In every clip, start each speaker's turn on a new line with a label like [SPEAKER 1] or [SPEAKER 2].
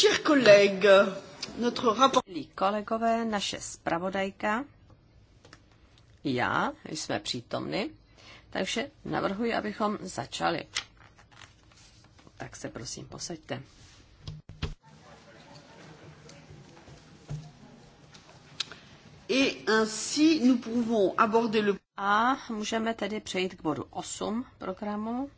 [SPEAKER 1] Chers Kolegové, naše zpravodajka, já, jsme přítomny, takže navrhuji, abychom začali. Tak se prosím posaďte. Et ainsi nous pouvons aborder le... A můžeme tedy přejít k bodu 8 programu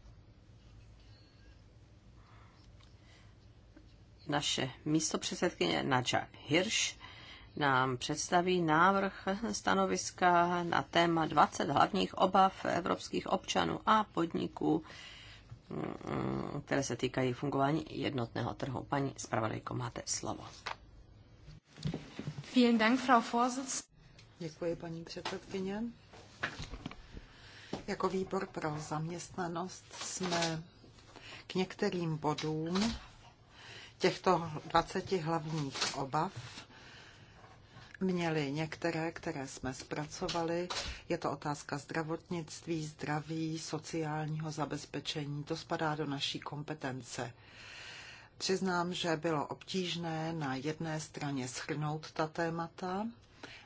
[SPEAKER 1] naše místopředsedkyně Nadža Hirsch nám představí návrh stanoviska na téma 20 hlavních obav evropských občanů a podniků, mm, které se týkají fungování jednotného trhu. Paní zpravodajko, máte slovo.
[SPEAKER 2] Děkuji, paní předsedkyně. Jako výbor pro zaměstnanost jsme k některým bodům těchto 20 hlavních obav měli některé, které jsme zpracovali. Je to otázka zdravotnictví, zdraví, sociálního zabezpečení. To spadá do naší kompetence. Přiznám, že bylo obtížné na jedné straně schrnout ta témata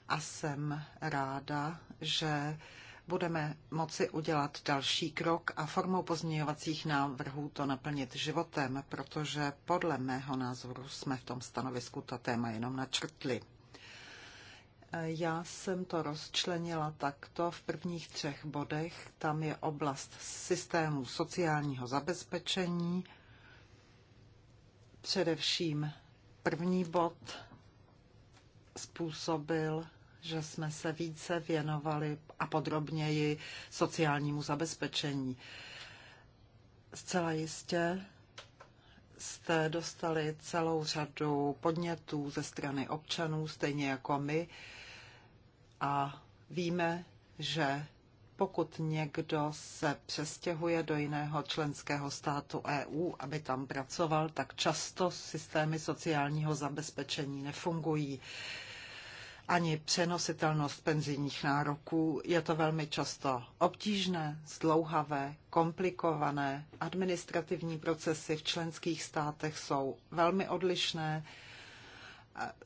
[SPEAKER 2] a jsem ráda, že budeme moci udělat další krok a formou pozměňovacích návrhů to naplnit životem, protože podle mého názoru jsme v tom stanovisku ta téma jenom načrtli. Já jsem to rozčlenila takto v prvních třech bodech. Tam je oblast systému sociálního zabezpečení, především první bod způsobil že jsme se více věnovali a podrobněji sociálnímu zabezpečení. Zcela jistě jste dostali celou řadu podnětů ze strany občanů, stejně jako my. A víme, že pokud někdo se přestěhuje do jiného členského státu EU, aby tam pracoval, tak často systémy sociálního zabezpečení nefungují ani přenositelnost penzijních nároků. Je to velmi často obtížné, zdlouhavé, komplikované. Administrativní procesy v členských státech jsou velmi odlišné.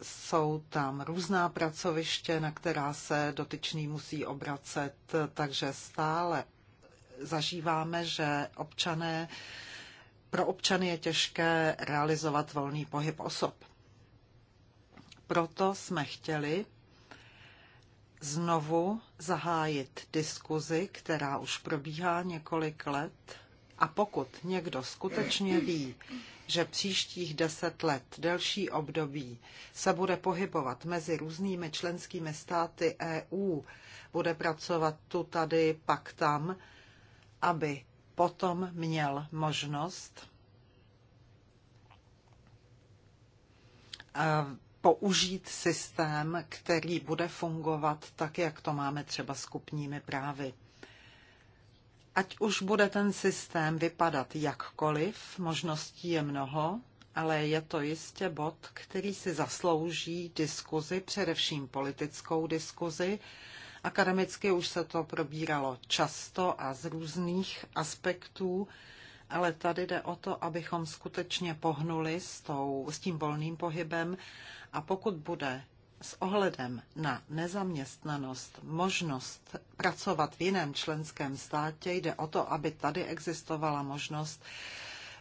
[SPEAKER 2] Jsou tam různá pracoviště, na která se dotyčný musí obracet, takže stále zažíváme, že občané, pro občany je těžké realizovat volný pohyb osob. Proto jsme chtěli znovu zahájit diskuzi, která už probíhá několik let. A pokud někdo skutečně ví, že příštích deset let delší období se bude pohybovat mezi různými členskými státy EU, bude pracovat tu tady, pak tam, aby potom měl možnost eh, použít systém, který bude fungovat tak, jak to máme třeba s kupními právy. Ať už bude ten systém vypadat jakkoliv, možností je mnoho, ale je to jistě bod, který si zaslouží diskuzi, především politickou diskuzi. Akademicky už se to probíralo často a z různých aspektů ale tady jde o to, abychom skutečně pohnuli s, tou, s tím volným pohybem a pokud bude s ohledem na nezaměstnanost možnost pracovat v jiném členském státě, jde o to, aby tady existovala možnost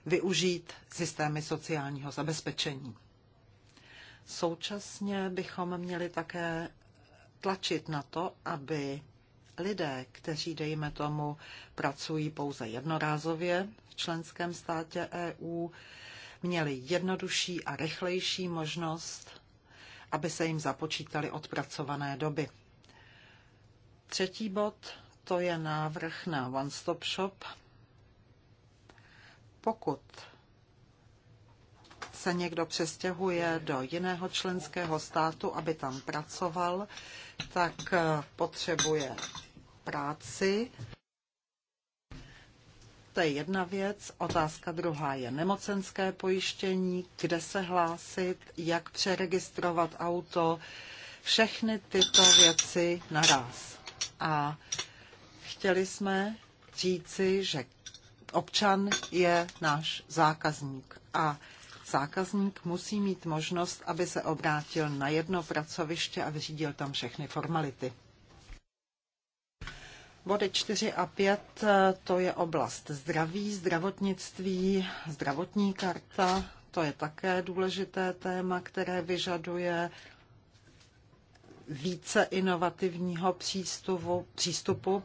[SPEAKER 2] využít systémy sociálního zabezpečení. Současně bychom měli také tlačit na to, aby lidé, kteří, dejme tomu, pracují pouze jednorázově v členském státě EU, měli jednodušší a rychlejší možnost, aby se jim započítaly odpracované doby. Třetí bod to je návrh na One Stop Shop. Pokud se někdo přestěhuje do jiného členského státu, aby tam pracoval, tak potřebuje práci. To je jedna věc. Otázka druhá je nemocenské pojištění, kde se hlásit, jak přeregistrovat auto, všechny tyto věci naraz. A chtěli jsme říci, že občan je náš zákazník a zákazník musí mít možnost, aby se obrátil na jedno pracoviště a vyřídil tam všechny formality. Body 4 a 5 eh, to je oblast zdraví, zdravotnictví, zdravotní karta. To je také důležité téma, které vyžaduje více inovativního přístupu, přístupu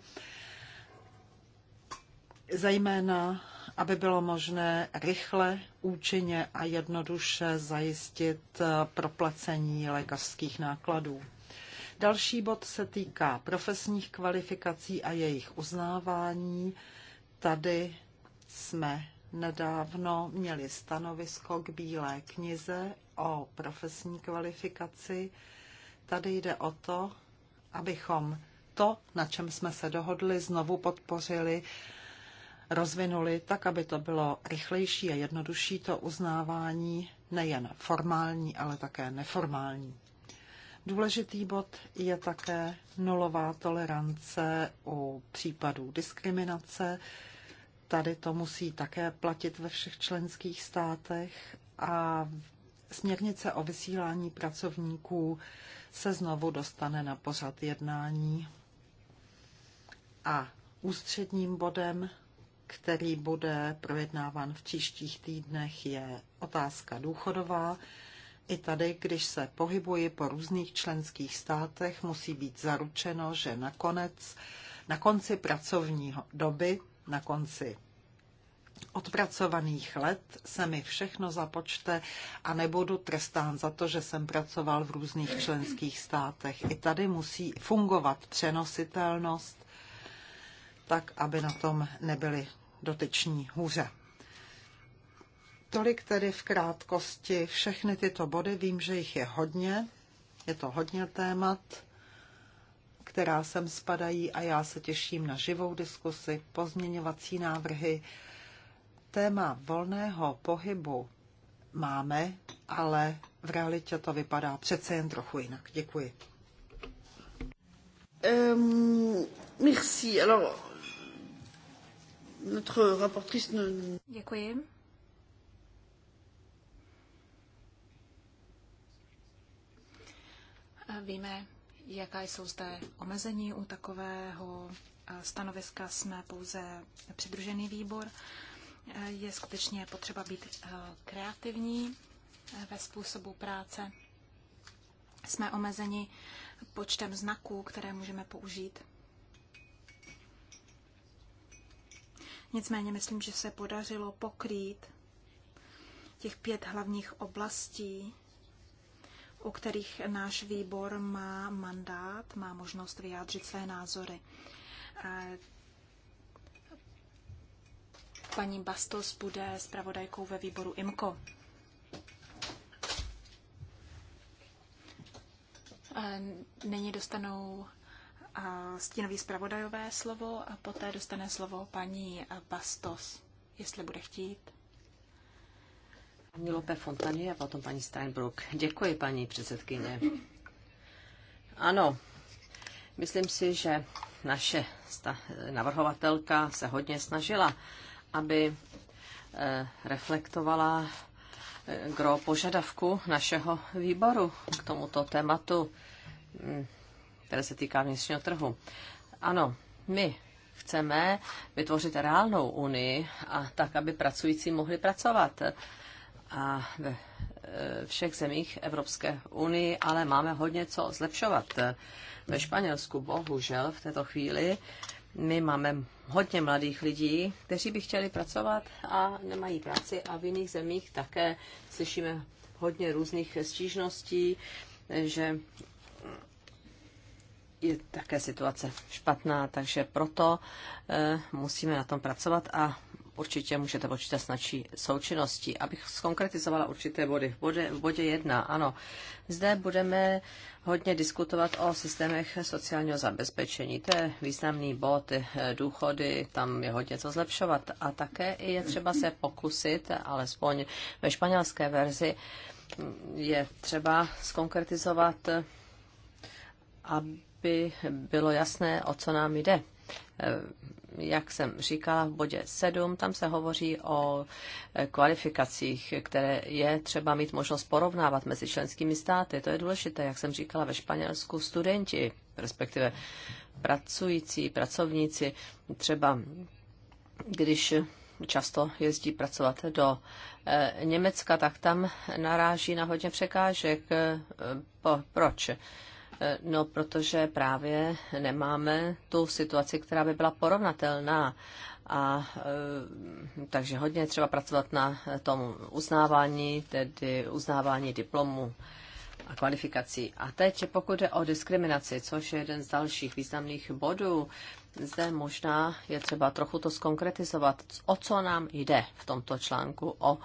[SPEAKER 2] zejména aby bylo možné rychle, účinně a jednoduše zajistit eh, proplacení lékařských nákladů. Další bod se týká profesních kvalifikací a jejich uznávání. Tady jsme nedávno měli stanovisko k Bílé knize o profesní kvalifikaci. Tady jde o to, abychom to, na čem jsme se dohodli, znovu podpořili, rozvinuli tak, aby to bylo rychlejší a jednodušší to uznávání, nejen formální, ale také neformální. Důležitý bod je také nulová tolerance u případů diskriminace. Tady to musí také platit ve všech členských státech a směrnice o vysílání pracovníků se znovu dostane na pořad jednání. A ústředním bodem, který bude projednáván v příštích týdnech, je otázka důchodová. I tady, když se pohybuji po různých členských státech, musí být zaručeno, že nakonec, na konci pracovní doby, na konci odpracovaných let se mi všechno započte a nebudu trestán za to, že jsem pracoval v různých členských státech. I tady musí fungovat přenositelnost, tak aby na tom nebyli dotyční hůře. Tolik tedy v krátkosti všechny tyto body. Vím, že jich je hodně. Je to hodně témat, která sem spadají a já se těším na živou diskusi, pozměňovací návrhy. Téma volného pohybu máme, ale v realitě to vypadá přece jen trochu jinak. Děkuji. Um, merci. Alors,
[SPEAKER 1] notre rapportrice ne...
[SPEAKER 2] Děkuji.
[SPEAKER 3] Víme, jaká jsou zde omezení u takového stanoviska. Jsme pouze přidružený výbor. Je skutečně potřeba být e, kreativní e, ve způsobu práce. Jsme omezeni počtem znaků, které můžeme použít. Nicméně myslím, že se podařilo pokrýt těch pět hlavních oblastí, u kterých náš výbor má mandát, má možnost vyjádřit své názory. Eh, paní Bastos bude zpravodajkou ve výboru IMCO. Eh, nyní dostanou eh, stínový zpravodajové slovo a poté dostane slovo paní Bastos, jestli bude chtít.
[SPEAKER 1] Paní Lope Fontanie a potom paní Steinbrook. Děkuji, paní předsedkyně. Ano, myslím si, že naše navrhovatelka se hodně snažila, aby eh, reflektovala eh, gro požadavku našeho výboru k tomuto tématu, hm, které se týká vnitřního trhu. Ano, my chceme vytvořit reálnou unii a tak, aby pracující mohli pracovat a ve e, všech zemích Evropské unii, ale máme hodně co zlepšovat. Ve Španělsku bohužel v této chvíli my máme hodně mladých lidí, kteří by chtěli pracovat a nemají práci a v jiných zemích také slyšíme hodně různých stížností, že je také situace špatná, takže proto e, musíme na tom pracovat a určitě můžete počítat s naší součinností. Abych skonkretizovala určité body. V bodě, v bodě jedna, ano, zde budeme hodně diskutovat o systémech sociálního zabezpečení. To je významný bod, eh, důchody, tam je hodně co zlepšovat. A také je třeba se pokusit, alespoň ve španělské verzi, je třeba skonkretizovat, eh, aby bylo jasné, o co nám jde Eh, jak jsem říkala v bodě 7, tam se hovoří o eh, kvalifikacích, které je třeba mít možnost porovnávat mezi členskými státy. To je důležité, jak jsem říkala ve Španělsku, studenti, respektive pracující, pracovníci, třeba když často jezdí pracovat do eh, Německa, tak tam naráží na hodně překážek. Proč? No, protože právě nemáme tu situaci, která by byla porovnatelná. A eh, takže hodně třeba pracovat na tom uznávání, tedy uznávání diplomu a kvalifikací. A teď, pokud jde o diskriminaci, což je jeden z dalších významných bodů, zde možná je třeba trochu to skonkretizovat, o co nám jde v tomto článku o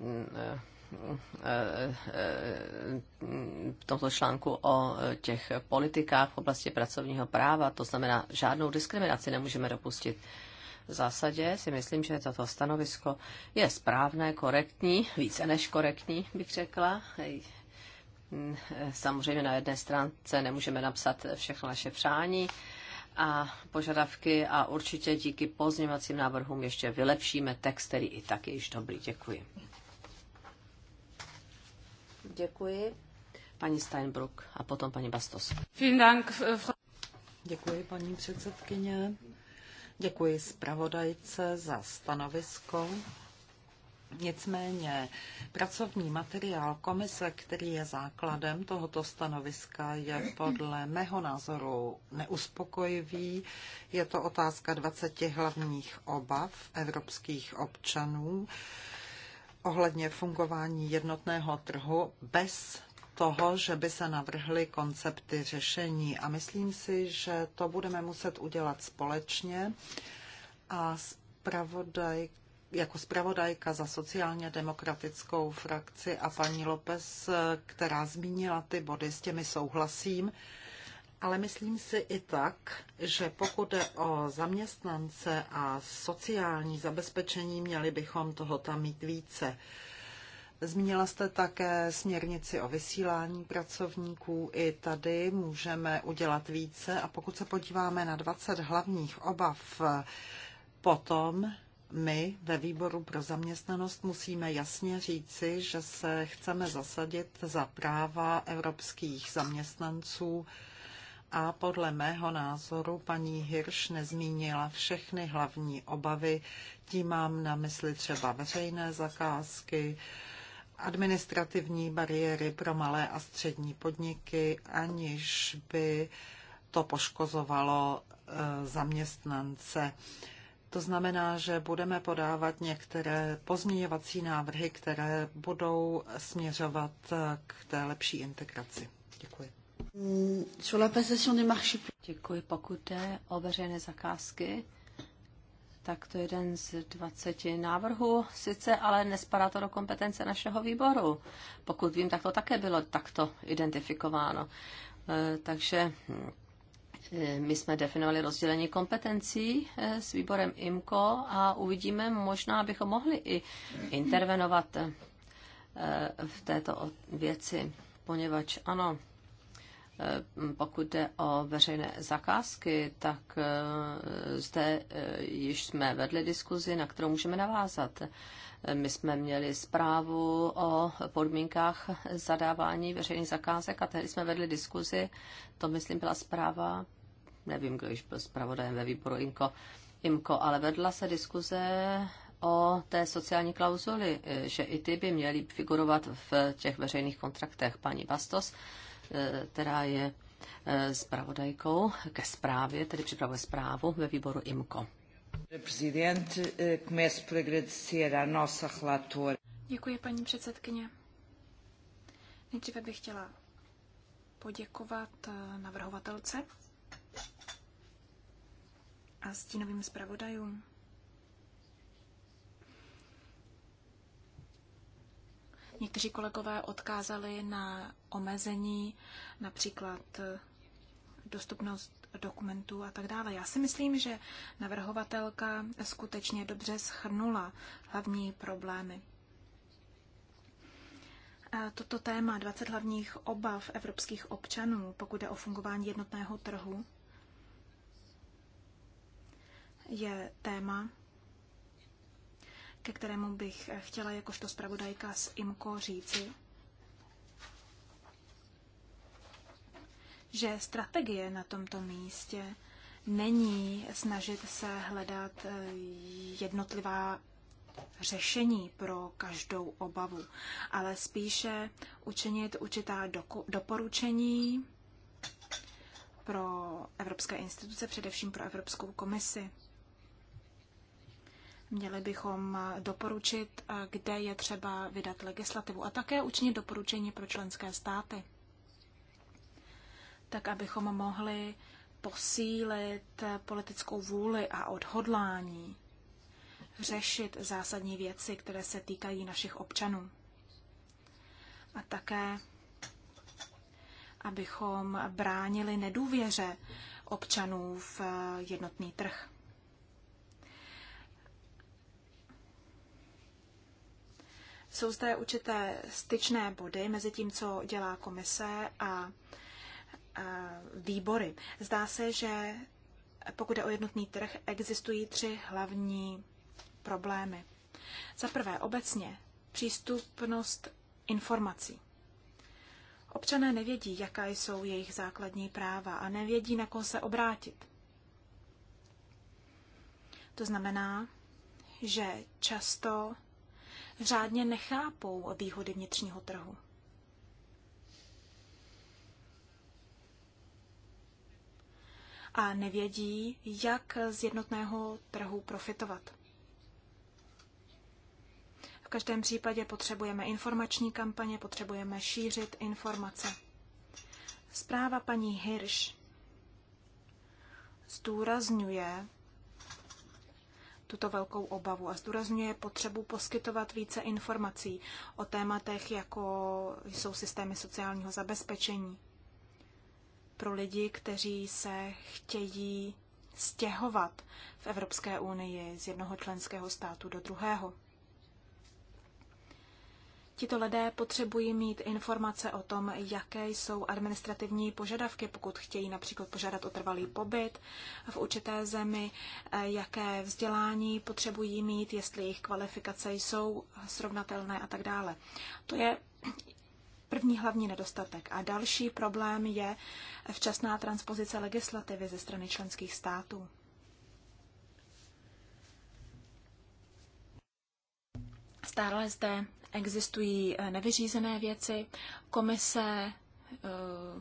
[SPEAKER 1] mm, eh, v eh, eh, tomto článku o eh, těch politikách v oblasti pracovního práva, to znamená, žádnou diskriminaci nemůžeme dopustit. V zásadě si myslím, že toto stanovisko je správné, korektní, více než korektní, bych řekla. Samozřejmě na jedné stránce nemůžeme napsat všechno naše přání a požadavky a určitě díky pozněvacím návrhům ještě vylepšíme text, který i tak je již dobrý. Děkuji. Děkuji. Paní Steinbrück a potom paní Bastos. Äh,
[SPEAKER 2] Děkuji, paní předsedkyně. Děkuji zpravodajce za stanovisko. Nicméně pracovní materiál komise, který je základem tohoto stanoviska, je podle mého názoru neuspokojivý. Je to otázka 20 hlavních obav evropských občanů ohledně fungování jednotného trhu bez toho, že by se navrhly koncepty řešení. A myslím si, že to budeme muset udělat společně. A zpravodaj, jako zpravodajka za sociálně demokratickou frakci a paní Lopez, která zmínila ty body, s těmi souhlasím ale myslím si i tak, že pokud jde o zaměstnance a sociální zabezpečení, měli bychom toho tam mít více. Zmínila jste také směrnici o vysílání pracovníků. I tady můžeme udělat více. A pokud se podíváme na 20 hlavních obav, potom my ve výboru pro zaměstnanost musíme jasně říci, že se chceme zasadit za práva evropských zaměstnanců a podle mého názoru paní Hirsch nezmínila všechny hlavní obavy. Tím mám na mysli třeba veřejné zakázky, administrativní bariéry pro malé a střední podniky, aniž by to poškozovalo eh, zaměstnance. To znamená, že budeme podávat některé pozměňovací návrhy, které budou směřovat eh, k té lepší integraci. Děkuji.
[SPEAKER 1] Děkuji. Pokud jde o veřejné zakázky, tak to je jeden z 20 návrhů, sice ale nespadá to do kompetence našeho výboru. Pokud vím, tak to také bylo takto identifikováno. E, takže e, my jsme definovali rozdělení kompetencí e, s výborem IMCO a uvidíme, možná bychom mohli i intervenovat v této věci, poněvadž ano, Eh, pokud jde o veřejné zakázky, tak eh, zde eh, již jsme vedli diskuzi, na kterou můžeme navázat. My jsme měli zprávu o podmínkách zadávání veřejných zakázek a tehdy jsme vedli diskuzi. To, myslím, byla zpráva, nevím, kdo již byl zpravodajem ve výboru IMKO, IMKO ale vedla se diskuze o té sociální klauzuli, že i ty by měly figurovat v těch veřejných kontraktech. Paní Bastos která je eh, zpravodajkou ke zprávě, tedy připravuje zprávu ve výboru IMCO. Eh,
[SPEAKER 3] Děkuji, paní předsedkyně. Nejdříve bych chtěla poděkovat eh, navrhovatelce a stínovým zpravodajům. Někteří kolegové odkázali na omezení, například eh, dostupnost dokumentů a tak dále. Já si myslím, že navrhovatelka skutečně dobře schrnula hlavní problémy. Toto téma 20 hlavních obav evropských občanů, pokud jde o fungování jednotného trhu, je téma, ke kterému bych chtěla jakožto zpravodajka z IMCO říci, že strategie na tomto místě není snažit se hledat eh, jednotlivá řešení pro každou obavu, ale spíše učinit určitá doporučení pro evropské instituce, především pro Evropskou komisi. Měli bychom doporučit, eh, kde je třeba vydat legislativu a také učinit doporučení pro členské státy tak abychom mohli posílit politickou vůli a odhodlání řešit zásadní věci, které se týkají našich občanů. A také, abychom bránili nedůvěře občanů v jednotný trh. Jsou zde určité styčné body mezi tím, co dělá komise a výbory. Zdá se, že pokud je o jednotný trh, existují tři hlavní problémy. Za prvé, obecně přístupnost informací. Občané nevědí, jaká jsou jejich základní práva a nevědí, na koho se obrátit. To znamená, že často řádně nechápou výhody vnitřního trhu. a nevědí, jak z jednotného trhu profitovat. V každém případě potřebujeme informační kampaně, potřebujeme šířit informace. Zpráva paní Hirsch zdůrazňuje tuto velkou obavu a zdůrazňuje potřebu poskytovat více informací o tématech, jako jsou systémy sociálního zabezpečení pro lidi, kteří se chtějí stěhovat v Evropské unii z jednoho členského státu do druhého. Tito lidé potřebují mít informace o tom, jaké jsou administrativní požadavky, pokud chtějí například požádat o trvalý pobyt v určité zemi, eh, jaké vzdělání potřebují mít, jestli jejich kvalifikace jsou srovnatelné a tak dále. To je první hlavní nedostatek. A další problém je včasná transpozice legislativy ze strany členských států. Stále zde existují eh, nevyřízené věci. Komise eh,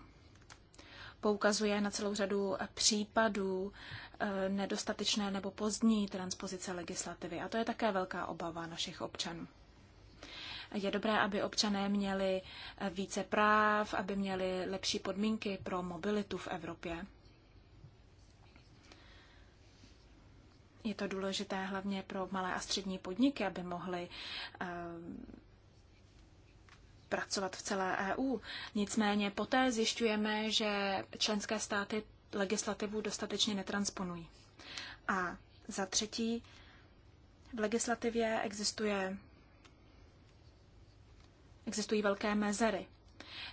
[SPEAKER 3] poukazuje na celou řadu případů eh, nedostatečné nebo pozdní transpozice legislativy. A to je také velká obava našich občanů. Je dobré, aby občané měli více práv, aby měli lepší podmínky pro mobilitu v Evropě. Je to důležité hlavně pro malé a střední podniky, aby mohly eh, pracovat v celé EU. Nicméně poté zjišťujeme, že členské státy legislativu dostatečně netransponují. A za třetí, v legislativě existuje existují velké mezery.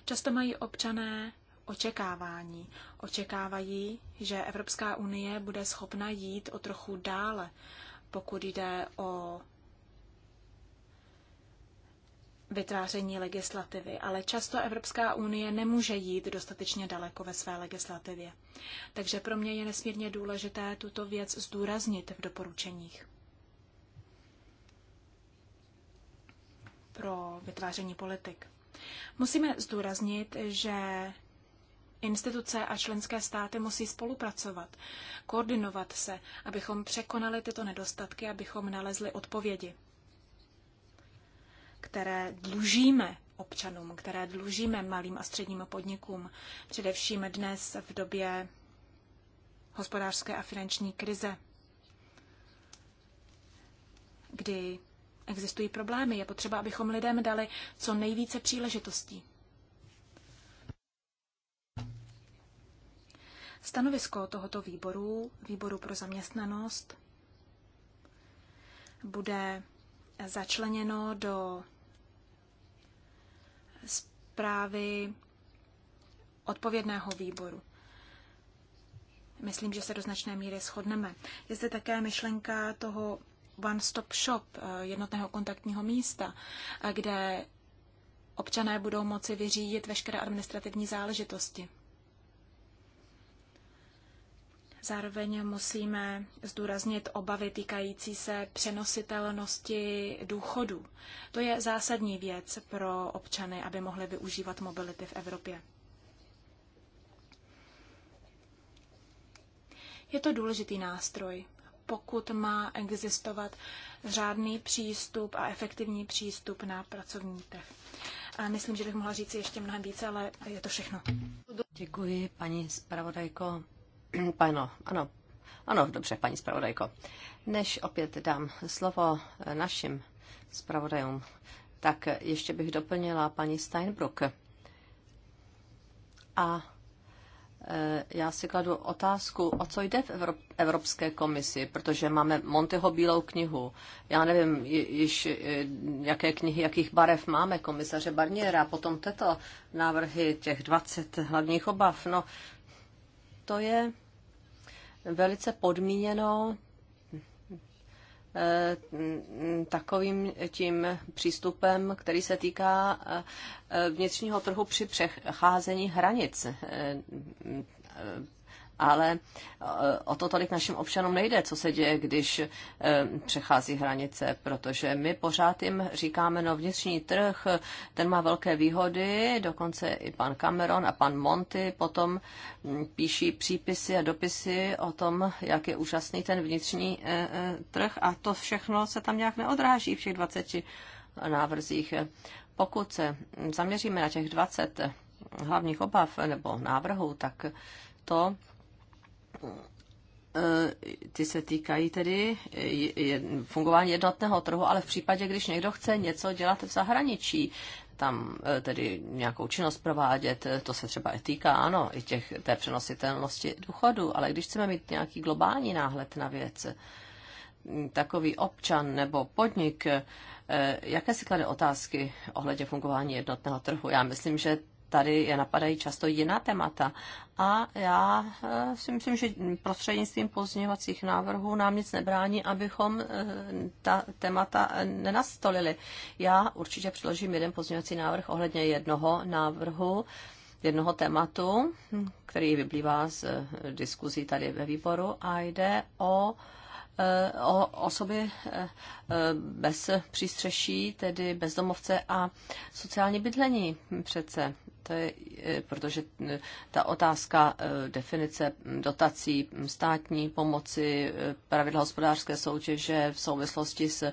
[SPEAKER 3] Často mají občané očekávání. Očekávají, že Evropská unie bude schopna jít o trochu dále, pokud jde o vytváření legislativy, ale často Evropská unie nemůže jít dostatečně daleko ve své legislativě. Takže pro mě je nesmírně důležité tuto věc zdůraznit v doporučeních. pro vytváření politik. Musíme zdůraznit, že Instituce a členské státy musí spolupracovat, koordinovat se, abychom překonali tyto nedostatky, abychom nalezli odpovědi, které dlužíme občanům, které dlužíme malým a středním podnikům, především dnes v době hospodářské a finanční krize, kdy existují problémy. Je potřeba, abychom lidem dali co nejvíce příležitostí. Stanovisko tohoto výboru, výboru pro zaměstnanost, bude začleněno do zprávy odpovědného výboru. Myslím, že se do značné míry shodneme. Je zde také myšlenka toho one-stop shop, eh, jednotného kontaktního místa, eh, kde občané budou moci vyřídit veškeré administrativní záležitosti. Zároveň musíme zdůraznit obavy týkající se přenositelnosti důchodů. To je zásadní věc pro občany, aby mohli využívat mobility v Evropě. Je to důležitý nástroj, pokud má existovat řádný přístup a efektivní přístup na pracovní trh. A myslím, že
[SPEAKER 1] bych mohla říct ještě mnohem více, ale je to všechno. Děkuji, paní zpravodajko. Pano, ano, ano, dobře, paní zpravodajko. Než opět dám slovo eh, našim zpravodajům, tak ještě bych doplnila paní Steinbruck. A Eh, já si kladu otázku, o co jde v Evropské komisi, protože máme Monteho bílou knihu. Já nevím, již eh, jaké knihy, jakých barev máme, komisaře Barniera, potom tyto návrhy těch 20 hlavních obav. No, to je velice podmíněno Eh, takovým tím přístupem, který se týká eh, vnitřního trhu při přecházení hranic eh, ale eh, o to tolik našim občanům nejde, co se děje, když eh, přechází hranice, protože my pořád jim říkáme, no vnitřní trh, ten má velké výhody, dokonce i pan Cameron a pan Monty potom hm, píší přípisy a dopisy o tom, jak je úžasný ten vnitřní eh, trh a to všechno se tam nějak neodráží v těch 20 návrzích. Pokud se zaměříme na těch 20 hlavních obav nebo návrhů, tak to Eh, ty se týkají tedy eh, fungování jednotného trhu, ale v případě, když někdo chce něco dělat v zahraničí, tam eh, tedy nějakou činnost provádět, to se třeba i týká, ano, i těch, té přenositelnosti důchodu, ale když chceme mít nějaký globální náhled na věc, mm, takový občan nebo podnik, jaké si klade otázky ohledně fungování jednotného trhu? Já myslím, že tady je napadají často jiná témata. A já eh, si myslím, že prostřednictvím pozměňovacích návrhů nám nic nebrání, abychom eh, ta témata nenastolili. Já určitě předložím jeden pozměňovací návrh ohledně jednoho návrhu, jednoho tématu, který vyplývá z eh, diskuzí tady ve výboru a jde o o osoby bez přístřeší, tedy bezdomovce a sociální bydlení přece to je, eh, protože eh, ta otázka eh, definice mm, dotací, mm, státní pomoci, pravidla hospodářské soutěže v souvislosti s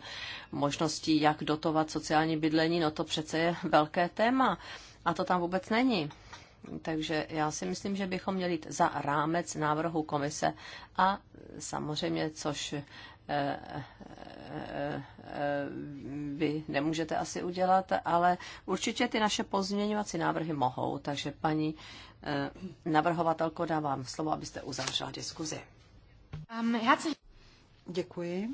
[SPEAKER 1] možností, jak dotovat sociální bydlení, no to přece je velké téma a to tam vůbec není. Takže já si myslím, že bychom měli jít za rámec návrhu komise a samozřejmě, což vy nemůžete asi udělat, ale určitě ty naše pozměňovací návrhy mohou, takže paní eh, navrhovatelko dávám slovo, abyste uzavřela diskuzi.
[SPEAKER 2] Um, Děkuji.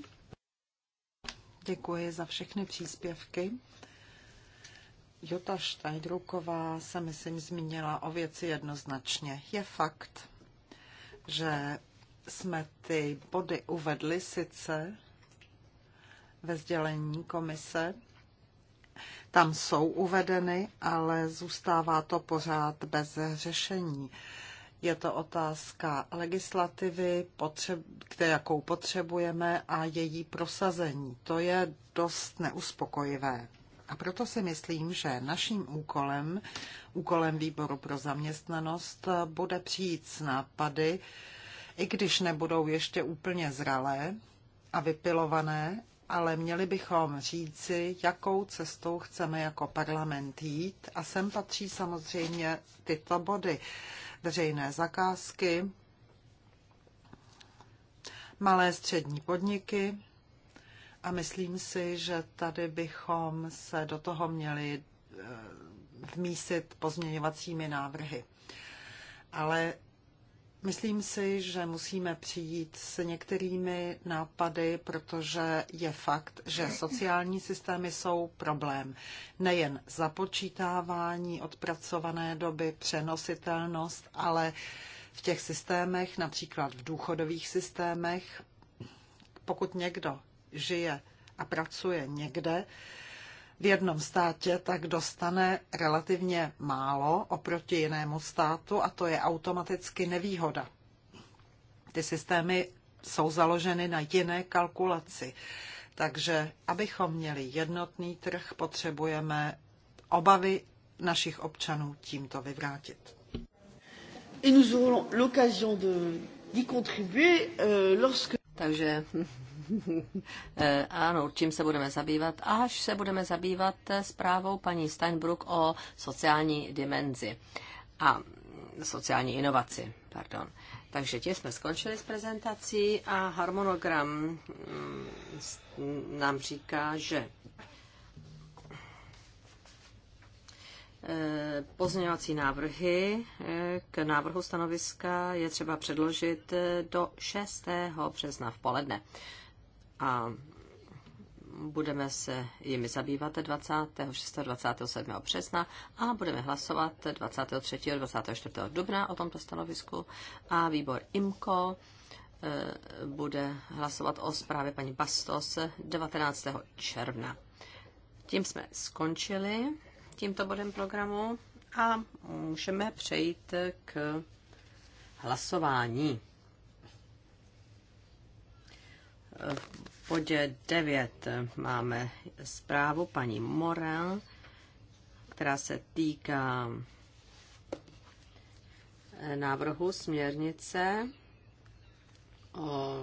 [SPEAKER 2] Děkuji za všechny příspěvky. Jota Štajdruková se, myslím, zmínila o věci jednoznačně. Je fakt, že jsme ty body uvedli sice ve sdělení komise. Tam jsou uvedeny, ale zůstává to pořád bez řešení. Je to otázka legislativy, potřeb, kde, jakou potřebujeme a její prosazení. To je dost neuspokojivé. A proto si myslím, že naším úkolem, úkolem výboru pro zaměstnanost, bude přijít s nápady, i když nebudou ještě úplně zralé a vypilované, ale měli bychom říci, jakou cestou chceme jako parlament jít. A sem patří samozřejmě tyto body. Veřejné zakázky, malé střední podniky. A myslím si, že tady bychom se do toho měli eh, vmísit pozměňovacími návrhy. Ale Myslím si, že musíme přijít s některými nápady, protože je fakt, že sociální systémy jsou problém. Nejen započítávání odpracované doby, přenositelnost, ale v těch systémech, například v důchodových systémech, pokud někdo žije a pracuje někde, v jednom státě, tak dostane relativně málo oproti jinému státu a to je automaticky nevýhoda. Ty systémy jsou založeny na jiné kalkulaci. Takže abychom měli jednotný trh, potřebujeme obavy našich občanů tímto vyvrátit.
[SPEAKER 1] Et nous l'occasion d'y contribuer euh, lorsque... Takže Eh, ano, čím se budeme zabývat, až se budeme zabývat zprávou paní Steinbrück o sociální dimenzi a sociální inovaci. Pardon. Takže tě jsme skončili s prezentací a harmonogram mm, nám říká, že eh, Pozměňovací návrhy eh, k návrhu stanoviska je třeba předložit do 6. března v poledne a budeme se jimi zabývat 26. 27. března a budeme hlasovat 23. 24. dubna o tomto stanovisku a výbor IMCO e, bude hlasovat o zprávě paní Bastos 19. června. Tím jsme skončili tímto bodem programu a můžeme přejít k hlasování. V bodě 9 máme zprávu paní Morel, která se týká návrhu směrnice o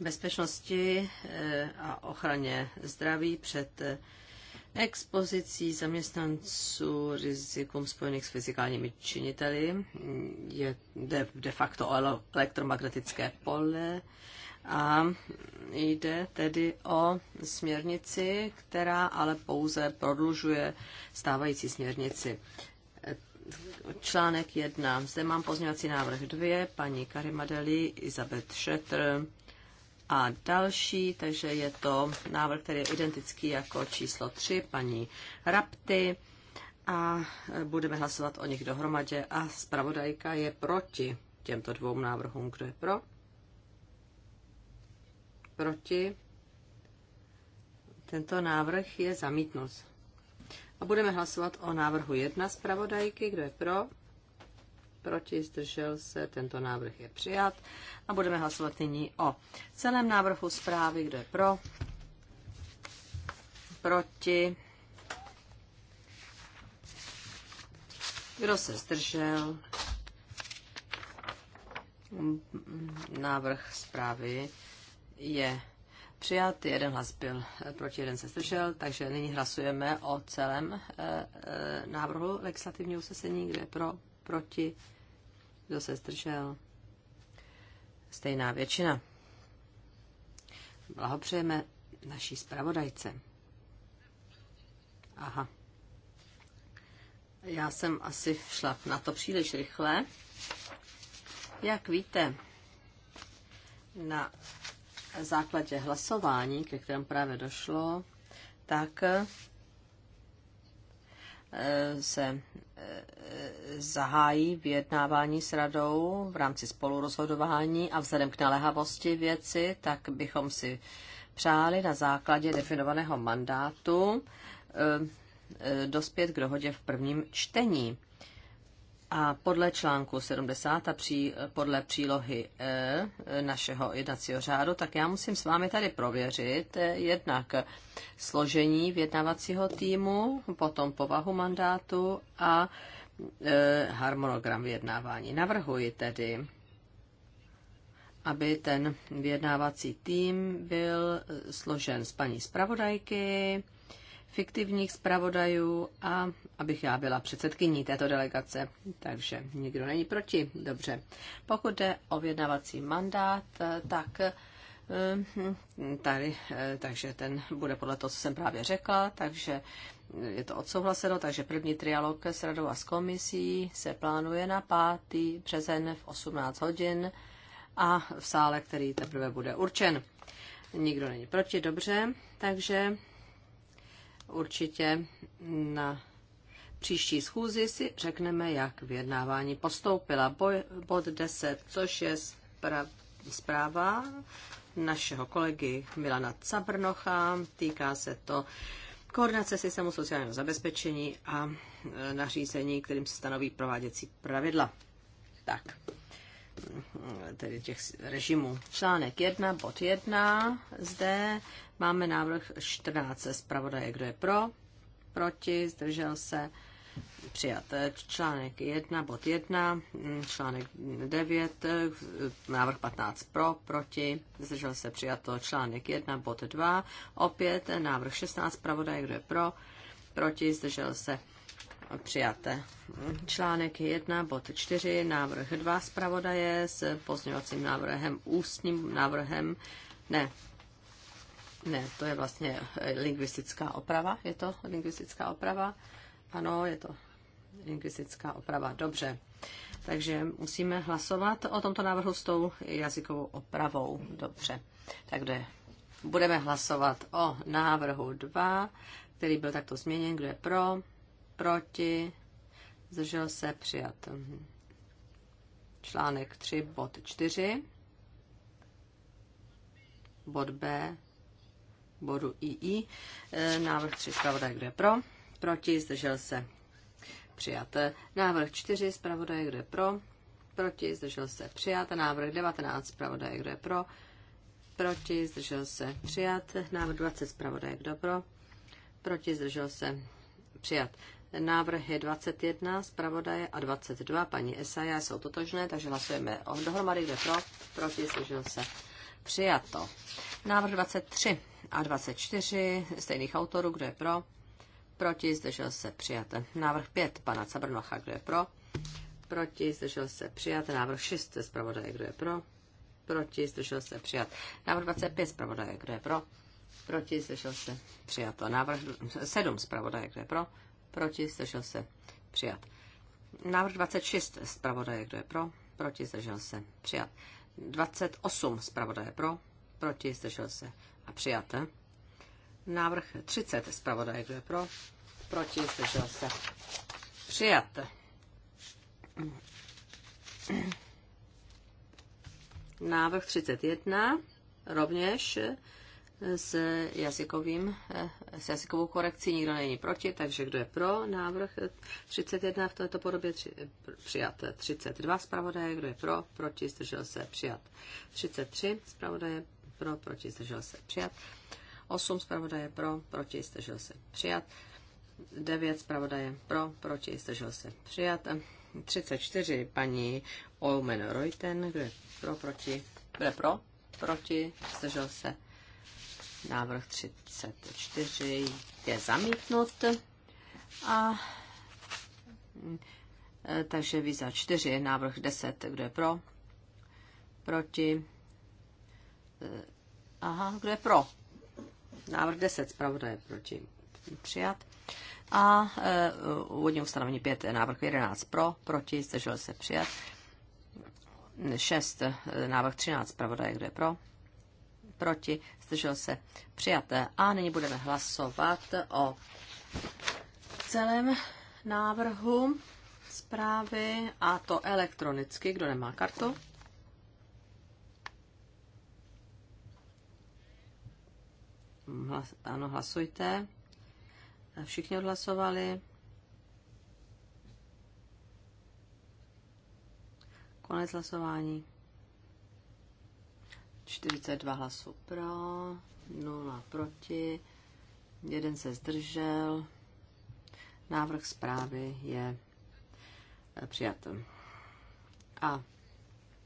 [SPEAKER 1] bezpečnosti eh, a ochraně zdraví před eh, expozicí zaměstnanců rizikům spojených s fyzikálními činiteli. Je de, de facto o elektromagnetické pole. A jde tedy o směrnici, která ale pouze prodlužuje stávající směrnici. Článek 1. Zde mám pozměňovací návrh 2, paní Karimadeli, Izabet Šetr a další, takže je to návrh, který je identický jako číslo 3, paní Rapty a budeme hlasovat o nich dohromadě a zpravodajka je proti těmto dvou návrhům. Kdo je pro? proti. Tento návrh je zamítnut. A budeme hlasovat o návrhu 1 zpravodajky, kdo je pro, proti, zdržel se, tento návrh je přijat. A budeme hlasovat nyní o celém návrhu zprávy, kdo je pro, proti, kdo se zdržel. Návrh zprávy je přijat, jeden hlas byl proti, jeden se zdržel, takže nyní hlasujeme o celém eh, eh, návrhu legislativního usnesení, kde pro, proti, kdo se zdržel, stejná většina. Blahopřejeme naší zpravodajce. Aha. Já jsem asi šla na to příliš rychle. Jak víte, na základě hlasování, ke kterému právě došlo, tak eh, se eh, zahájí vyjednávání s radou v rámci spolurozhodování a vzhledem k naléhavosti věci, tak bychom si přáli na základě definovaného mandátu eh, dospět k dohodě v prvním čtení. A podle článku 70 a pří, podle přílohy e, e našeho jednacího řádu, tak já musím s vámi tady prověřit e, jednak složení vyjednávacího týmu, potom povahu mandátu a e, harmonogram vyjednávání. Navrhuji tedy, aby ten vyjednávací tým byl složen z paní zpravodajky, fiktivních zpravodajů a abych já byla předsedkyní této delegace, takže nikdo není proti. Dobře. Pokud jde o vědnavací mandát, tak eh, tady, eh, takže ten bude podle toho, co jsem právě řekla, takže je to odsouhlaseno, takže první trialog s radou a s komisí se plánuje na 5. březen v 18 hodin a v sále, který teprve bude určen. Nikdo není proti, dobře, takže určitě na příští schůzi si řekneme, jak vyjednávání postoupila. Boj, bod 10, což je zpráva našeho kolegy Milana Cabrnocha. Týká se to koordinace systému sociálního zabezpečení a e, nařízení, kterým se stanoví prováděcí pravidla. Tak, e, tedy těch režimů. Článek 1, bod 1. Zde máme návrh 14 zpravodaje. Kdo je pro? Proti? Zdržel se? přijat článek 1, bod 1, článek 9, návrh 15 pro, proti, zdržel se přijato článek 1, bod 2, opět návrh 16, pravodaj, kdo je pro, proti, zdržel se přijaté. Článek 1, bod 4, návrh 2 zpravodaje s pozměňovacím návrhem, ústním návrhem, ne, ne, to je vlastně lingvistická oprava, je to lingvistická oprava ano, je to inkvisická oprava. Dobře. Takže musíme hlasovat o tomto návrhu s tou jazykovou opravou. Dobře. Tak kdo Budeme hlasovat o návrhu 2, který byl takto změněn. Kdo je pro? Proti? Zdržel se přijat. Článek 3, bod 4. Bod B, bodu II. E, návrh 3, zpravodaj, kdo je pro? proti, zdržel se. Přijat. Návrh 4, zpravodaj, kdo je pro, proti, zdržel se. Přijat. Návrh 19, zpravodaj, kdo je pro, proti, zdržel se. Přijat. Návrh 20, zpravodaj, kdo pro, proti, zdržel se. Přijat. Návrh je 21 zpravodaje a 22 paní Esaja jsou totožné, takže hlasujeme o dohromady, kde pro, proti, zdržel se. Přijato. Návrh 23 a 24 stejných autorů, kdo je pro, proti, zdržel se přijat. Návrh 5 pana Cabrnocha, kdo je pro, proti, zdržel se přijat. Návrh 6 zpravodaje, kdo je pro, proti, zdržel se přijat. Návrh 25 zpravodaje, kdo je pro, proti, zdržel se přijat. Návrh 7 zpravodaje, kdo je pro, proti, zdržel se přijat. Návrh 26 zpravodaje, kdo je pro, proti, zdržel se přijat. 28 zpravodaje pro, proti, zdržel se a přijat. Návrh 30. Zpravodaj, kdo je pro? Proti, zdržel se. Přijat. Návrh 31 rovněž s, jazykovým, s jazykovou korekcí nikdo není proti, takže kdo je pro návrh 31 v této podobě tři, přijat 32 zpravodaje, kdo je pro, proti, zdržel se přijat 33 zpravodaje, pro, proti, zdržel se přijat 8 zpravodaje pro, proti, zdržel se přijat. 9 zpravodaje pro, proti, zdržel se přijat. 34 paní Olmen Reuten, kdo je pro, proti, kdo je pro, proti, zdržel se. Návrh 34 je zamítnut. A e, takže víza 4, návrh 10, kdo je pro, proti, e, aha, kdo je pro, Návrh 10 zpravodaje proti přijat. A e, úvodní ustanovení 5, návrh 11 pro, proti, zdržel se přijat. 6, návrh 13 zpravodaje, kdo je pro, proti, zdržel se přijat. A nyní budeme hlasovat o celém návrhu zprávy a to elektronicky, kdo nemá kartu. Hlas, ano, hlasujte. Všichni odhlasovali. Konec hlasování. 42 hlasů pro, 0 proti, jeden se zdržel. Návrh zprávy je eh, přijat. A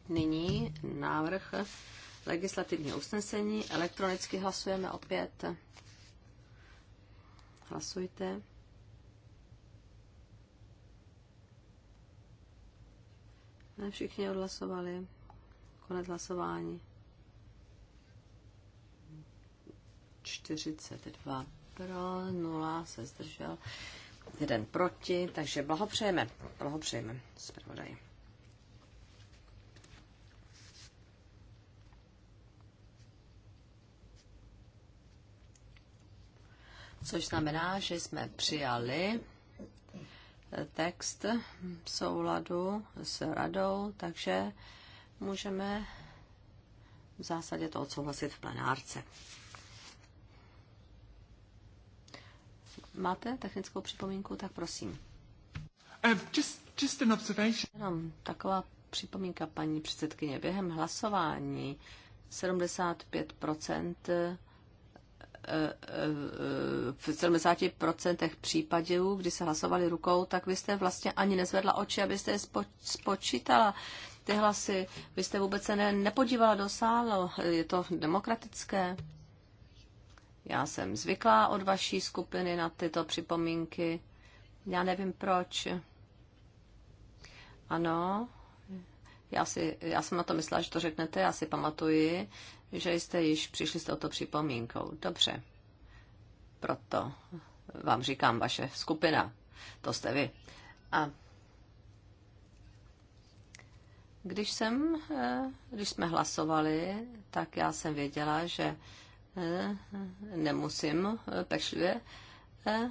[SPEAKER 1] nyní návrh Legislativní usnesení. Elektronicky hlasujeme opět. Hlasujte. Ne všichni odhlasovali. Konec hlasování. 42 pro, 0 se zdržel, Jeden proti, takže blahopřejeme, blahopřejeme zpravodaji. což znamená, že jsme přijali text v souladu s radou, takže můžeme v zásadě to odsouhlasit v plenárce. Máte technickou připomínku, tak prosím. Uh, just, just an observation. Jenom taková připomínka, paní předsedkyně. Během hlasování 75 v 70% případů, kdy se hlasovali rukou, tak vy jste vlastně ani nezvedla oči, abyste je spo, spočítala ty hlasy. Vy jste vůbec se ne, nepodívala do sálu. Je to demokratické? Já jsem zvyklá od vaší skupiny na tyto připomínky. Já nevím proč. Ano, já, si, já jsem na to myslela, že to řeknete, já si pamatuji, že jste již přišli s touto připomínkou. Dobře. Proto vám říkám vaše skupina. To jste vy. A když, jsem, eh, když jsme hlasovali, tak já jsem věděla, že eh, nemusím pečlivě eh,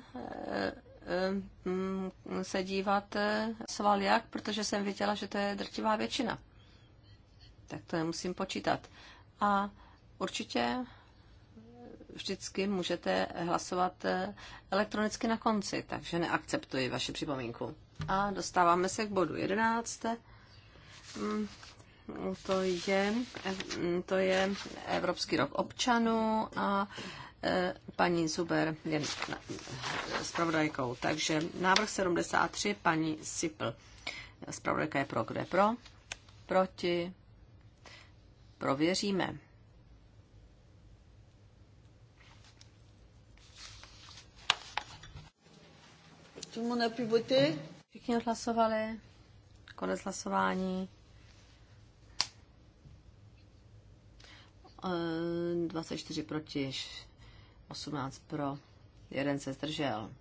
[SPEAKER 1] se dívat sval jak, protože jsem věděla, že to je drtivá většina. Tak to nemusím počítat a určitě vždycky můžete hlasovat eh, elektronicky na konci, takže neakceptuji vaši připomínku. A dostáváme se k bodu 11. Mm, to je, mm, to je Evropský rok občanů a eh, paní Zuber je zpravodajkou. Takže návrh 73, paní Sipl. Zpravodajka je pro, kde je pro? Proti? prověříme. Všichni odhlasovali. Konec hlasování. 24 eh, proti, 18 pro, jeden se zdržel.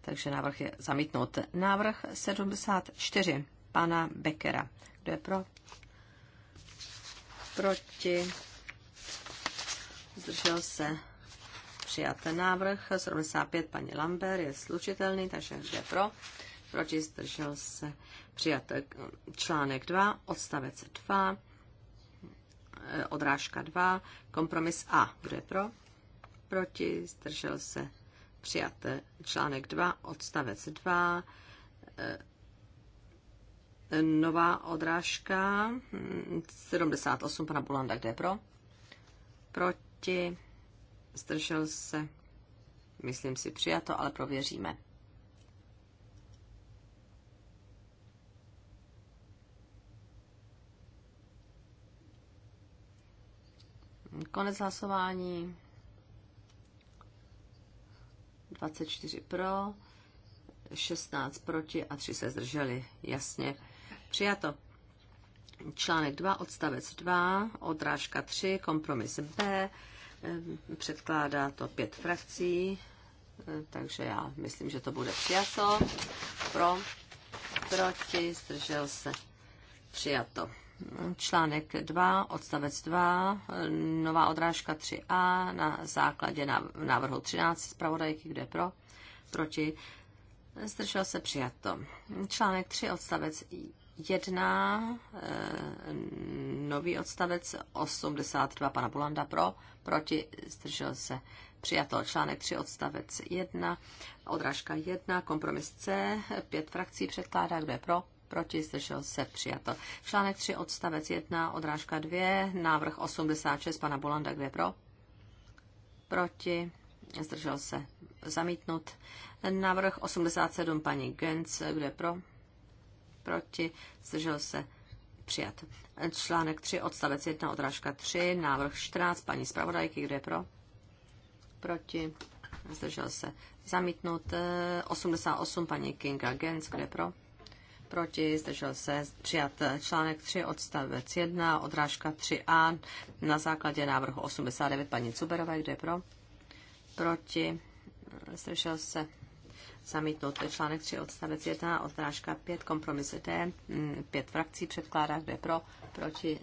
[SPEAKER 1] Takže návrh je zamítnut. Návrh 74 pana Beckera. Kdo je pro? proti, zdržel se přijat ten návrh. 75 paní Lambert je slučitelný, takže je pro. Proti zdržel se přijat eh, článek 2, odstavec 2, eh, odrážka 2, kompromis A. Kdo je pro? Proti zdržel se přijat eh, článek 2, odstavec 2, Nová odrážka 78 hm, pana Bulanda, kde je pro? Proti. Zdržel se. Myslím si přijato, ale prověříme. Konec hlasování. 24 pro, 16 proti a 3 se zdrželi. Jasně. Přijato. Článek 2, odstavec 2, odrážka 3, kompromis B, předkládá to pět frakcí, takže já myslím, že to bude přijato. Pro, proti, zdržel se, přijato. Článek 2, odstavec 2, nová odrážka 3a na základě návrhu 13 zpravodajky, kde pro, proti, zdržel se, přijato. Článek 3, odstavec 1, eh, nový odstavec 82 pana Bulanda pro, proti, zdržel se přijatel článek 3 odstavec 1, odrážka 1, kompromis C, pět frakcí předkládá, kdo je pro, proti, zdržel se přijatel Článek 3 odstavec 1, odrážka 2, návrh 86 pana Bulanda, kdo je pro, proti, zdržel se zamítnut. Návrh 87 paní Gens, kdo je pro, proti, zdržel se přijat. Článek 3, odstavec 1, odrážka 3, návrh 14, paní zpravodajky, kdo je pro? Proti, zdržel se zamítnut. 88, paní Kinga Gens, kdo je pro? Proti, zdržel se přijat článek 3, odstavec 1, odrážka 3a, na základě návrhu 89, paní Cuberové, kdo je pro? Proti, zdržel se to je Článek 3 odstavec 1, odrážka 5, kompromis D, 5 mm, frakcí předkládá, kde pro, proti,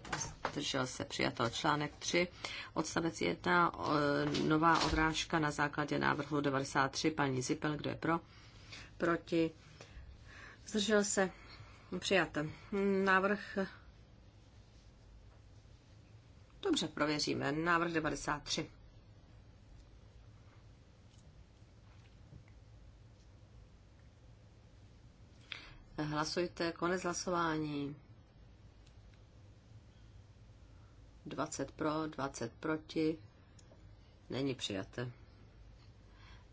[SPEAKER 1] zdržel se přijatel Článek 3, odstavec 1, nová odrážka na základě návrhu 93, paní Zipel, kde pro, proti, zdržel se přijat. Návrh Dobře, prověříme. Návrh 93. Hlasujte, konec hlasování. 20 pro, 20 proti. Není přijaté.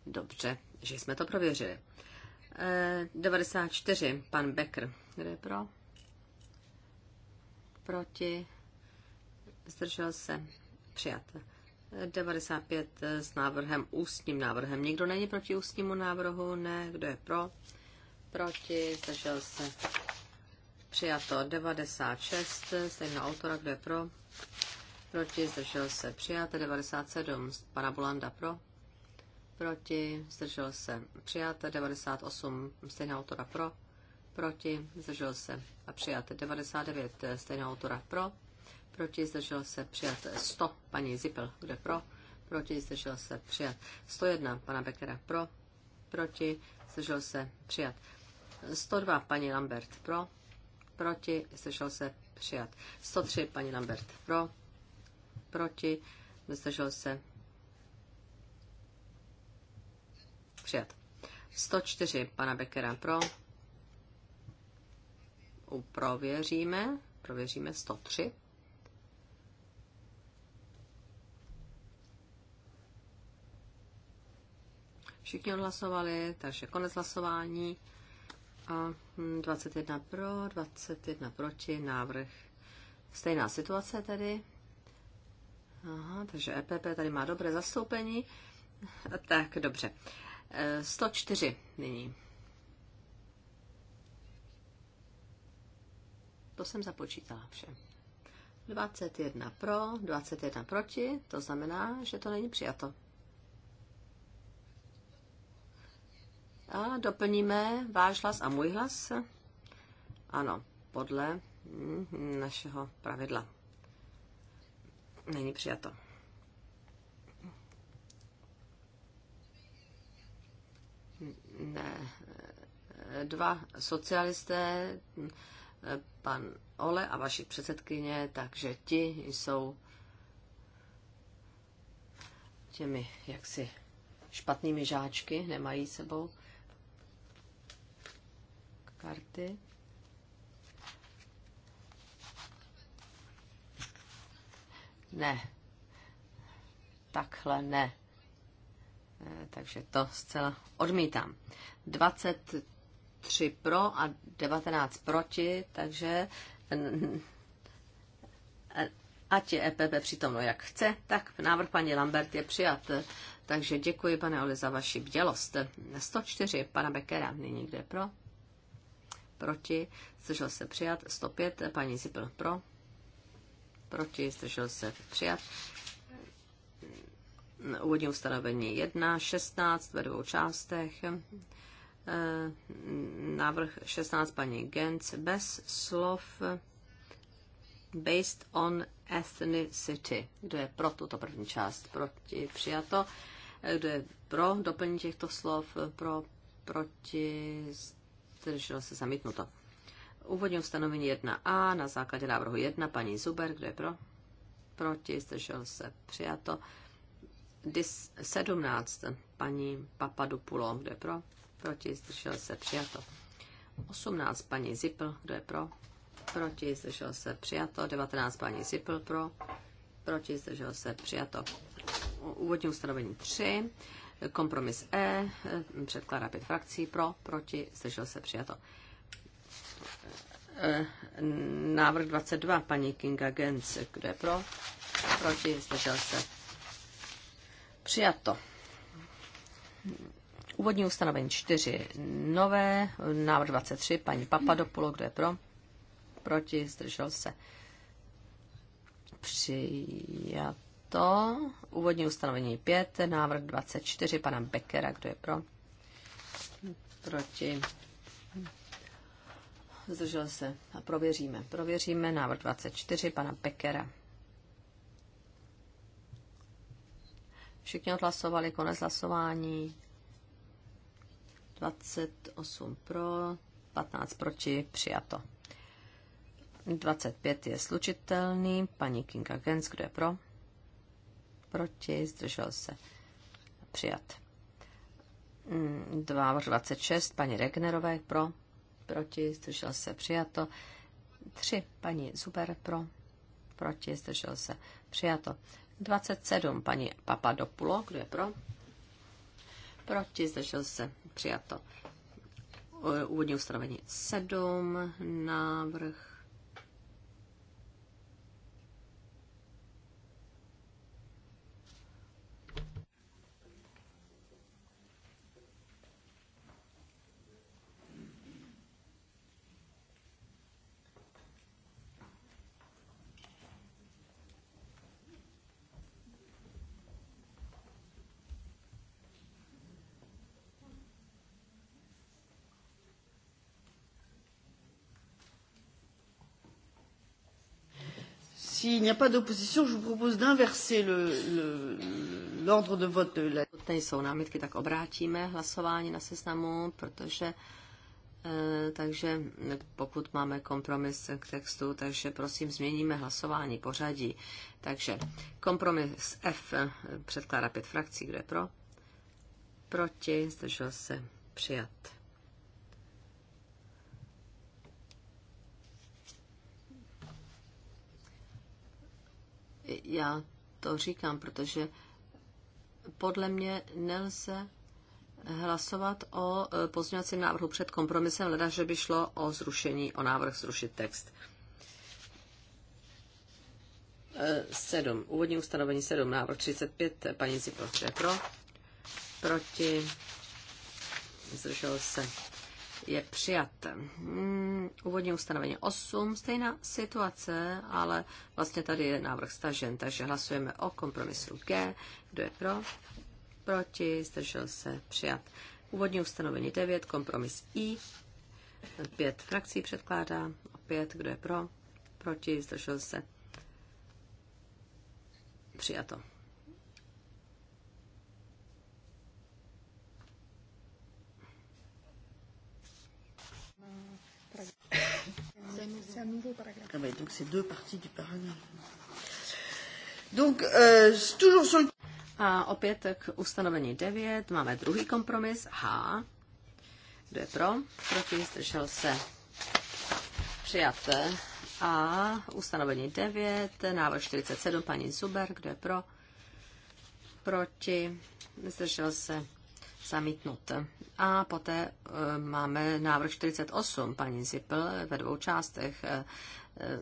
[SPEAKER 1] Dobře, že jsme to prověřili. E, eh, 94, pan Becker. Kde je pro? Proti. Zdržel se. Přijaté. 95 eh, eh, s návrhem ústním návrhem. Nikdo není proti ústnímu návrhu? Ne. Kdo je pro? proti, zdržel se. Přijato 96, stejného autora, kdo je pro, proti, zdržel se. Přijato 97, pana Bolanda pro, proti, zdržel se. Přijato 98, stejného autora pro, proti, zdržel se. A přijat 99, stejného autora pro, proti, zdržel se. Přijat 100, paní Zipel, kde pro, proti, zdržel se. Přijat 101, pana Beckera pro, proti, zdržel se. Přijat 102 paní Lambert pro, proti, zdržel se přijat. 103 paní Lambert pro, proti, zdržel se přijat. 104 pana Beckera pro, prověříme, prověříme 103. Všichni odhlasovali, takže konec hlasování a 21 hm, pro, 21 proti, návrh. Stejná situace tedy. Aha, takže EPP tady má dobré zastoupení. Tak, dobře. 104 e, nyní. To jsem započítala vše. 21 pro, 21 proti, to znamená, že to není přijato. A doplníme váš hlas a můj hlas? Ano, podle mm, našeho pravidla. Není přijato. Ne. Dva socialisté, pan Ole a vaši předsedkyně, takže ti jsou těmi jaksi špatnými žáčky, nemají sebou karty. Ne. Takhle ne. Eh, takže to zcela odmítám. 23 pro a 19 proti, takže ať je EPP přítomno jak chce, tak návrh paní Lambert je přijat. Takže děkuji, pane Oli, za vaši bdělost. 104 pana Beckera, nyní kde pro? proti, zdržel se přijat, 105, paní Zipl pro, proti, zdržel se přijat, úvodní ustanovení 1, 16 ve dvou částech, eh, návrh 16 paní Gens bez slov based on ethnicity. Kdo je pro tuto první část? Proti přijato. Kdo je pro doplnění těchto slov? Pro, proti zdrželo se zamítnuto. Úvodní ustanovení 1a na základě návrhu 1 paní Zuber, kdo je pro? Proti, zdržel se přijato. Dis 17 paní Papadupulo, kdo je pro? Proti, zdržel se přijato. 18 paní Zipl, kdo je pro? Proti, zdržel se přijato. 19 paní Zipl pro? Proti, zdržel se přijato. Úvodní ustanovení 3 Kompromis E předkládá pět frakcí pro, proti, zdržel se přijato. E, návrh 22, paní Kinga Gens, kdo je pro, proti, zdržel se přijato. Úvodní ustanovení 4, nové, návrh 23, paní Papadopolo, kdo je pro, proti, zdržel se přijat to úvodní ustanovení 5, návrh 24 pana Beckera, kdo je pro? Proti. Zdržel se. A prověříme. Prověříme návrh 24 pana Beckera. Všichni odhlasovali konec hlasování. 28 pro, 15 proti, přijato. 25 je slučitelný. Paní Kinga Gens, kdo je pro? proti, zdržel se přijat. 2,26 mm, paní Regnerové pro, proti, zdržel se přijato. 3 paní Zuber pro, proti, zdržel se přijato. 27 paní Papadopulo, kdo je pro, proti, zdržel se přijato. Úvodní ustanovení 7, návrh S'il n'y a pas d'opposition, je vous propose d'inverser le, l'ordre de vote. De Pokud nejsou námitky, tak obrátíme hlasování na seznamu, protože eh, takže pokud máme kompromis k textu, takže prosím změníme hlasování pořadí. Takže kompromis F eh, předkládá pět frakcí, kdo je pro? Proti, zdržel se, přijat. Já to říkám, protože podle mě nelze hlasovat o eh, pozměňovacím návrhu před kompromisem, leda, že by šlo o zrušení, o návrh zrušit text. 7. Eh, Úvodní ustanovení 7, návrh 35, paní Ziprostře pro, proti, zdržel se je přijat. Hmm, úvodní ustanovení 8, stejná situace, ale vlastně tady je návrh stažen, takže hlasujeme o kompromisu G. Kdo je pro? Proti, zdržel se, přijat. Úvodní ustanovení 9, kompromis I. Pět frakcí předkládá. Opět, kdo je pro? Proti, zdržel se. Přijato.
[SPEAKER 3] C'est un nouveau paragraphe.
[SPEAKER 1] Ah ouais, donc c'est deux parties du paragraphe. Donc, euh, toujours sur le... A opět k ustanovení 9 máme druhý kompromis H. Kdo je pro? Proti zdržel se. Přijat A. Ustanovení 9, návrh 47, paní Zuber. Kdo je pro? Proti zdržel se zamítnut. A poté e, máme návrh 48, paní Zipl, ve dvou částech e, e,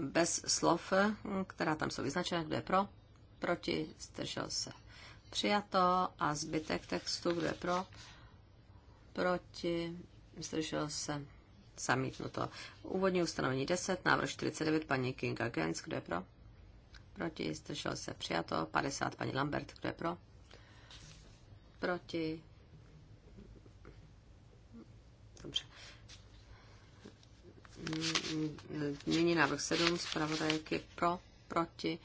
[SPEAKER 1] bez slov, která tam jsou vyznačena, kdo je pro, proti, zdržel se. Přijato a zbytek textu, kdo je pro, proti, zdržel se. Zamítnuto. Úvodní ustanovení 10, návrh 49, paní Kinga Gens, kdo je pro? Proti, zdržel se. Přijato. 50, paní Lambert, kdo je pro? Proti? Dobře. Nyní návrh 7, zpravodajky pro, proti,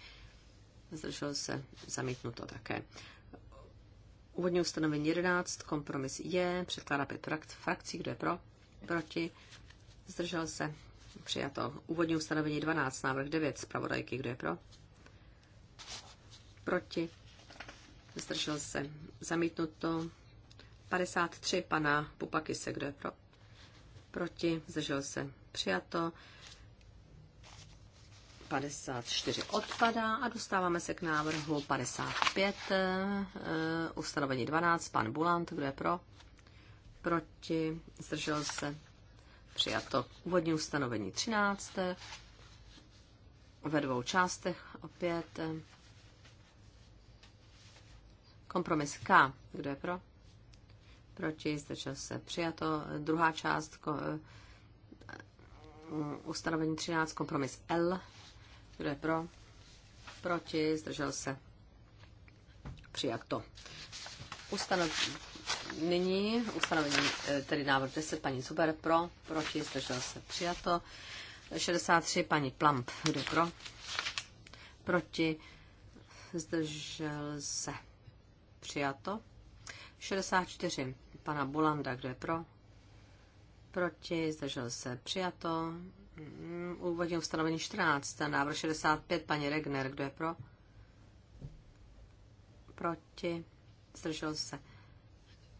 [SPEAKER 1] zdržel se, zamítnuto také. Úvodní ustanovení 11, kompromis je, předkládá pět frakcí, kdo je pro, proti, zdržel se, přijato. Úvodní ustanovení 12, návrh 9, zpravodajky, kdo je pro, proti, zdržel se. Zamítnuto 53 pana Pupakise, kdo je pro? Proti, zdržel se. Přijato 54 odpadá a dostáváme se k návrhu 55, eh, ustanovení 12, pan Bulant, kdo je pro? Proti, zdržel se. Přijato úvodní ustanovení 13, eh, ve dvou částech opět. Eh, Kompromis K. Kdo je pro? Proti? Zdržel se. Přijato. Druhá část. Ko, eh, ustanovení 13. Kompromis L. Kdo je pro? Proti? Zdržel se. Přijato. Ustanov... nyní ustanovení, eh, tedy návrh 10, paní Zuber pro, proti, zdržel se přijato. 63, paní Plamp, kdo pro, proti, zdržel se Přijato. 64 pana Bolanda, kdo je pro? Proti, zdržel se. Přijato. Mm, úvodní ustanovení 14, návrh 65, paní Regner, kdo je pro? Proti, zdržel se.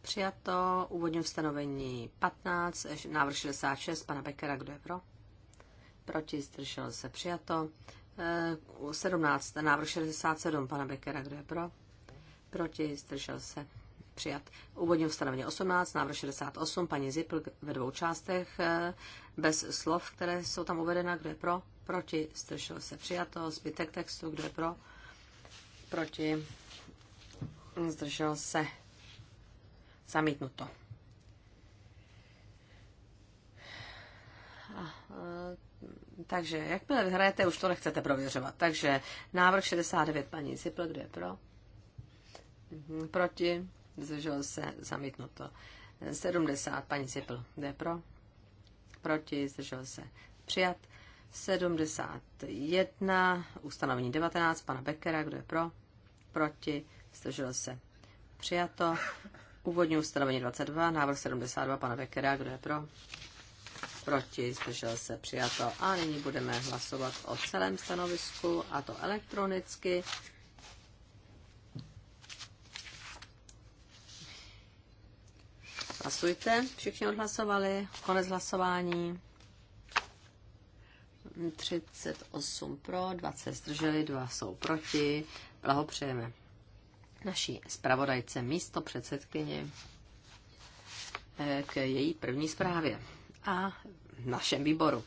[SPEAKER 1] Přijato. Úvodní ustanovení 15, eh, návrh 66, pana Beckera, kdo je pro? Proti, zdržel se. Přijato. 17, eh, návrh 67, pana Beckera, kdo je pro? proti, zdržel se, přijat. Úvodní ustanovení 18, návrh 68, paní Zipl ve dvou částech, eh, bez slov, které jsou tam uvedena, kdo je pro, proti, zdržel se, přijato, zbytek textu, kdo je pro, proti, zdržel se, zamítnuto. Eh, takže jakmile vyhrajete, už to nechcete prověřovat. Takže návrh 69 paní Zipl, kdo je pro? Mhm, proti? Zdržel se zamítnuto. 70. Paní Sipl. Jde pro? Proti? Zdržel se přijat. 71. Ustanovení 19. Pana Beckera. Kdo je pro? Proti? Zdržel se přijato. Úvodní ustanovení 22. Návrh 72. Pana Beckera. Kdo je pro? proti, zdržel se přijato. A nyní budeme hlasovat o celém stanovisku, a to elektronicky. Hlasujte. Všichni odhlasovali. Konec hlasování. 38 pro, 20 zdrželi, 2 jsou proti. Blahopřejeme naší zpravodajce místo předsedkyni eh, k její první zprávě a v našem výboru.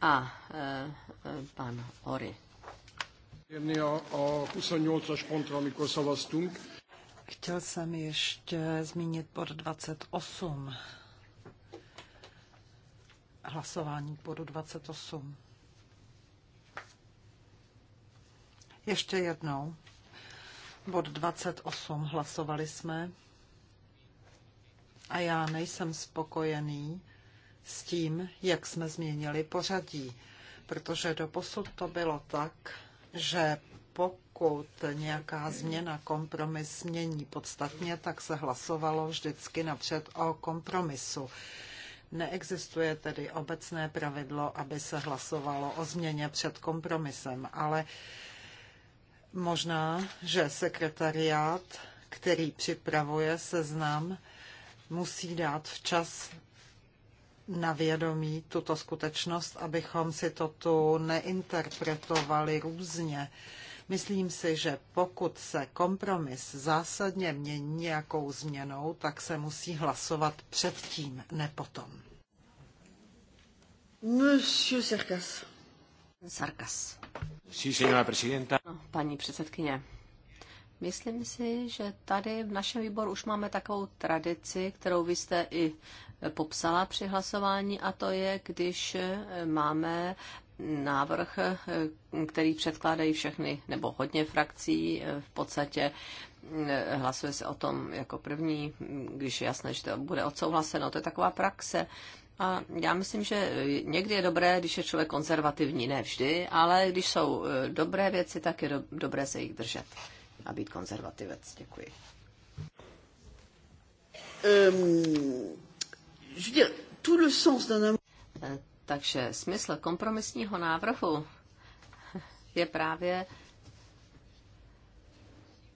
[SPEAKER 1] A e, pan Ory. O 28-as pontra, amikor szavaztunk,
[SPEAKER 2] Chtěl jsem ještě zmínit bod 28. Hlasování k bodu 28. Ještě jednou. Bod 28 hlasovali jsme a já nejsem spokojený s tím, jak jsme změnili pořadí, protože do posud to bylo tak, že pokud nějaká změna, kompromis změní podstatně, tak se hlasovalo vždycky napřed o kompromisu. Neexistuje tedy obecné pravidlo, aby se hlasovalo o změně před kompromisem, ale možná, že sekretariát, který připravuje seznam, musí dát včas na vědomí tuto skutečnost, abychom si to tu neinterpretovali různě. Myslím si, že pokud se kompromis zásadně mění nějakou změnou, tak se musí hlasovat předtím, ne
[SPEAKER 1] potom. Monsieur Sarkas. Sarkas. Sí, señora presidenta. No, paní předsedkyně, myslím si, že tady v našem výboru už máme takovou tradici, kterou vy jste i popsala při hlasování, a to je, když máme návrh, který předkládají všechny nebo hodně frakcí. V podstatě eh, hlasuje se o tom jako první, když je jasné, že to bude odsouhlaseno. To je taková praxe. A já myslím, že někdy je dobré, když je člověk konzervativní, ne vždy, ale když jsou eh, dobré věci, tak je do, dobré se jich držet a být konzervativec. Děkuji. Um, je veux dire, tout le sens d'un eh, takže smysl kompromisního návrhu je právě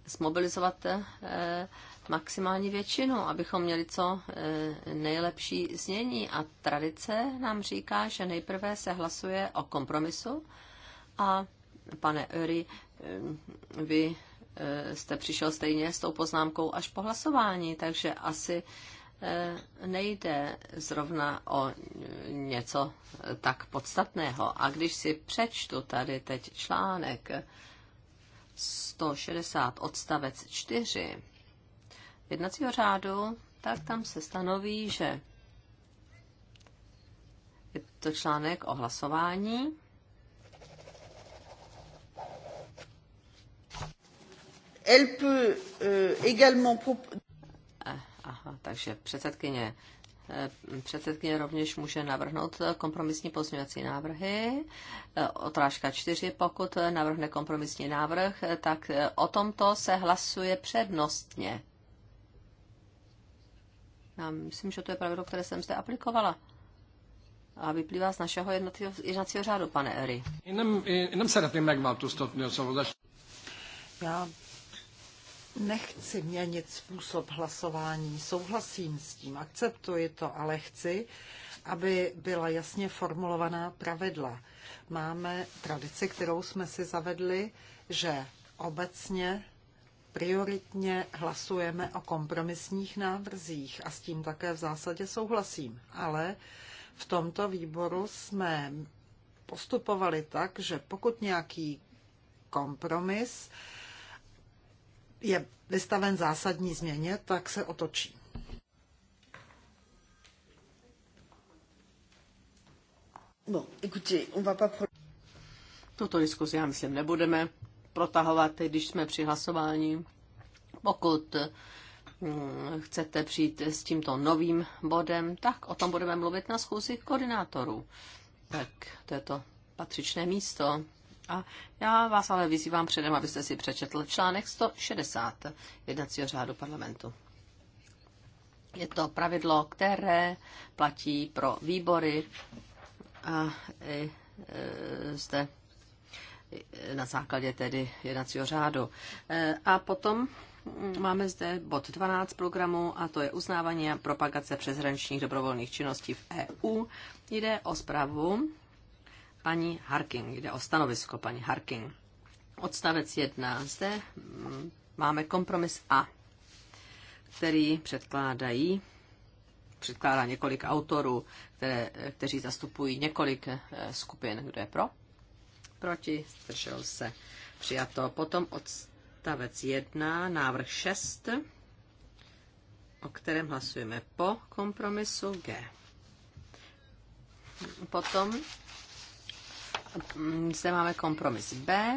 [SPEAKER 1] smobilizovat eh, maximální většinu, abychom měli co eh, nejlepší znění. A tradice nám říká, že nejprve se hlasuje o kompromisu a pane Öry, eh, vy jste přišel stejně s tou poznámkou až po hlasování, takže asi E, nejde zrovna o něco tak podstatného. A když si přečtu tady teď článek 160 odstavec 4 jednacího řádu, tak tam se stanoví, že je to článek o hlasování. Elle peut euh, également Aha, takže předsedkyně eh, Předsedkyně rovněž může navrhnout kompromisní pozměňovací návrhy. Eh, otrážka 4, pokud navrhne kompromisní návrh, tak eh, o tomto se hlasuje přednostně. Já myslím, že to je pravidlo, které jsem zde aplikovala. A vyplývá z našeho jednacího řádu, pane Ery. Já
[SPEAKER 2] nechci měnit způsob hlasování. Souhlasím s tím, akceptuji to, ale chci, aby byla jasně formulovaná pravidla. Máme tradici, kterou jsme si zavedli, že obecně prioritně hlasujeme o kompromisních návrzích a s tím také v zásadě souhlasím. Ale v tomto výboru jsme postupovali tak, že pokud nějaký kompromis, je vystaven zásadní změně, tak se otočí.
[SPEAKER 1] Bon, écoutez, on va pas... Tuto diskuzi, já myslím, nebudeme protahovat, když jsme při hlasování. Pokud mm, chcete přijít s tímto novým bodem, tak o tom budeme mluvit na schůzi koordinátorů. Tak to je to patřičné místo. A já vás ale vyzývám předem, abyste si přečetl článek 160 jednacího řádu parlamentu. Je to pravidlo, které platí pro výbory a i, e, zde na základě tedy jednacího řádu. E, a potom máme zde bod 12 programu a to je uznávání a propagace přeshraničních dobrovolných činností v EU. Jde o zprávu paní Harking. Jde o stanovisko paní Harking. Odstavec 1. Zde mm, máme kompromis A, který předkládají předkládá několik autorů, které, eh, kteří zastupují několik eh, skupin. Kdo je pro? Proti? Zdržel se. Přijato. Potom odstavec 1, návrh 6, o kterém hlasujeme po kompromisu G. Potom zde máme kompromis B.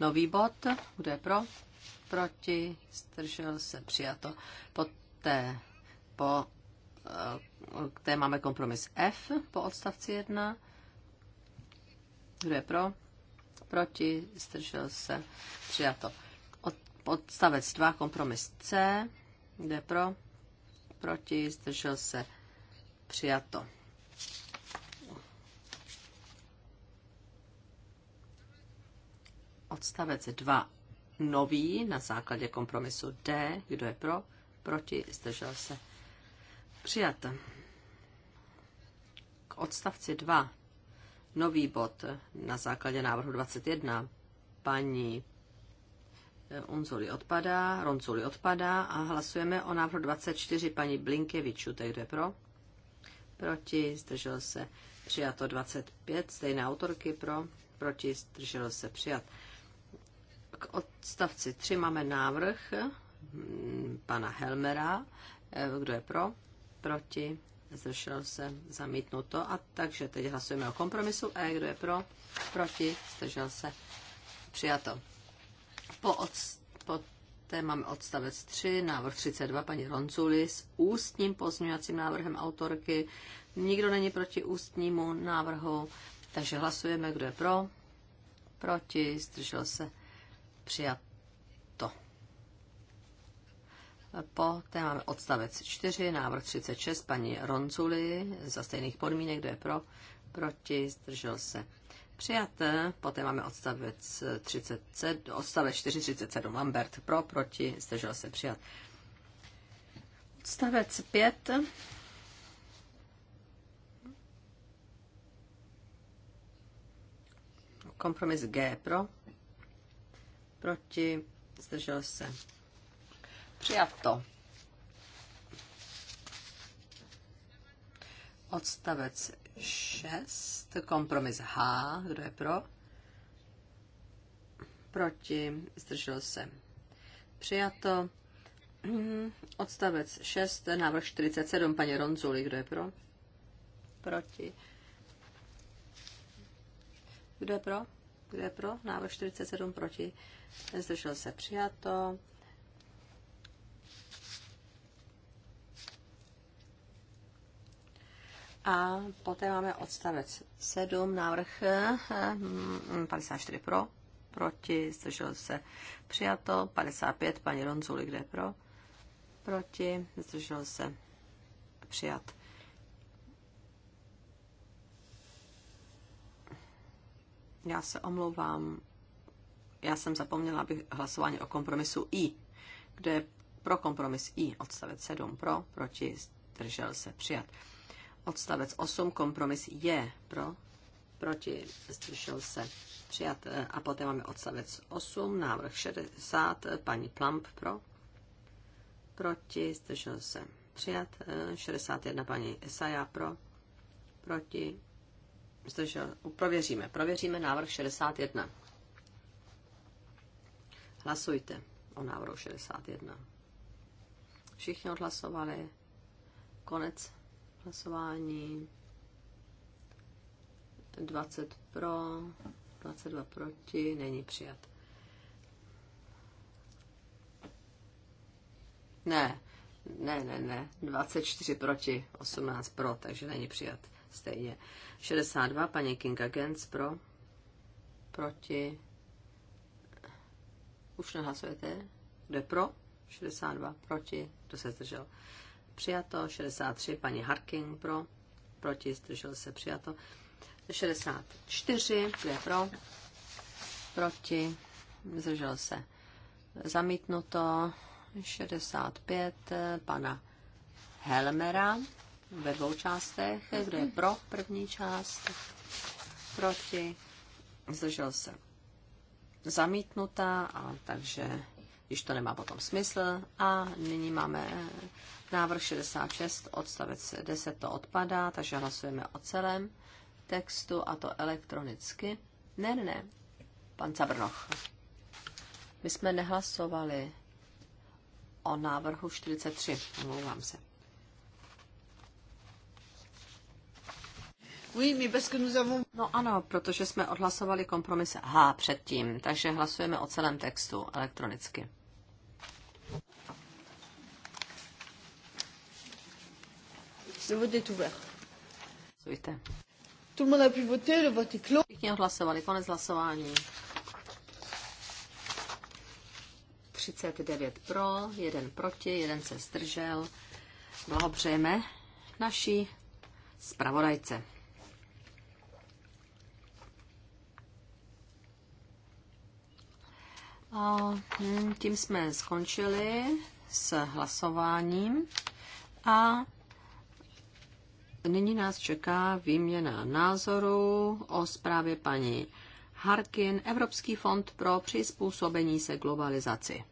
[SPEAKER 1] Nový bod. Kdo je pro? Proti. Zdržel se. Přijato. Poté po eh, té máme kompromis F po odstavci 1. Kdo je pro? Proti. Zdržel se. Přijato. Podstavec odstavec 2. Kompromis C. kde pro? Proti. Zdržel se. Přijato. odstavec 2 nový na základě kompromisu D. Kdo je pro? Proti? Zdržel se? Přijat. K odstavci 2 nový bod na základě návrhu 21. Paní eh, Unzuli odpadá, Ronzuli odpadá a hlasujeme o návrhu 24 paní Blinkeviču. Tak kdo je pro? Proti? Zdržel se? Přijato 25. Stejné autorky pro? Proti? zdrželo se? Přijat. K odstavci 3 máme návrh mm, pana Helmera. Eh, kdo je pro? Proti? Zdržel se? Zamítnuto. A takže teď hlasujeme o kompromisu E. Kdo je pro? Proti? Zdržel se? Přijato. Po, od, po té máme odstavec 3, návrh 32, paní Ronculi s ústním pozměňovacím návrhem autorky. Nikdo není proti ústnímu návrhu, takže hlasujeme, kdo je pro, proti, zdržel se Přijato. Poté máme odstavec 4, návrh 36, paní Ronculi, za stejných podmínek, kdo je pro, proti, zdržel se. Přijat. Poté máme odstavec, 37, odstavec 4, 37, Lambert, pro, proti, zdržel se. Přijat. Odstavec 5, kompromis G pro, proti, zdržel se. Přijat to. Odstavec 6, kompromis H, kdo je pro? Proti, zdržel se. Přijato. Mhm. Odstavec 6, návrh 47, paní Ronzuli, kdo je pro? Proti. Kdo je pro? Kdo je pro? Návrh 47 proti zdržel se přijato. A poté máme odstavec 7, návrh 54 hm, pro, proti, zdržel se přijato, 55, paní Ronzuli, kde pro, proti, zdržel se přijat. Já se omlouvám, já jsem zapomněla, aby hlasování o kompromisu I. kde je pro kompromis I? Odstavec 7 pro, proti, zdržel se, přijat. Odstavec 8, kompromis je pro, proti, zdržel se, přijat. A poté máme odstavec 8, návrh 60, paní Plump pro, proti, zdržel se, přijat. 61, paní Esaja pro, proti, zdržel, prověříme, prověříme návrh 61. Hlasujte o návrhu 61. Všichni odhlasovali. Konec hlasování. 20 pro, 22 proti, není přijat. Ne, ne, ne, ne. 24 proti, 18 pro, takže není přijat stejně. 62, paní Kinga Gens pro, proti, už nehlasujete? Kdo je pro? 62 proti, kdo se zdržel? Přijato. 63 paní Harking pro, proti, zdržel se přijato. 64, kdo je pro? Proti, zdržel se. Zamítnuto. 65 pana Helmera ve dvou částech. Kdo je pro první část? Proti, zdržel se zamítnutá a takže již to nemá potom smysl. A nyní máme eh, návrh 66, odstavec 10 to odpadá, takže hlasujeme o celém textu a to elektronicky. Ne, ne, ne, pan Cabrnoch. My jsme nehlasovali o návrhu 43, omlouvám se. Oui, mais parce que nous avons... No ano, protože jsme odhlasovali kompromis H předtím, takže hlasujeme o celém textu elektronicky. Le vote est ouvert. Hlasujte. Tout le monde a pu voter, le vote est clos. Všichni odhlasovali, konec hlasování. 39 pro, 1 proti, 1 se zdržel. Blahopřejeme naší zpravodajce. A hm, tím jsme skončili s hlasováním a nyní nás čeká výměna názoru o zprávě paní Harkin, Evropský fond pro přizpůsobení se globalizaci.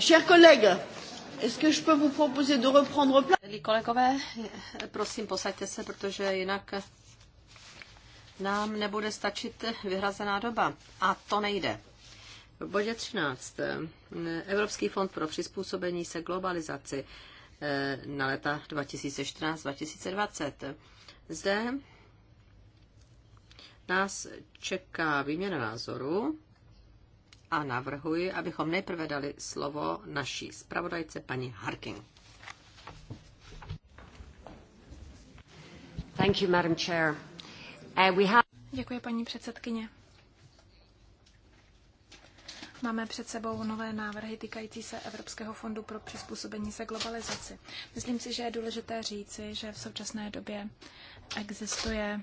[SPEAKER 1] Chers Kolegové, prosím, posaďte se, protože jinak nám nebude stačit vyhrazená doba. A to nejde. V bodě 13. Eh, Evropský fond pro přizpůsobení se globalizaci eh, na leta 2014-2020. Zde nás čeká výměna názoru a navrhuji, abychom nejprve dali slovo naší zpravodajce paní Harking. Thank you, Madam Chair. Uh, we have...
[SPEAKER 3] Děkuji, paní předsedkyně. Máme před sebou nové návrhy týkající se Evropského fondu pro přizpůsobení se globalizaci. Myslím si, že je důležité říci, že v současné době existuje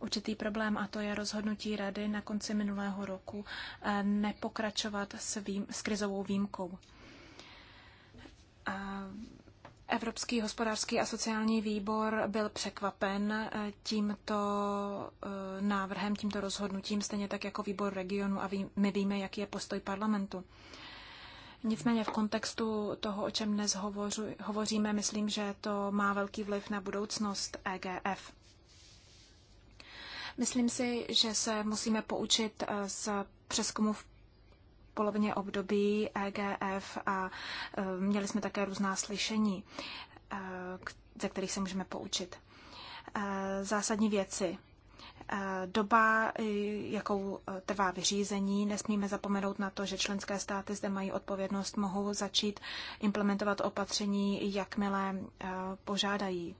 [SPEAKER 3] určitý problém a to je rozhodnutí rady na konci minulého roku eh, nepokračovat s, vým, s krizovou výjimkou. Evropský hospodářský a sociální výbor byl překvapen eh, tímto eh, návrhem, tímto rozhodnutím, stejně tak jako výbor regionu a my víme, jaký je postoj parlamentu. Nicméně v kontextu toho, o čem dnes hovoříme, myslím, že to má velký vliv na budoucnost EGF. Myslím si, že se musíme poučit eh, z přeskumu v polovině období EGF a eh, měli jsme také různá slyšení, eh, ze kterých se můžeme poučit. Zásadní věci doba, jakou trvá vyřízení. Nesmíme zapomenout na to, že členské státy zde mají odpovědnost, mohou začít implementovat opatření, jakmile požádají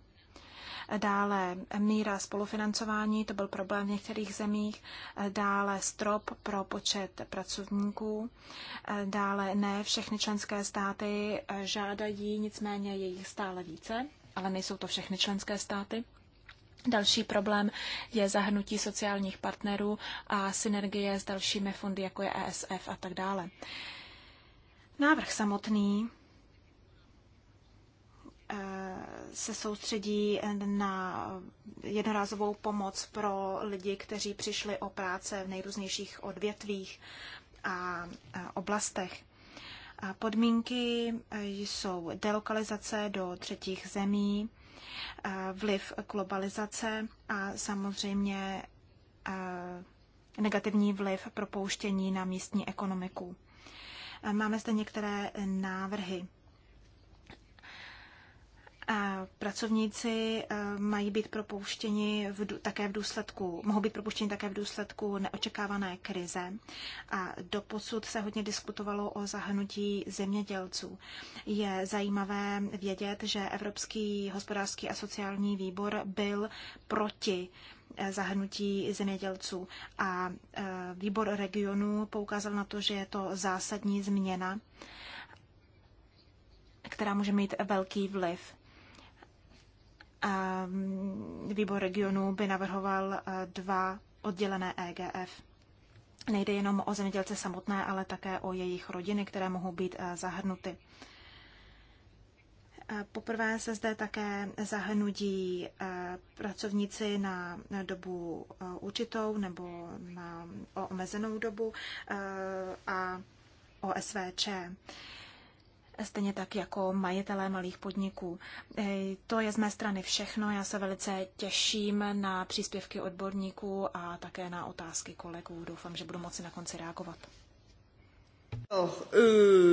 [SPEAKER 3] dále míra spolufinancování, to byl problém v některých zemích, dále strop pro počet pracovníků, dále ne všechny členské státy žádají, nicméně je jich stále více, ale nejsou to všechny členské státy. Další problém je zahrnutí sociálních partnerů a synergie s dalšími fondy, jako je ESF a tak dále. Návrh samotný se soustředí na jednorázovou pomoc pro lidi, kteří přišli o práce v nejrůznějších odvětvích a oblastech. Podmínky e, jsou delokalizace do třetích zemí, e, vliv globalizace a samozřejmě e, negativní vliv propouštění na místní ekonomiku. Máme zde některé návrhy. Pracovníci eh, mají být propouštěni v, také v důsledku, mohou být propuštěni také v důsledku neočekávané krize. A doposud se hodně diskutovalo o zahrnutí zemědělců. Je zajímavé vědět, že Evropský hospodářský a sociální výbor byl proti eh, zahrnutí zemědělců. A eh, výbor regionu poukázal na to, že je to zásadní změna, která může mít velký vliv Mm, výbor regionu by navrhoval e, dva oddělené EGF. Nejde jenom o zemědělce samotné, ale také o jejich rodiny, které mohou být e, zahrnuty. E, poprvé se zde také zahrnutí pracovníci na dobu určitou nebo na omezenou dobu a OSVČ stejně tak jako majitelé malých podniků. E, to je z mé strany všechno. Já se velice těším na příspěvky odborníků a také na otázky kolegů. Doufám, že budu moci na konci reagovat.
[SPEAKER 2] Oh,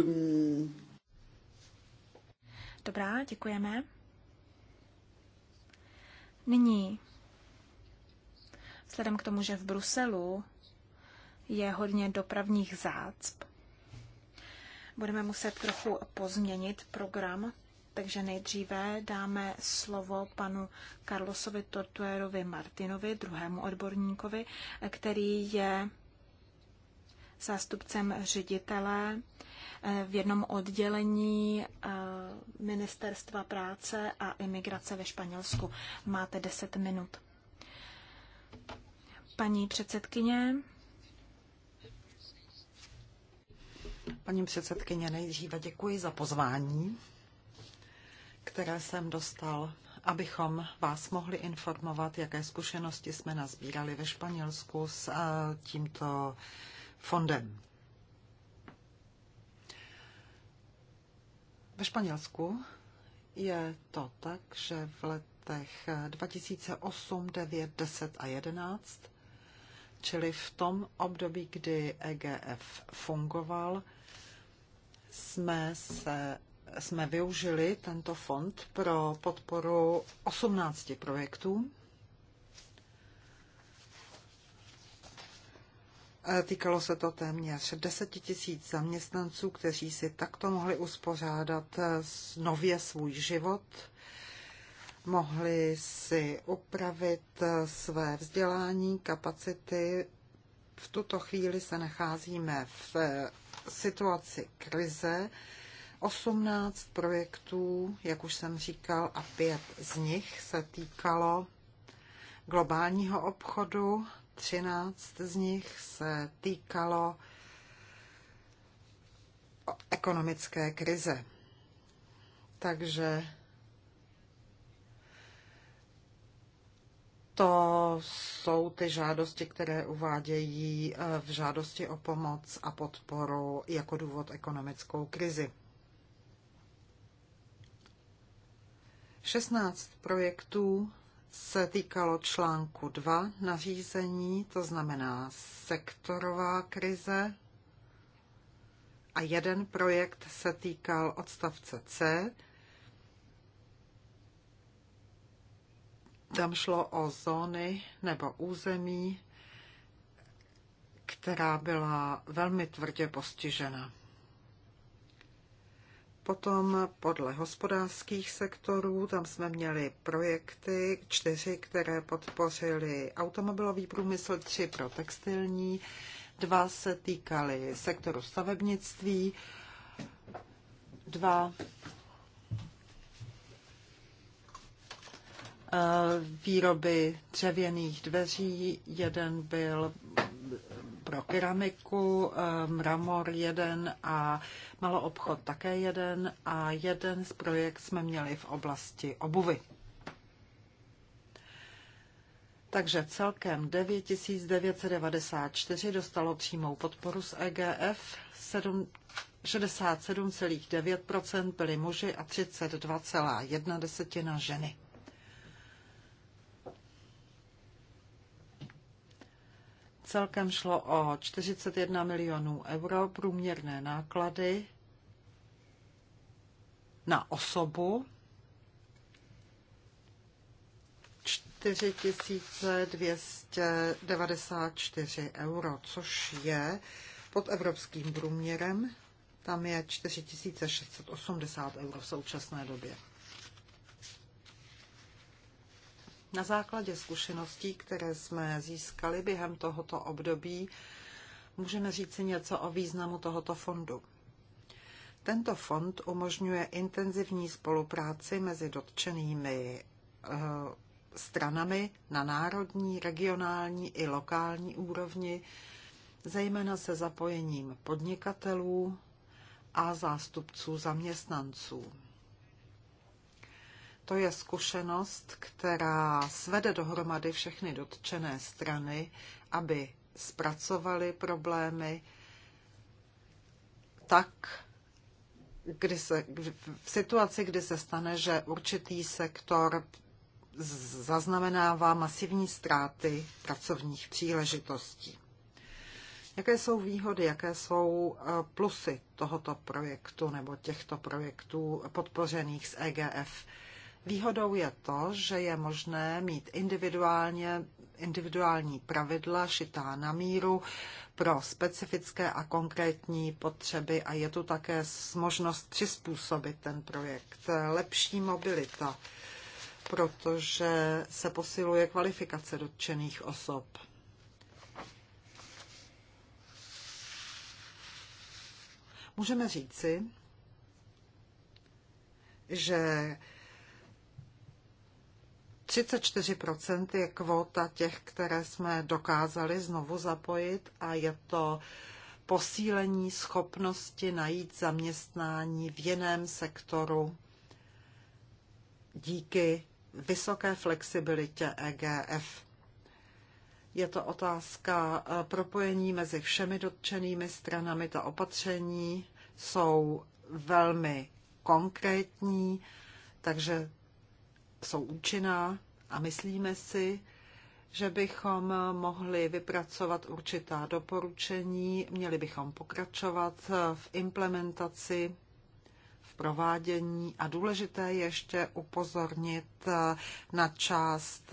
[SPEAKER 2] um...
[SPEAKER 3] Dobrá, děkujeme. Nyní, vzhledem k tomu, že v Bruselu je hodně dopravních zácp, budeme muset trochu pozměnit program, takže nejdříve dáme slovo panu Carlosovi Tortuerovi Martinovi, druhému odborníkovi, který je zástupcem ředitele eh, v jednom oddělení eh, Ministerstva práce a imigrace ve Španělsku. Máte 10 minut.
[SPEAKER 2] Paní předsedkyně, Paní předsedkyně, nejdříve děkuji za pozvání, které jsem dostal, abychom vás mohli informovat, jaké zkušenosti jsme nazbírali ve Španělsku s eh, tímto fondem. Ve Španělsku je to tak, že v letech 2008, 9, 10 a 11, čili v tom období, kdy EGF fungoval, jsme, se, jsme využili tento fond pro podporu 18 projektů. Týkalo se to téměř 10 tisíc zaměstnanců, kteří si takto mohli uspořádat eh, nově svůj život, mohli si upravit eh, své vzdělání, kapacity, v tuto chvíli se nacházíme v eh, situaci krize. 18 projektů, jak už jsem říkal, a pět z nich se týkalo globálního obchodu, 13 z nich se týkalo ekonomické krize. Takže To jsou ty žádosti, které uvádějí eh, v žádosti o pomoc a podporu jako důvod ekonomickou krizi. 16 projektů se týkalo článku 2 nařízení, to znamená sektorová krize, a jeden projekt se týkal odstavce C, Tam šlo o zóny nebo území, která byla velmi tvrdě postižena. Potom podle hospodářských sektorů, tam jsme měli projekty, čtyři, které podpořili automobilový průmysl, tři pro textilní, dva se týkaly sektoru stavebnictví, dva výroby dřevěných dveří, jeden byl pro keramiku, mramor jeden a maloobchod také jeden a jeden z projekt jsme měli v oblasti obuvy. Takže celkem 9994 dostalo přímou podporu z EGF, 67,9 byli muži a 32,1 ženy. Celkem šlo o 41 milionů euro průměrné náklady na osobu 4294 euro, což je pod evropským průměrem. Tam je 4680 euro v současné době. Na základě zkušeností, které jsme získali během tohoto období, můžeme říci něco o významu tohoto fondu. Tento fond umožňuje intenzivní spolupráci mezi dotčenými eh, stranami na národní, regionální i lokální úrovni, zejména se zapojením podnikatelů a zástupců zaměstnanců. To je zkušenost, která svede dohromady všechny dotčené strany, aby zpracovali problémy tak, kdy se, v situaci, kdy se stane, že určitý sektor zaznamenává masivní ztráty pracovních příležitostí. Jaké jsou výhody, jaké jsou eh, plusy tohoto projektu nebo těchto projektů podpořených z EGF? Výhodou je to, že je možné mít individuálně individuální pravidla šitá na míru pro specifické a konkrétní potřeby a je tu také možnost přizpůsobit ten projekt. Lepší mobilita, protože se posiluje kvalifikace dotčených osob. Můžeme říci, že 34% je kvóta těch, které jsme dokázali znovu zapojit a je to posílení schopnosti najít zaměstnání v jiném sektoru díky vysoké flexibilitě EGF. Je to otázka eh, propojení mezi všemi dotčenými stranami. Ta opatření jsou velmi konkrétní, takže jsou účinná a myslíme si, že bychom mohli vypracovat určitá doporučení, měli bychom pokračovat v implementaci, v provádění a důležité ještě upozornit na část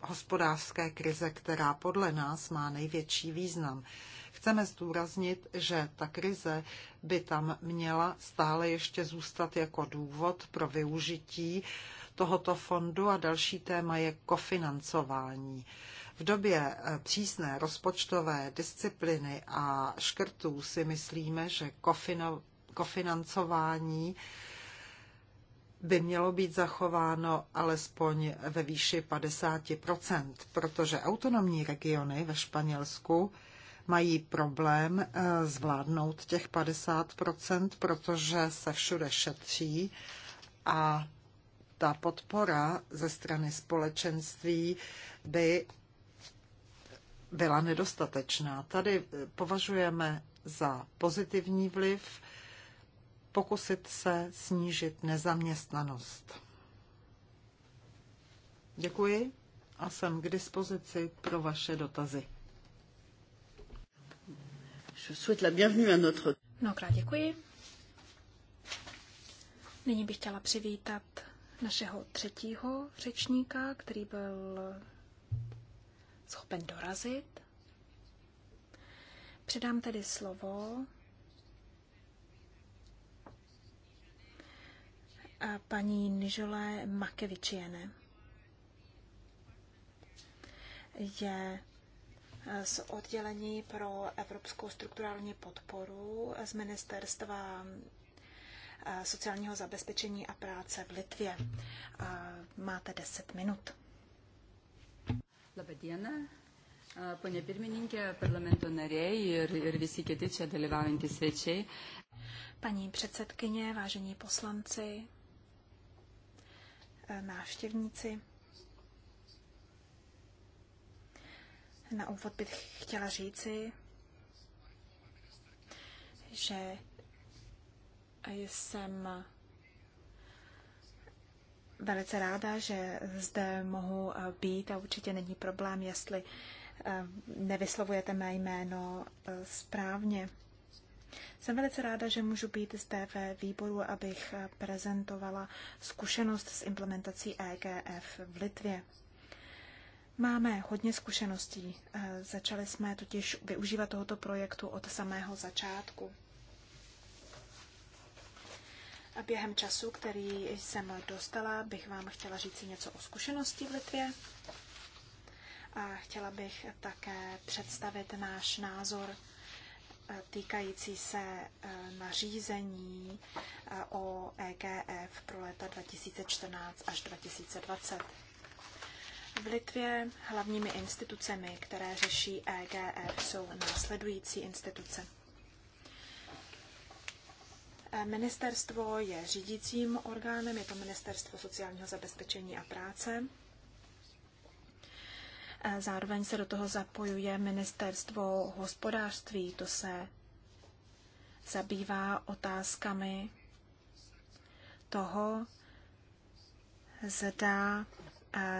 [SPEAKER 2] hospodářské krize, která podle nás má největší význam. Chceme zdůraznit, že ta krize by tam měla stále ještě zůstat jako důvod pro využití uh, tohoto fondu a další téma je kofinancování. V době eh, přísné rozpočtové discipliny a škrtů si myslíme, že kofino, kofinancování by mělo být zachováno alespoň ve výši 50 protože autonomní regiony ve Španělsku mají problém eh, zvládnout těch 50 protože se všude šetří a ta podpora ze strany společenství by byla nedostatečná. Tady považujeme za pozitivní vliv pokusit se snížit nezaměstnanost. Děkuji a jsem k dispozici pro vaše dotazy. Je souhaite la bienvenue à notre...
[SPEAKER 3] Mnohokrát děkuji. Nyní bych chtěla přivítat našeho třetího řečníka, který byl schopen dorazit. Předám tedy slovo a paní Nižole Makevičiene. Je z oddělení pro evropskou strukturální podporu z ministerstva sociálního zabezpečení a práce v Litvě. Máte 10 minut. Labai
[SPEAKER 1] diena. Pone pirmininkė, parlamento nariai ir, ir visi kiti čia dalyvaujantys svečiai.
[SPEAKER 3] Paní předsedkyně, vážení poslanci, návštěvníci. Na úvod bych chtěla říci, že jsem velice ráda, že zde mohu eh, být a určitě není problém, jestli eh, nevyslovujete mé jméno eh, správně. Jsem velice ráda, že můžu být zde ve výboru, abych prezentovala zkušenost s implementací EGF v Litvě. Máme hodně zkušeností. Začali jsme totiž využívat tohoto projektu od samého začátku. A během času, který jsem dostala, bych vám chtěla říct něco o zkušenosti v Litvě. A chtěla bych také představit náš názor e, týkající se e, nařízení e, o EGF pro léta 2014 až 2020. V Litvě hlavními institucemi, které řeší EGF, jsou následující instituce. E, ministerstvo je řídícím orgánem, je to Ministerstvo sociálního zabezpečení a práce. E, zároveň se do toho zapojuje Ministerstvo hospodářství, to se zabývá otázkami toho, zda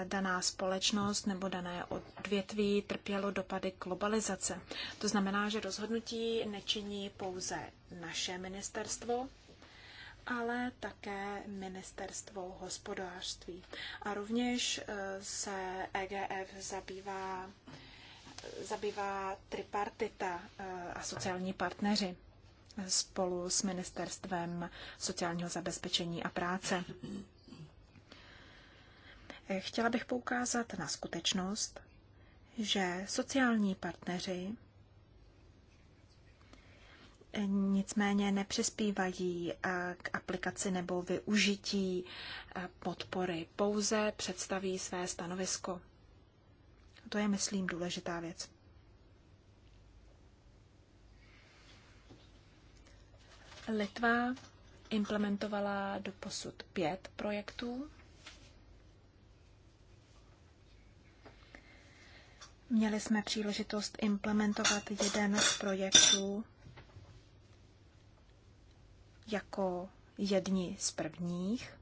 [SPEAKER 3] daná společnost nebo dané odvětví trpělo dopady globalizace. To znamená, že rozhodnutí nečiní pouze naše ministerstvo, ale také ministerstvo hospodářství. A rovněž eh, se EGF zabývá, zabývá tripartita eh, a sociální partneři spolu s Ministerstvem sociálního zabezpečení a práce. Chtěla bych poukázat na skutečnost, že sociální partneři nicméně nepřispívají eh, k aplikaci nebo využití eh, podpory, pouze představí své stanovisko. To je, myslím, důležitá věc. Litva implementovala do posud pět projektů Měli jsme příležitost implementovat jeden z projektů jako jedni z prvních.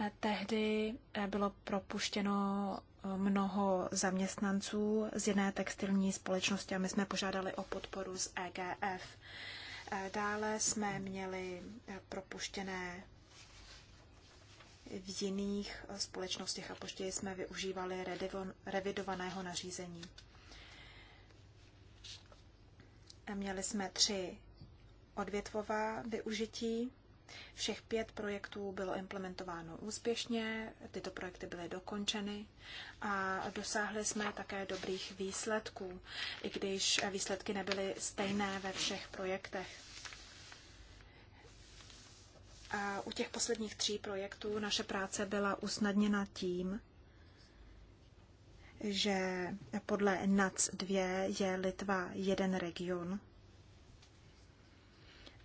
[SPEAKER 3] Eh, tehdy eh, bylo propuštěno eh, mnoho zaměstnanců z jedné textilní společnosti a my jsme požádali o podporu z EGF. Dále jsme měli propuštěné v jiných eh, společnostech a poště jsme využívali revidovaného nařízení. Měli jsme tři odvětvová využití. Všech pět projektů bylo implementováno úspěšně, tyto projekty byly dokončeny a dosáhli jsme také dobrých výsledků, i když eh, výsledky nebyly stejné ve všech projektech u těch posledních tří projektů naše práce byla usnadněna tím, že podle NAC 2 je Litva jeden region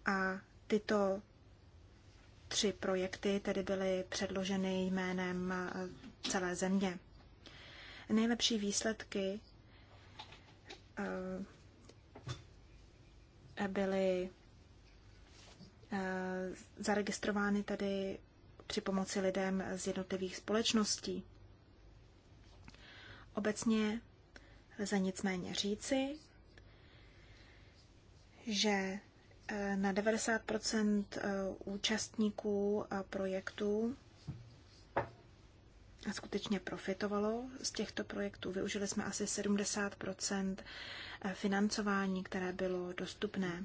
[SPEAKER 3] a tyto tři projekty tedy byly předloženy jménem eh, celé země. Nejlepší výsledky eh, byly Eh, zaregistrovány tedy při pomoci lidem z jednotlivých společností. Obecně lze nicméně říci, že eh, na 90 eh, účastníků projektů skutečně profitovalo z těchto projektů. Využili jsme asi 70 financování, které bylo dostupné.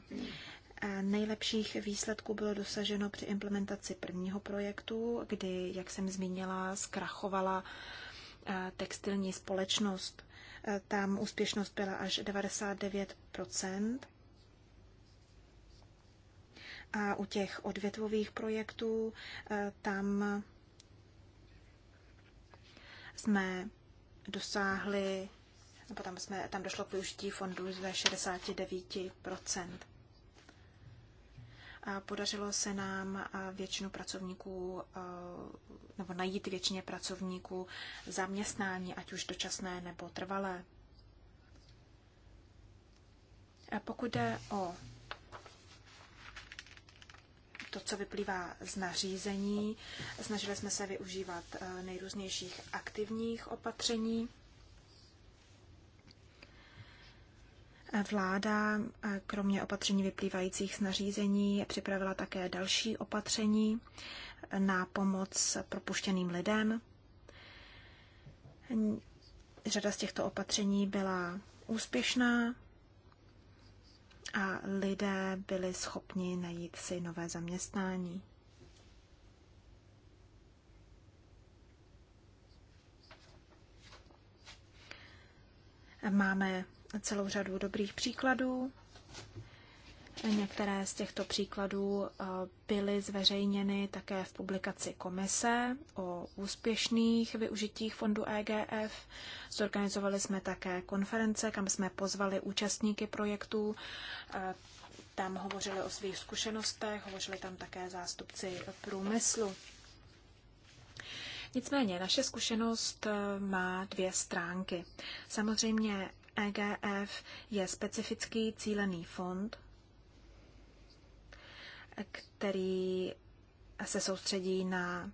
[SPEAKER 3] Nejlepších výsledků bylo dosaženo při implementaci prvního projektu, kdy, jak jsem zmínila, zkrachovala eh, textilní společnost. Eh, tam úspěšnost byla až 99 A u těch odvětvových projektů eh, tam jsme dosáhli, nebo tam, jsme, tam došlo k využití fondů ze 69 Podařilo se nám většinu pracovníků, nebo najít většině pracovníků zaměstnání, ať už dočasné nebo trvalé. A pokud jde o to, co vyplývá z nařízení, snažili jsme se využívat nejrůznějších aktivních opatření. Vláda, eh, kromě opatření vyplývajících z nařízení, připravila také další opatření eh, na pomoc propuštěným lidem. Řada z těchto opatření byla úspěšná a lidé byli schopni najít si nové zaměstnání. Máme celou řadu dobrých příkladů. Některé z těchto příkladů eh, byly zveřejněny také v publikaci Komise o úspěšných využitích fondu EGF. Zorganizovali jsme také konference, kam jsme pozvali účastníky projektů. Eh, tam hovořili o svých zkušenostech, hovořili tam také zástupci průmyslu. Nicméně naše zkušenost eh, má dvě stránky. Samozřejmě EGF je specifický cílený fond, který se soustředí na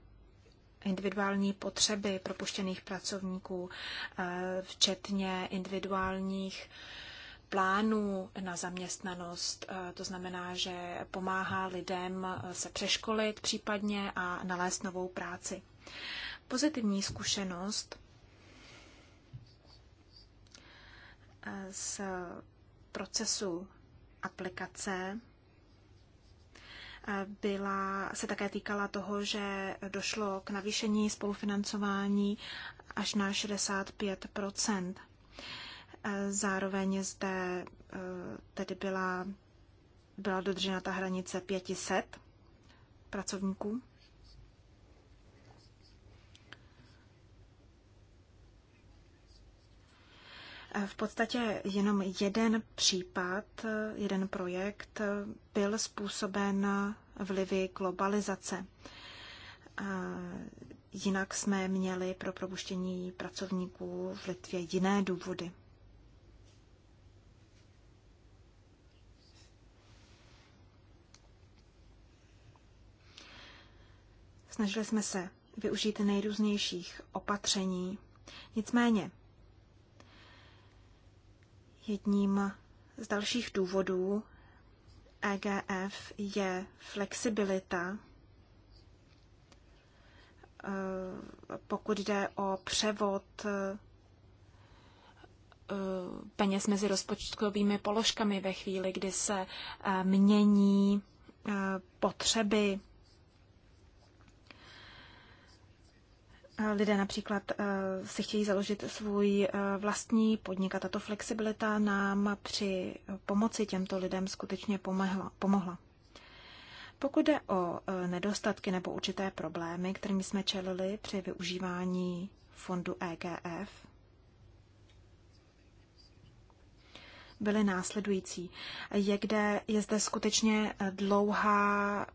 [SPEAKER 3] individuální potřeby propuštěných pracovníků, e, včetně individuálních plánů na zaměstnanost. E, to znamená, že pomáhá lidem se přeškolit případně a nalézt novou práci. Pozitivní zkušenost z procesu aplikace eh, byla, se také týkala toho, že došlo k navýšení spolufinancování až na 65 eh, Zároveň zde eh, tedy byla, byla dodržena ta hranice 500 pracovníků. V podstatě jenom jeden případ, jeden projekt byl způsoben vlivy globalizace. Jinak jsme měli pro propuštění pracovníků v Litvě jiné důvody. Snažili jsme se využít nejrůznějších opatření. Nicméně Jedním z dalších důvodů EGF je flexibilita, eh, pokud jde o převod eh, peněz mezi rozpočtovými položkami ve chvíli, kdy se eh, mění potřeby Lidé například eh, si chtějí založit svůj eh, vlastní podnik a tato flexibilita nám při pomoci těmto lidem skutečně pomohla. Pokud jde o eh, nedostatky nebo určité problémy, kterými jsme čelili při využívání fondu EGF, byly následující. Je, kde, je zde skutečně dlouhá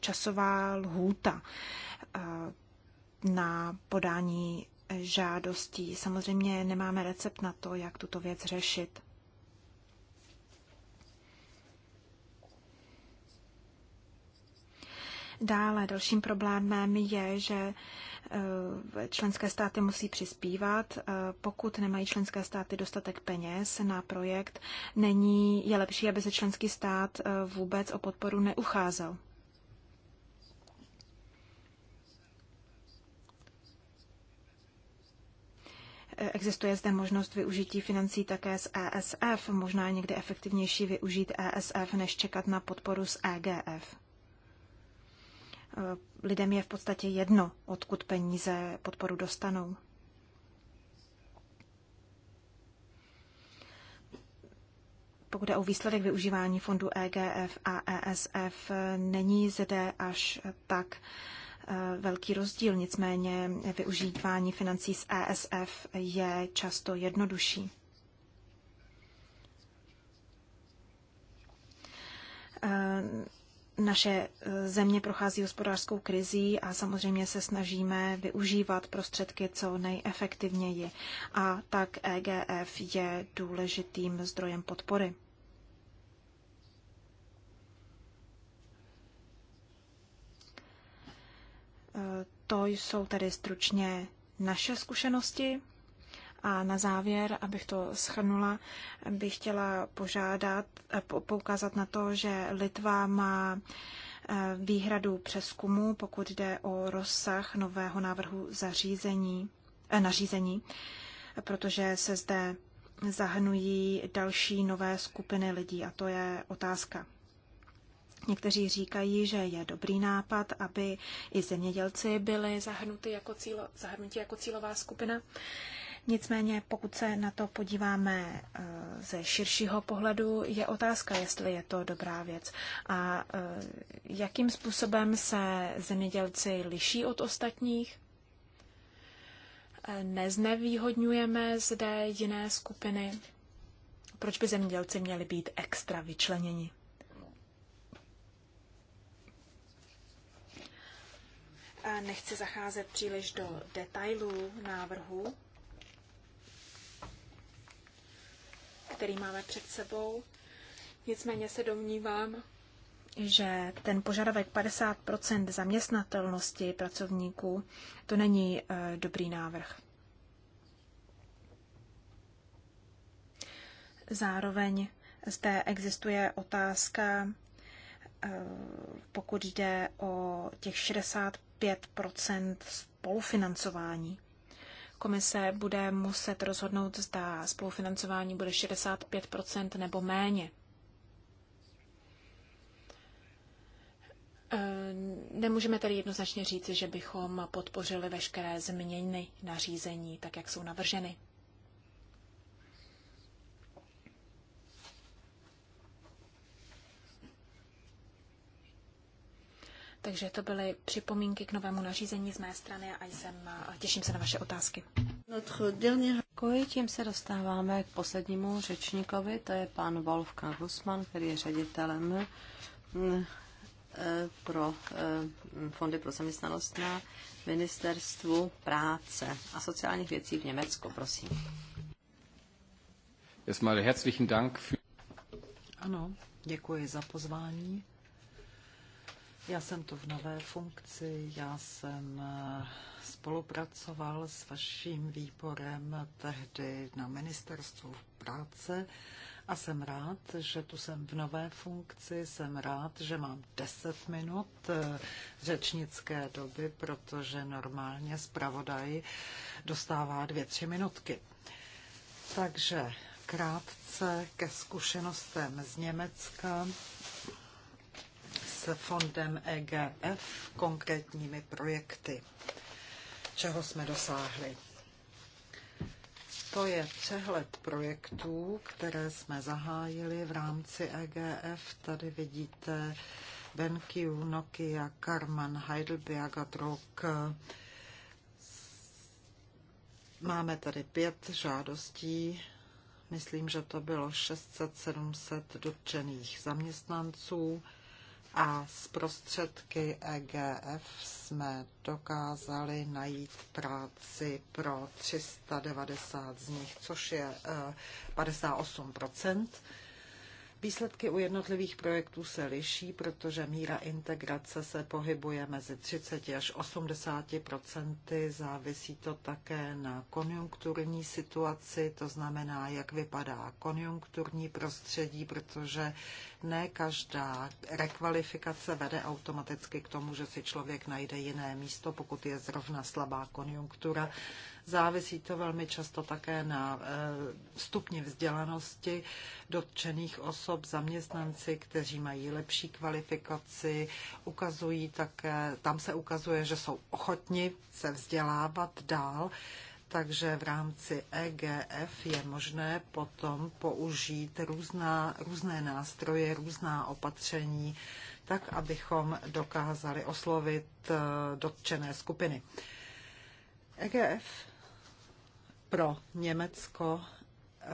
[SPEAKER 3] časová lhůta na podání eh, žádostí. Samozřejmě nemáme recept na to, jak tuto věc řešit. Dále dalším problémem je, že eh, členské státy musí přispívat. Eh, pokud nemají členské státy dostatek peněz na projekt, není, je lepší, aby se členský stát vůbec o podporu neucházel. Existuje zde možnost využití financí také z ESF, možná někdy efektivnější využít ESF, než čekat na podporu z EGF. E, lidem je v podstatě jedno, odkud peníze podporu dostanou. Pokud je o výsledek využívání fondu EGF a ESF, není zde až tak uh, Eh, velký rozdíl, nicméně využívání financí z ESF je často jednodušší. Eh, naše eh, země prochází hospodářskou krizí a samozřejmě se snažíme využívat prostředky co nejefektivněji. A tak EGF je důležitým zdrojem podpory. To jsou tedy stručně naše zkušenosti. A na závěr, abych to schrnula, bych chtěla požádat, eh, poukázat na to, že Litva má eh, výhradu přeskumu, pokud jde o rozsah nového návrhu zařízení, eh, nařízení, protože se zde zahrnují další nové skupiny lidí a to je otázka Někteří říkají, že je dobrý nápad, aby i zemědělci byli zahrnuti jako, cílo, zahrnuti jako cílová skupina. Nicméně, pokud se na to podíváme eh, ze širšího pohledu, je otázka, jestli je to dobrá věc a eh, jakým způsobem se zemědělci liší od ostatních. Eh, neznevýhodňujeme zde jiné skupiny. Proč by zemědělci měli být extra vyčleněni? Nechci zacházet příliš do detailů návrhu, který máme před sebou. Nicméně se domnívám, že ten požadavek 50 zaměstnatelnosti pracovníků to není eh, dobrý návrh. Zároveň zde existuje otázka, eh, pokud jde o těch 60 5 spolufinancování. Komise bude muset rozhodnout, zda spolufinancování bude 65 nebo méně. E, nemůžeme tedy jednoznačně říci, že bychom podpořili veškeré změny nařízení, tak jak jsou navrženy. Takže to byly připomínky k novému nařízení z mé strany a jsem, těším se na vaše otázky.
[SPEAKER 1] Děkuji, tím se dostáváme k poslednímu řečníkovi, to je pan Wolfgang Husman, který je ředitelem e, pro e, fondy pro zaměstnanost na ministerstvu práce a sociálních věcí v Německu. Prosím. Ano, děkuji za pozvání
[SPEAKER 2] já jsem tu v nové funkci, já jsem eh, spolupracoval s vaším výborem tehdy na ministerstvu práce a jsem rád, že tu jsem v nové funkci, jsem rád, že mám 10 minut eh, řečnické doby, protože normálně zpravodaj dostává 2-3 minutky. Takže krátce ke zkušenostem z Německa s fondem EGF, konkrétními projekty. Čeho jsme dosáhli? To je přehled projektů, které jsme zahájili v rámci EGF. Tady vidíte BenQ, Nokia, Karman, Heidelberg a Drog. Máme tady pět žádostí. Myslím, že to bylo 600-700 dotčených zaměstnanců a s prostředky EGF jsme dokázali najít práci pro 390 z nich, což je 58 eh, Výsledky u jednotlivých projektů se liší, protože míra integrace se pohybuje mezi 30 až 80 procenty. Závisí to také na konjunkturní situaci, to znamená, jak vypadá konjunkturní prostředí, protože ne každá rekvalifikace vede automaticky k tomu, že si člověk najde jiné místo, pokud je zrovna slabá konjunktura. Závisí to velmi často také na eh, stupni vzdělanosti dotčených osob, zaměstnanci, kteří mají lepší kvalifikaci, ukazují také, tam se ukazuje, že jsou ochotni se vzdělávat dál takže v rámci EGF je možné potom použít různá, různé nástroje, různá opatření, tak abychom dokázali oslovit eh, dotčené skupiny. EGF pro Německo eh,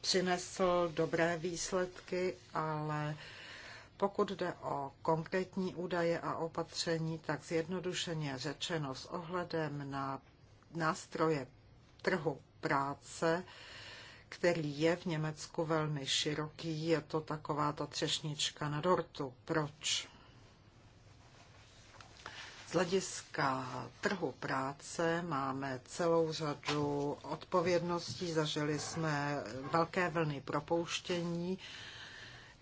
[SPEAKER 2] přinesl dobré výsledky, ale pokud jde o konkrétní údaje a opatření, tak zjednodušeně řečeno s ohledem na nástroje trhu práce, který je v Německu velmi široký, je to taková ta třešnička na dortu. Proč? hlediska trhu práce máme celou řadu odpovědností. Zažili jsme velké vlny propouštění.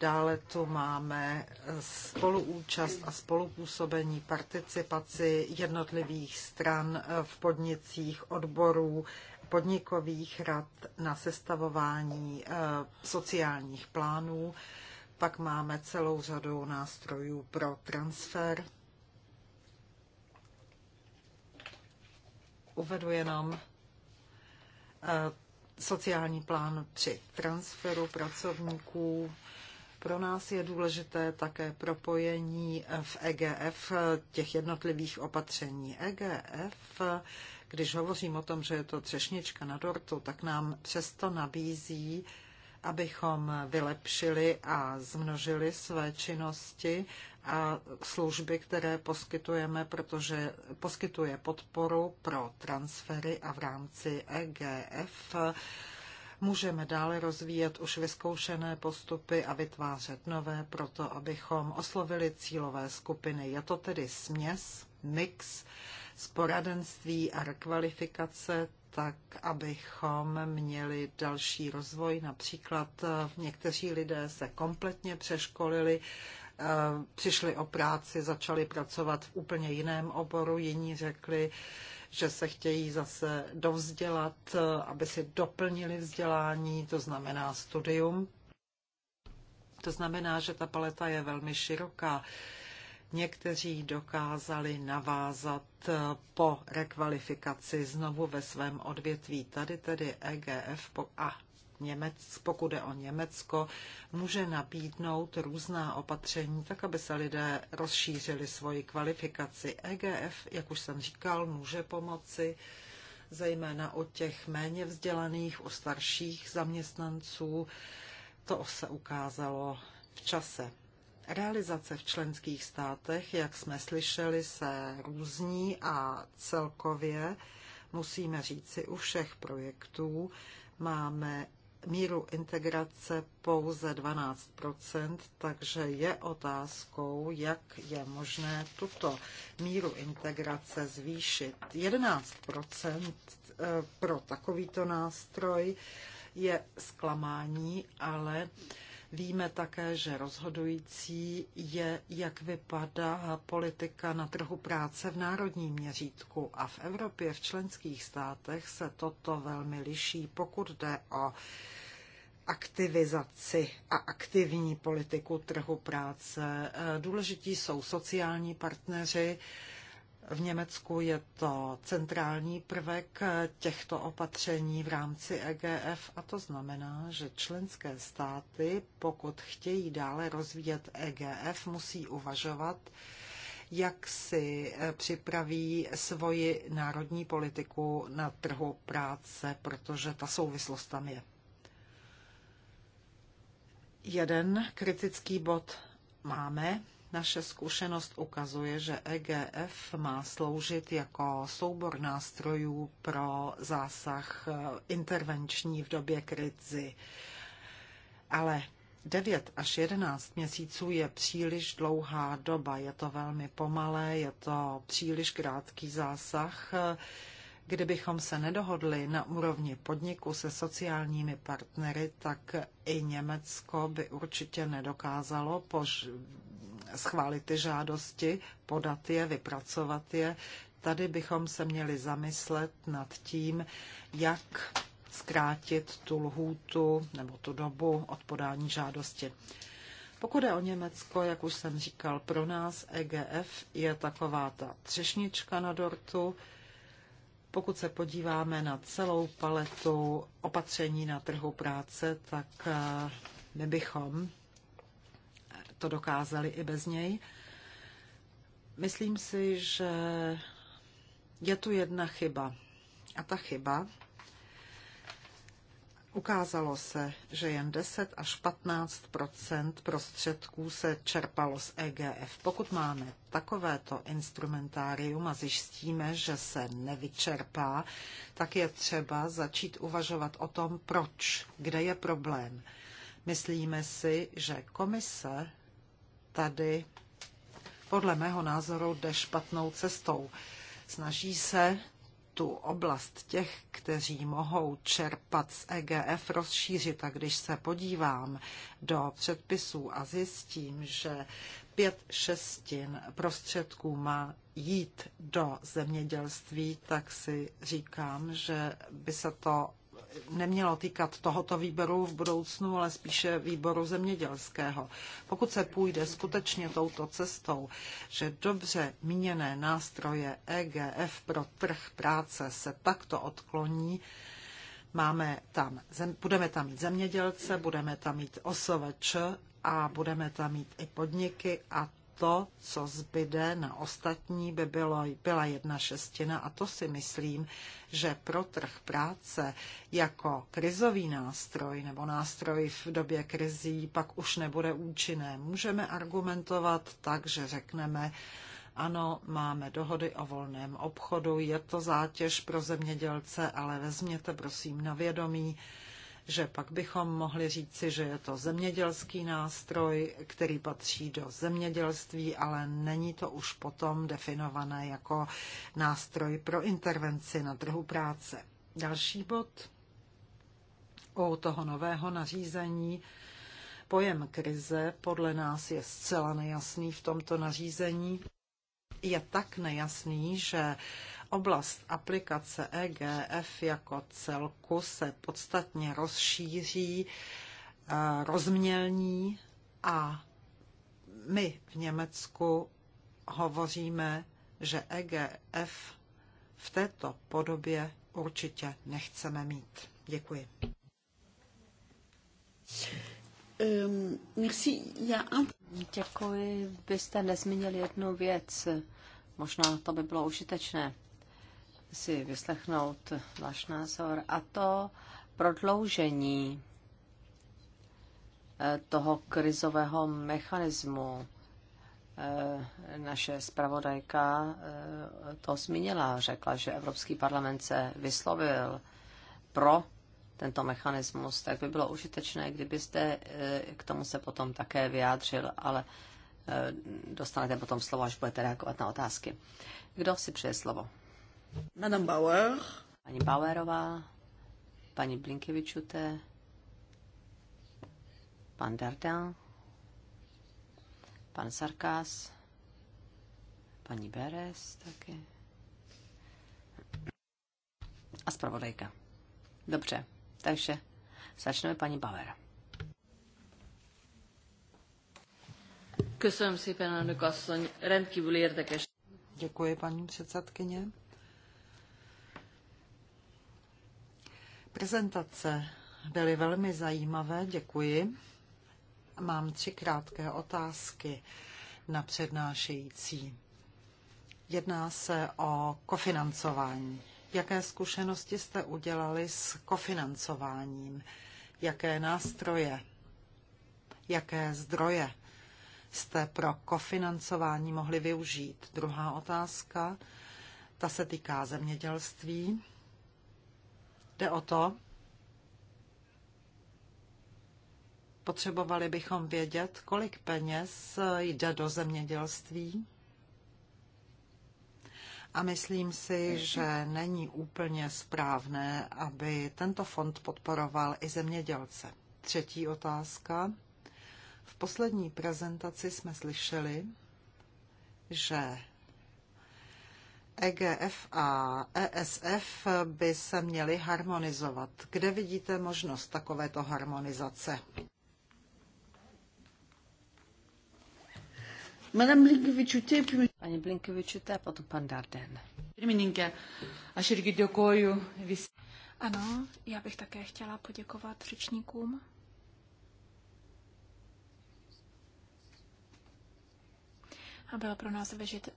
[SPEAKER 2] Dále tu máme spoluúčast a spolupůsobení, participaci jednotlivých stran v podnicích, odborů, podnikových rad na sestavování eh, sociálních plánů. Pak máme celou řadu nástrojů pro transfer uvedu jenom eh, sociální plán při transferu pracovníků. Pro nás je důležité také propojení eh, v EGF eh, těch jednotlivých opatření. EGF, když hovořím o tom, že je to třešnička na dortu, tak nám přesto nabízí abychom vylepšili a zmnožili své činnosti a služby, které poskytujeme, protože poskytuje podporu pro transfery a v rámci EGF můžeme dále rozvíjet už vyzkoušené postupy a vytvářet nové, proto abychom oslovili cílové skupiny. Je to tedy směs, mix z poradenství a rekvalifikace, tak abychom měli další rozvoj. Například eh, někteří lidé se kompletně přeškolili Eh, přišli o práci, začali pracovat v úplně jiném oboru, jiní řekli, že se chtějí zase dovzdělat, eh, aby si doplnili vzdělání, to znamená studium. To znamená, že ta paleta je velmi široká. Někteří dokázali navázat eh, po rekvalifikaci znovu ve svém odvětví. Tady tedy EGF a Němec, pokud jde o Německo, může nabídnout různá opatření, tak aby se lidé rozšířili svoji kvalifikaci. EGF, jak už jsem říkal, může pomoci zejména u těch méně vzdělaných, u starších zaměstnanců. To se ukázalo v čase. Realizace v členských státech, jak jsme slyšeli, se různí a celkově, musíme říci, u všech projektů máme míru integrace pouze 12 takže je otázkou, jak je možné tuto míru integrace zvýšit. 11 eh, pro takovýto nástroj je zklamání, ale Víme také, že rozhodující je, jak vypadá politika na trhu práce v národním měřítku a v Evropě, v členských státech se toto velmi liší, pokud jde o aktivizaci a aktivní politiku trhu práce. Důležití jsou sociální partneři, v Německu je to centrální prvek těchto opatření v rámci EGF a to znamená, že členské státy, pokud chtějí dále rozvíjet EGF, musí uvažovat, jak si eh, připraví svoji národní politiku na trhu práce, protože ta souvislost tam je. Jeden kritický bod máme, naše zkušenost ukazuje, že EGF má sloužit jako soubor nástrojů pro zásah eh, intervenční v době krizi. Ale 9 až 11 měsíců je příliš dlouhá doba, je to velmi pomalé, je to příliš krátký zásah. Kdybychom se nedohodli na úrovni podniku se sociálními partnery, tak i Německo by určitě nedokázalo schválit ty žádosti, podat je, vypracovat je. Tady bychom se měli zamyslet nad tím, jak zkrátit tu lhůtu nebo tu dobu od podání žádosti. Pokud je o Německo, jak už jsem říkal, pro nás EGF je taková ta třešnička na dortu. Pokud se podíváme na celou paletu opatření na trhu práce, tak eh, my bychom to dokázali i bez něj. Myslím si, že je tu jedna chyba. A ta chyba Ukázalo se, že jen 10 až 15 prostředků se čerpalo z EGF. Pokud máme takovéto instrumentárium a zjistíme, že se nevyčerpá, tak je třeba začít uvažovat o tom, proč, kde je problém. Myslíme si, že komise tady podle mého názoru jde špatnou cestou. Snaží se tu oblast těch, kteří mohou čerpat z EGF, rozšířit. A když se podívám do předpisů a zjistím, že pět šestin prostředků má jít do zemědělství, tak si říkám, že by se to nemělo týkat tohoto výboru v budoucnu, ale spíše výboru zemědělského. Pokud se půjde skutečně touto cestou, že dobře míněné nástroje EGF pro trh práce se takto odkloní, máme tam, budeme tam mít zemědělce, budeme tam mít osovač a budeme tam mít i podniky a to, co zbyde na ostatní, by bylo, byla jedna šestina a to si myslím, že pro trh práce jako krizový nástroj nebo nástroj v době krizí pak už nebude účinné. Můžeme argumentovat tak, že řekneme, ano, máme dohody o volném obchodu, je to zátěž pro zemědělce, ale vezměte prosím na vědomí, že pak bychom mohli říci, že je to zemědělský nástroj, který patří do zemědělství, ale není to už potom definované jako nástroj pro intervenci na trhu práce. Další bod u toho nového nařízení. Pojem krize podle nás je zcela nejasný v tomto nařízení. Je tak nejasný, že Oblast aplikace EGF jako celku se podstatně rozšíří, eh, rozmělní a my v Německu hovoříme, že EGF v této podobě určitě nechceme mít. Děkuji.
[SPEAKER 1] Ehm, Děkuji. Byste nezmínil jednu věc. Možná to by bylo užitečné si vyslechnout váš názor a to prodloužení eh, toho krizového mechanismu. Eh, naše zpravodajka eh, to zmínila, řekla, že Evropský parlament se vyslovil pro tento mechanismus, tak by bylo užitečné, kdybyste k tomu se potom také vyjádřil, ale dostanete potom slovo, až budete reagovat na otázky. Kdo si přeje slovo? Madame Bauer. Paní Bauerová, paní Blinkevičuté, pan Dardan, pan Sarkás, paní Beres taky. A zpravodajka. Dobře, takže začneme paní Bauer.
[SPEAKER 2] Děkuji, paní předsedkyně. Prezentace byly velmi zajímavé, děkuji. Mám tři krátké otázky na přednášející. Jedná se o kofinancování. Jaké zkušenosti jste udělali s kofinancováním? Jaké nástroje? Jaké zdroje jste pro kofinancování mohli využít? Druhá otázka, ta se týká zemědělství. Jde o to, potřebovali bychom vědět, kolik peněz jde do zemědělství. A myslím si, že není úplně správné, aby tento fond podporoval i zemědělce. Třetí otázka. V poslední prezentaci jsme slyšeli, že EGF a ESF by se měly harmonizovat. Kde vidíte možnost takovéto harmonizace?
[SPEAKER 1] Madame Blinkevičiūtė, Pani Blinkevičiūtė, potom pan Darden. Pirmininkė, aš irgi dėkoju visi.
[SPEAKER 3] Ano, já bych také chtěla poděkovat řečníkům. A bylo pro nás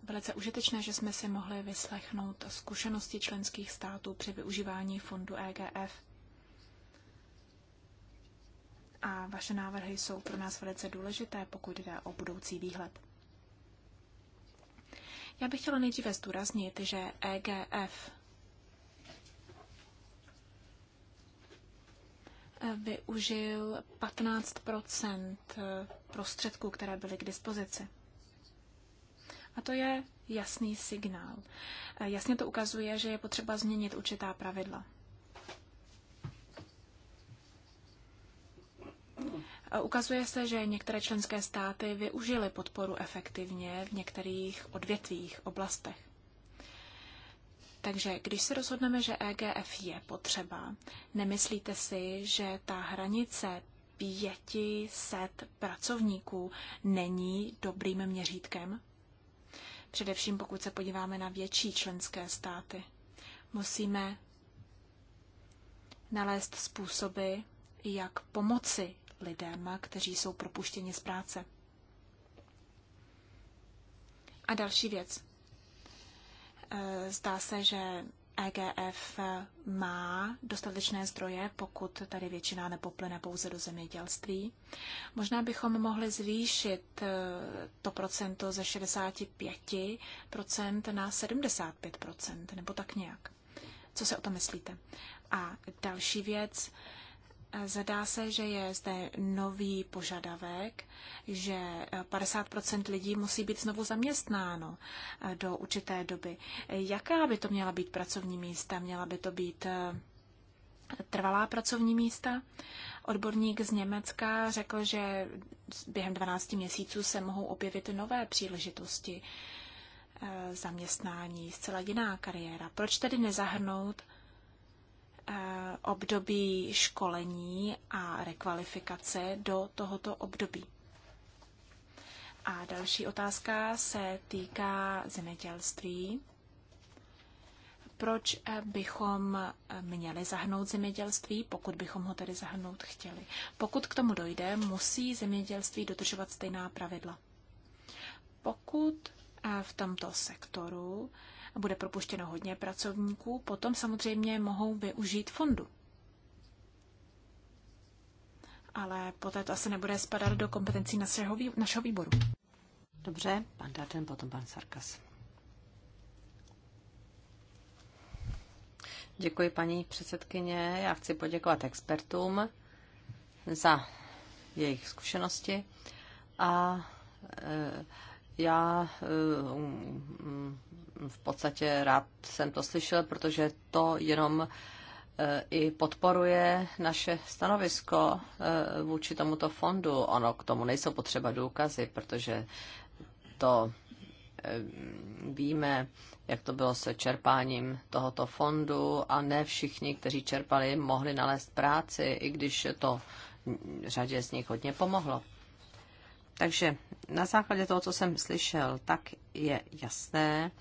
[SPEAKER 3] velice užitečné, že jsme si mohli vyslechnout zkušenosti členských států při využívání fondu EGF. A vaše návrhy jsou pro nás velice důležité, pokud jde o budoucí výhled. Já bych chtěla nejdříve zdůraznit, že EGF využil 15 prostředků, které byly k dispozici. A to je jasný signál. Eh, jasně to ukazuje, že je potřeba změnit určitá pravidla. Eh, ukazuje se, že některé členské státy využily podporu efektivně v některých odvětvých oblastech. Takže když se rozhodneme, že EGF je potřeba, nemyslíte si, že ta hranice set pracovníků není dobrým měřítkem? především pokud se podíváme na větší členské státy. Musíme nalézt způsoby, jak pomoci lidem, kteří jsou propuštěni z práce. A další věc. E, zdá se, že EGF eh, má dostatečné zdroje, pokud tady většina nepoplyne pouze do zemědělství. Možná bychom mohli zvýšit eh, to procento ze 65% na 75%, nebo tak nějak. Co se o to myslíte? A další věc, Zadá se, že je zde nový požadavek, že 50 lidí musí být znovu zaměstnáno eh, do určité doby. Jaká by to měla být pracovní místa? Měla by to být eh, trvalá pracovní místa? Odborník z Německa řekl, že během 12 měsíců se mohou objevit nové příležitosti eh, zaměstnání, zcela jiná kariéra. Proč tedy nezahrnout Eh, období školení a rekvalifikace do tohoto období. A další otázka se týká zemědělství. Proč eh, bychom eh, měli zahrnout zemědělství, pokud bychom ho tedy zahrnout chtěli? Pokud k tomu dojde, musí zemědělství dodržovat stejná pravidla. Pokud v tomto sektoru bude propuštěno hodně pracovníků, potom samozřejmě mohou využít fondu. Ale poté to asi nebude spadat do kompetencí našeho, výboru. Dobře, pan Darden, potom
[SPEAKER 1] pan Sarkas. Děkuji, paní předsedkyně. Já chci poděkovat expertům za jejich zkušenosti a e, já eh, v podstatě rád jsem to slyšel, protože to jenom eh, i podporuje naše stanovisko eh, vůči tomuto fondu. Ono k tomu nejsou potřeba důkazy, protože to víme, jak to bylo se čerpáním tohoto fondu a ne všichni, kteří čerpali, mohli nalézt práci, i když to řadě z nich hodně pomohlo. Takže na základě toho, co jsem slyšel, tak je jasné,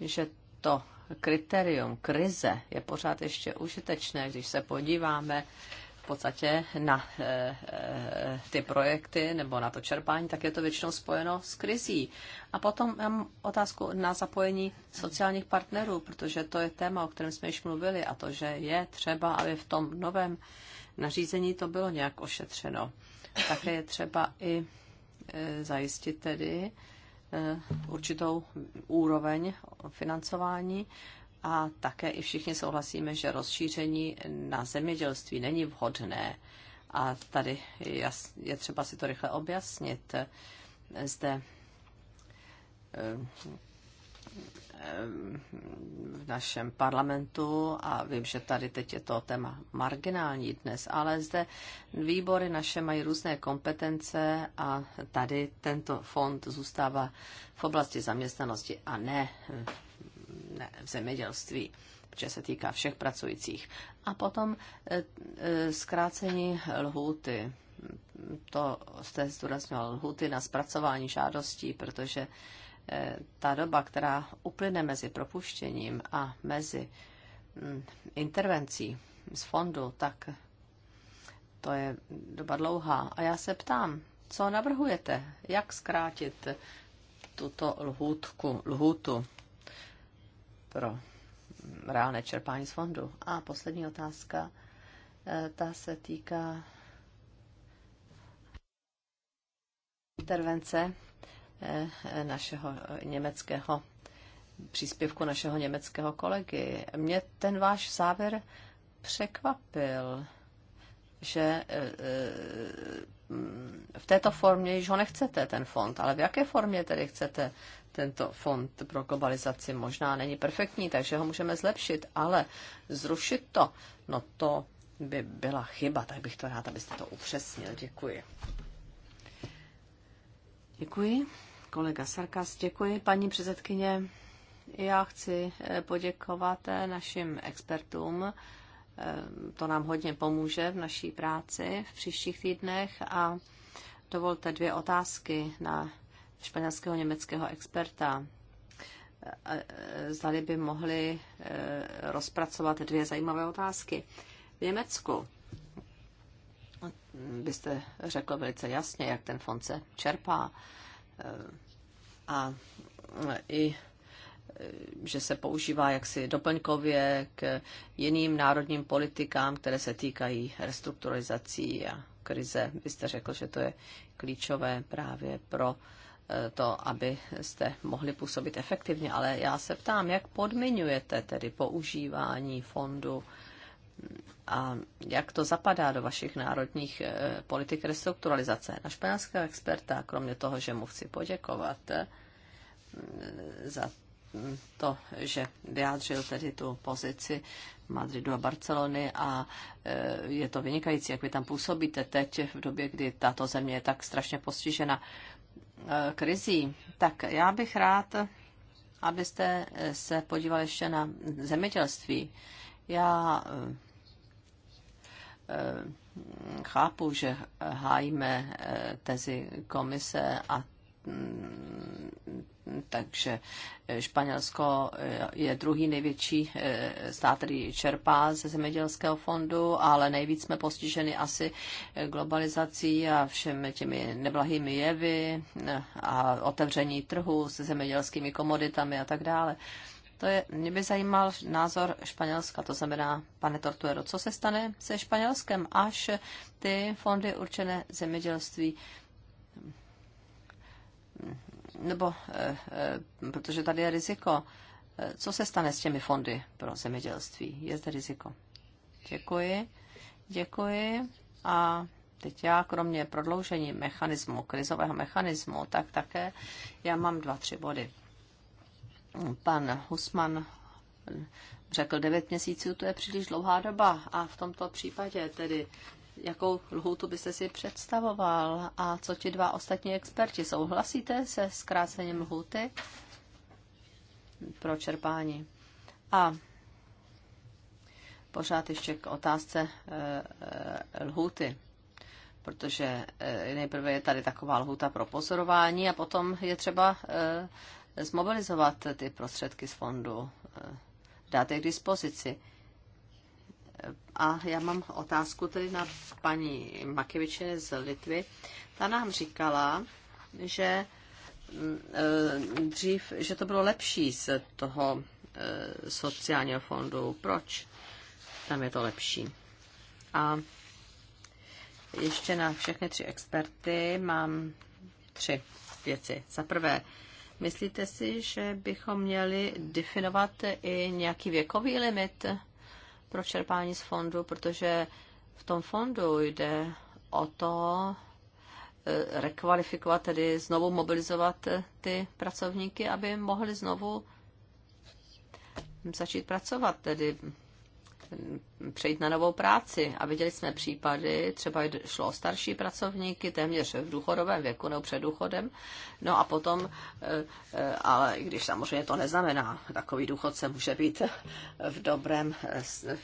[SPEAKER 1] že to kritérium krize je pořád ještě užitečné, když se podíváme v podstatě na eh, eh, ty projekty nebo na to čerpání, tak je to většinou spojeno s krizí. A potom mám otázku na zapojení sociálních partnerů, protože to je téma, o kterém jsme již mluvili a to, že je třeba, aby v tom novém nařízení to bylo nějak ošetřeno. Také je třeba i Eh, zajistit tedy eh, určitou úroveň financování a také i všichni souhlasíme, že rozšíření na zemědělství není vhodné. A tady je třeba si to rychle objasnit. Zde eh, v našem parlamentu a vím, že tady teď je to téma marginální dnes, ale zde výbory naše mají různé kompetence a tady tento fond zůstává v oblasti zaměstnanosti a ne, ne v zemědělství protože se týká všech pracujících. A potom eh, eh, zkrácení lhůty. To jste zdůrazňoval lhuty na zpracování žádostí, protože Eh, ta doba, která uplyne mezi propuštěním a mezi mm, intervencí z fondu, tak to je doba dlouhá. A já se ptám, co navrhujete? Jak zkrátit tuto lhůtku, lhůtu pro mm, reálné čerpání z fondu? A poslední otázka, eh, ta se týká intervence Eh, našeho eh, německého příspěvku našeho německého kolegy. Mě ten váš závěr překvapil, že eh, v této formě již ho nechcete, ten fond, ale v jaké formě tedy chcete tento fond pro globalizaci? Možná není perfektní, takže ho můžeme zlepšit, ale zrušit to, no to by byla chyba, tak bych to rád, abyste to upřesnil. Děkuji. Děkuji kolega Sarkas. Děkuji, paní předsedkyně. Já chci eh, poděkovat eh, našim expertům. Eh, to nám hodně pomůže v naší práci v příštích týdnech a dovolte dvě otázky na španělského německého experta. Zdali by mohli rozpracovat dvě zajímavé otázky. V Německu byste řekl velice jasně, jak ten fond se čerpá a e, i e, že se používá jaksi doplňkově k jiným národním politikám, které se týkají restrukturalizací a krize. Vy jste řekl, že to je klíčové právě pro e, to, abyste mohli působit efektivně, ale já se ptám, jak podmiňujete tedy používání fondu a jak to zapadá do vašich národních eh, politik restrukturalizace. Na španělského experta, kromě toho, že mu chci poděkovat eh, za to, že vyjádřil tedy tu pozici Madridu a Barcelony a eh, je to vynikající, jak vy tam působíte teď v době, kdy tato země je tak strašně postižena krizí. Tak já bych rád, abyste se podívali ještě na zemědělství. Já Eh, chápu, že hájíme eh, tezi komise a mm, takže eh, Španělsko je druhý největší stát, který čerpá ze zemědělského fondu, ale nejvíc jsme postiženi asi globalizací a všemi těmi neblahými jevy a otevření trhu se zemědělskými komoditami a tak dále. To je, mě by zajímal názor Španělska, to znamená, pane Tortuero, co se stane se Španělskem, až ty fondy určené zemědělství nebo eh, eh, protože tady je riziko. Eh, co se stane s těmi fondy pro zemědělství? Je zde riziko. Děkuji. Děkuji. A teď já, kromě prodloužení mechanismu, krizového mechanismu, tak také já mám dva, tři body pan Husman řekl 9 měsíců, to je příliš dlouhá doba a v tomto případě tedy jakou lhůtu byste si představoval a co ti dva ostatní experti, souhlasíte se zkrácením lhůty pro čerpání? A pořád ještě k otázce eh, eh, lhůty protože eh, nejprve je tady taková lhůta pro pozorování a potom je třeba zmobilizovat ty prostředky z fondu, eh, dát je k dispozici. Eh, a já mám otázku tedy na paní Makeviče z Litvy. Ta nám říkala, že mm, eh, dřív, že to bylo lepší z toho sociálního fondu. Proč? Tam je to lepší. A ještě na všechny tři experty mám tři věci. Za prvé, Myslíte si, že bychom měli definovat i nějaký věkový limit pro čerpání z fondu, protože v tom fondu jde o to eh, rekvalifikovat, tedy znovu mobilizovat eh, ty pracovníky, aby mohli znovu začít pracovat, tedy přejít na novou práci. A viděli jsme případy, třeba šlo o starší pracovníky, téměř v důchodovém věku nebo před důchodem. No a potom, e, e, ale když samozřejmě to neznamená, takový důchodce může být v, dobrém,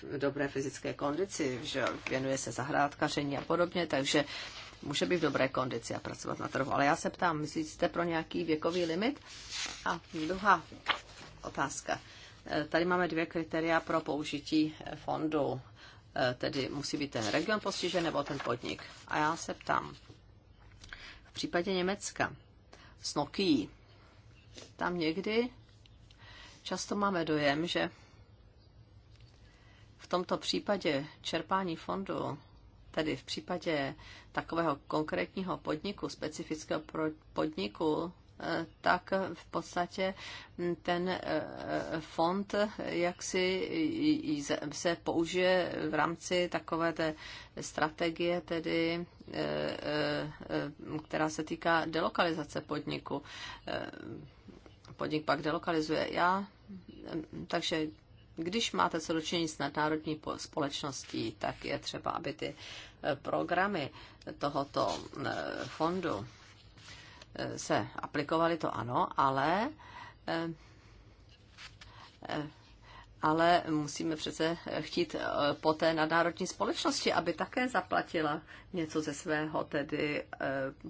[SPEAKER 1] v dobré fyzické kondici, že věnuje se zahrádkaření a podobně, takže může být v dobré kondici a pracovat na trhu. Ale já se ptám, myslíte pro nějaký věkový limit? A druhá otázka. Tady máme dvě kritéria pro použití fondu. Eh, tedy musí být ten region postižen nebo ten podnik. A já se ptám, v případě Německa s Nokií, tam někdy často máme dojem, že v tomto případě čerpání fondu, tedy v případě takového konkrétního podniku, specifického podniku, tak v podstatě ten eh, fond jak si se použije v rámci takové té strategie, tedy, eh, eh, která se týká delokalizace podniku. Podnik pak delokalizuje. Já, takže když máte co dočinit s nadnárodní společností, tak je třeba, aby ty programy tohoto fondu se aplikovaly, to ano, ale eh, eh, ale musíme přece chtít eh, po té nadnárodní společnosti, aby také zaplatila něco ze svého, tedy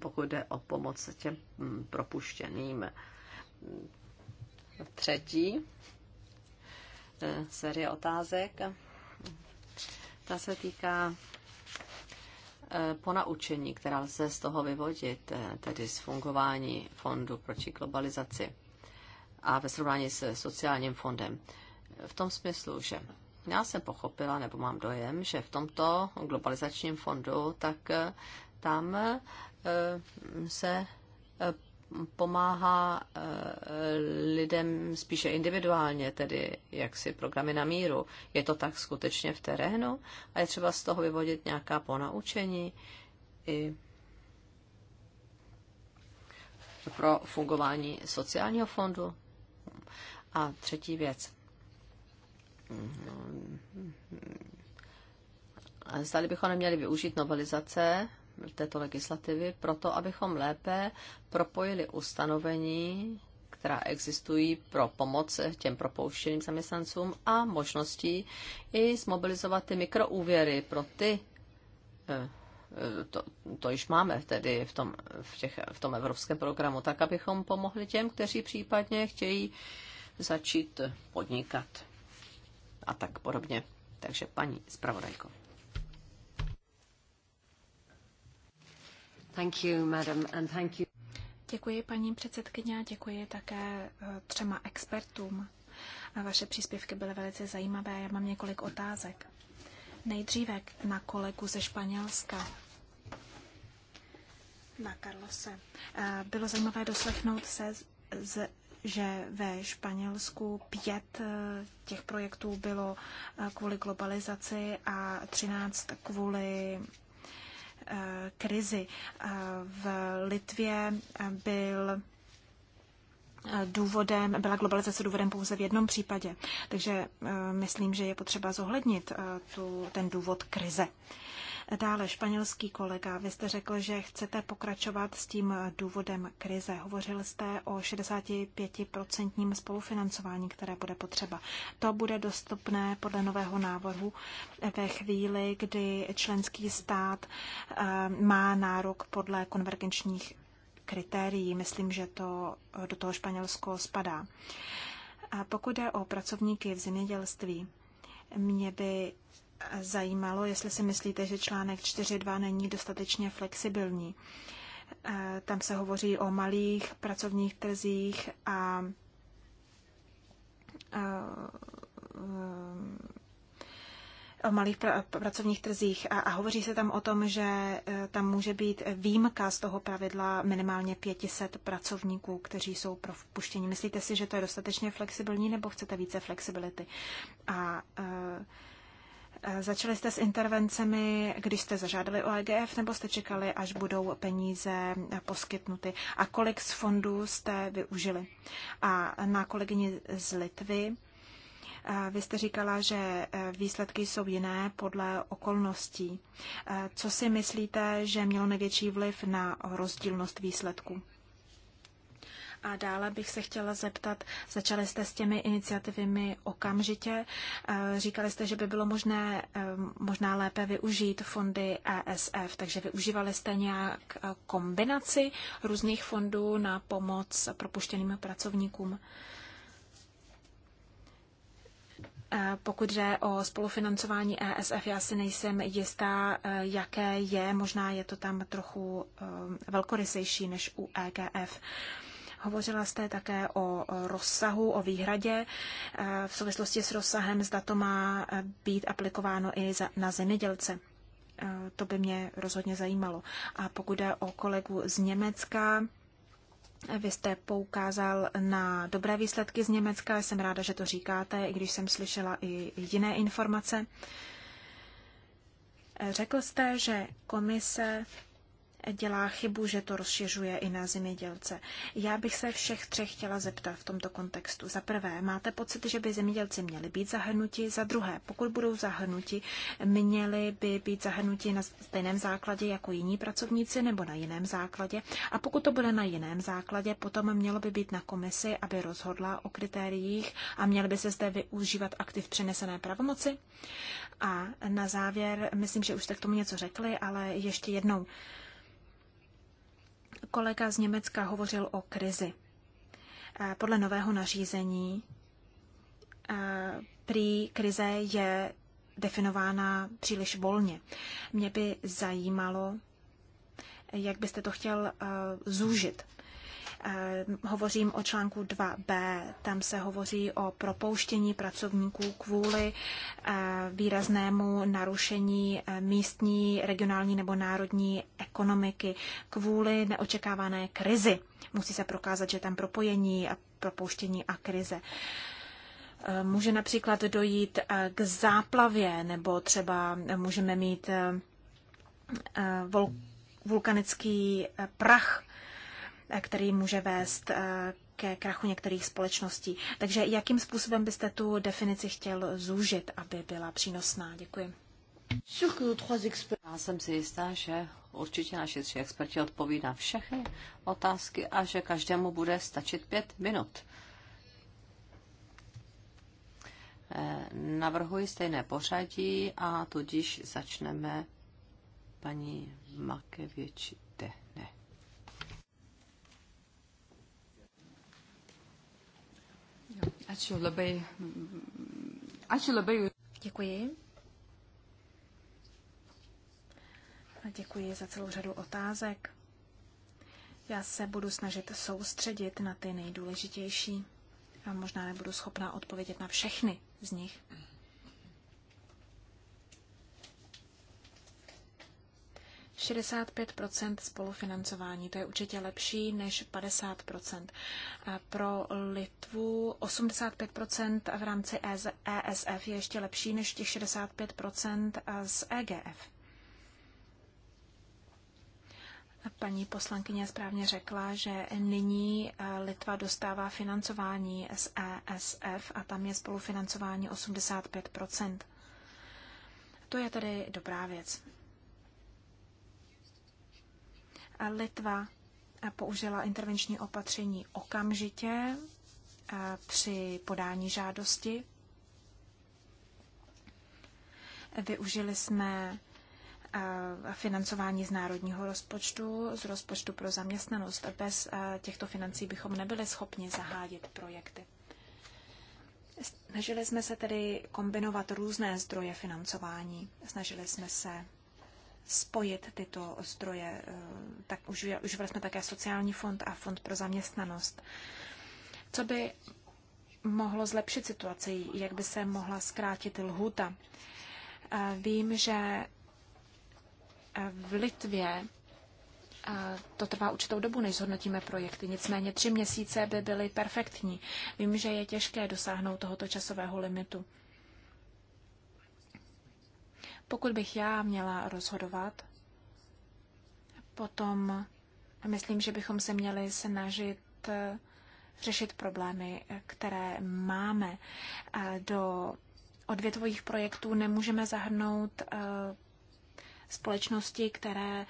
[SPEAKER 1] pokud jde o pomoc těm hm, propuštěným. Třetí série otázek. Ta se týká Eh, ponaučení, která lze z toho vyvodit, eh, tedy z fungování fondu proti globalizaci a ve srovnání se sociálním fondem. V tom smyslu, že já jsem pochopila, nebo mám dojem, že v tomto globalizačním fondu, tak eh, tam se pomáhá eh, lidem spíše individuálně, tedy jaksi programy na míru. Je to tak skutečně v terénu a je třeba z toho vyvodit nějaká ponaučení i pro fungování sociálního fondu. A třetí věc. Zdali bychom neměli využít novelizace této legislativy proto, abychom lépe propojili ustanovení, která existují pro pomoc těm propouštěným zaměstnancům a možností i zmobilizovat ty mikroúvěry pro ty eh, eh, to, to již máme tedy v tom, v, těch, v tom evropském programu, tak abychom pomohli těm, kteří případně chtějí začít podnikat a tak podobně. Takže paní zpravodajko. Thank you, madam, and thank you.
[SPEAKER 3] Děkuji paní předsedkyně a děkuji také eh, třema expertům. A vaše příspěvky byly velice zajímavé. Já mám několik otázek. Nejdříve na kolegu ze Španělska. Na Karlose. Eh, bylo zajímavé doslechnout se, z, že ve Španělsku pět eh, těch projektů bylo kvůli globalizaci a třináct kvůli Eh, krizi. Eh, v Litvě eh, byl důvodem, byla globalizace důvodem pouze v jednom případě. Takže myslím, že je potřeba zohlednit tu, ten důvod krize. Dále španělský kolega, vy jste řekl, že chcete pokračovat s tím důvodem krize. Hovořil jste o 65% spolufinancování, které bude potřeba. To bude dostupné podle nového návrhu ve chvíli, kdy členský stát eh, má nárok podle konvergenčních kritérií. Myslím, že to do toho Španělsko spadá. A pokud jde o pracovníky v zemědělství, mě by zajímalo, jestli si myslíte, že článek 4.2 není dostatečně flexibilní. Eh, tam se hovoří o malých pracovních trzích a eh, eh, o malých pr- pracovních trzích a, a hovoří se tam o tom, že tam může být výjimka z toho pravidla minimálně 500 pracovníků, kteří jsou pro vpuštění. Myslíte si, že to je dostatečně flexibilní nebo chcete více flexibility? A e, Začali jste s intervencemi, když jste zažádali o EGF, nebo jste čekali, až budou peníze poskytnuty? A kolik z fondů jste využili? A na kolegyni z Litvy, vy jste říkala, že e, výsledky jsou jiné podle okolností. E, co si myslíte, že mělo největší vliv na rozdílnost výsledků? A dále bych se chtěla zeptat, začali jste s těmi iniciativami okamžitě. Eh, říkali jste, že by bylo možné eh, možná lépe využít fondy ESF, takže využívali jste nějak eh, kombinaci různých fondů na pomoc propuštěným pracovníkům. Pokud jde o spolufinancování ESF, já si nejsem jistá, jaké je, možná je to tam trochu velkorysejší než u EGF. Hovořila jste také o rozsahu, o výhradě. Eh, v souvislosti s rozsahem, zda to má eh, být aplikováno i na zemědělce. Eh, to by mě rozhodně zajímalo. A pokud jde o kolegu z Německa, vy jste poukázal na dobré výsledky z Německa. Jsem ráda, že to říkáte, i když jsem slyšela i jiné informace. Řekl jste, že komise dělá chybu, že to rozšiřuje i na zemědělce. Já bych se všech třech chtěla zeptat v tomto kontextu. Za prvé, máte pocit, že by zemědělci měli být zahrnuti? Za druhé, pokud budou zahrnuti, měli by být zahrnuti na stejném základě jako jiní pracovníci nebo na jiném základě? A pokud to bude na jiném základě, potom mělo by být na komisi, aby rozhodla o kritériích a měly by se zde využívat aktiv přenesené pravomoci? A na závěr, myslím, že už jste k tomu něco řekli, ale ještě jednou. Kolega z Německa hovořil o krizi. Eh, podle nového nařízení eh, prý krize je definována příliš volně. Mě by zajímalo, jak byste to chtěl eh, zúžit. Eh, hovořím o článku 2b. Tam se hovoří o propouštění pracovníků kvůli eh, výraznému narušení eh, místní, regionální nebo národní ekonomiky, kvůli neočekávané krizi. Musí se prokázat, že tam propojení a propouštění a krize. Může například dojít k záplavě, nebo třeba můžeme mít vulkanický prach který může vést eh, ke krachu některých společností. Takže jakým způsobem byste tu definici chtěl zúžit, aby byla přínosná?
[SPEAKER 1] Děkuji. Já jsem si jistá, že určitě naši tři experti odpoví na všechny otázky a že každému bude stačit pět minut. Eh, navrhuji stejné pořadí a tudíž začneme paní Makevěči. Ačiū labai. Ačiū labai. Děkuji.
[SPEAKER 3] A děkuji za celou řadu otázek. Já se budu snažit soustředit na ty nejdůležitější a možná nebudu schopná odpovědět na všechny z nich. 65 spolufinancování, to je určitě lepší než 50 A Pro Litvu 85 v rámci ESF e je ještě lepší než těch 65 z EGF. Paní poslankyně správně řekla, že nyní eh, Litva dostává financování z ESF a tam je spolufinancování 85 To je tedy dobrá věc. Litva použila intervenční opatření okamžitě eh, při podání žádosti. Využili jsme eh, financování z národního rozpočtu, z rozpočtu pro zaměstnanost. Bez eh, těchto financí bychom nebyli schopni zahájit projekty. Snažili jsme se tedy kombinovat různé zdroje financování. Snažili jsme se spojit tyto zdroje. Eh, tak už, už vlastně také sociální fond a fond pro zaměstnanost. Co by mohlo zlepšit situaci, jak by se mohla zkrátit lhůta? Eh, vím, že eh, v Litvě to trvá určitou dobu, než zhodnotíme projekty. Nicméně tři měsíce by byly perfektní. Vím, že je těžké dosáhnout tohoto časového limitu. Pokud bych já měla rozhodovat, potom myslím, že bychom se měli snažit eh, řešit problémy, eh, které máme. Do odvětvových projektů nemůžeme zahrnout eh, společnosti, které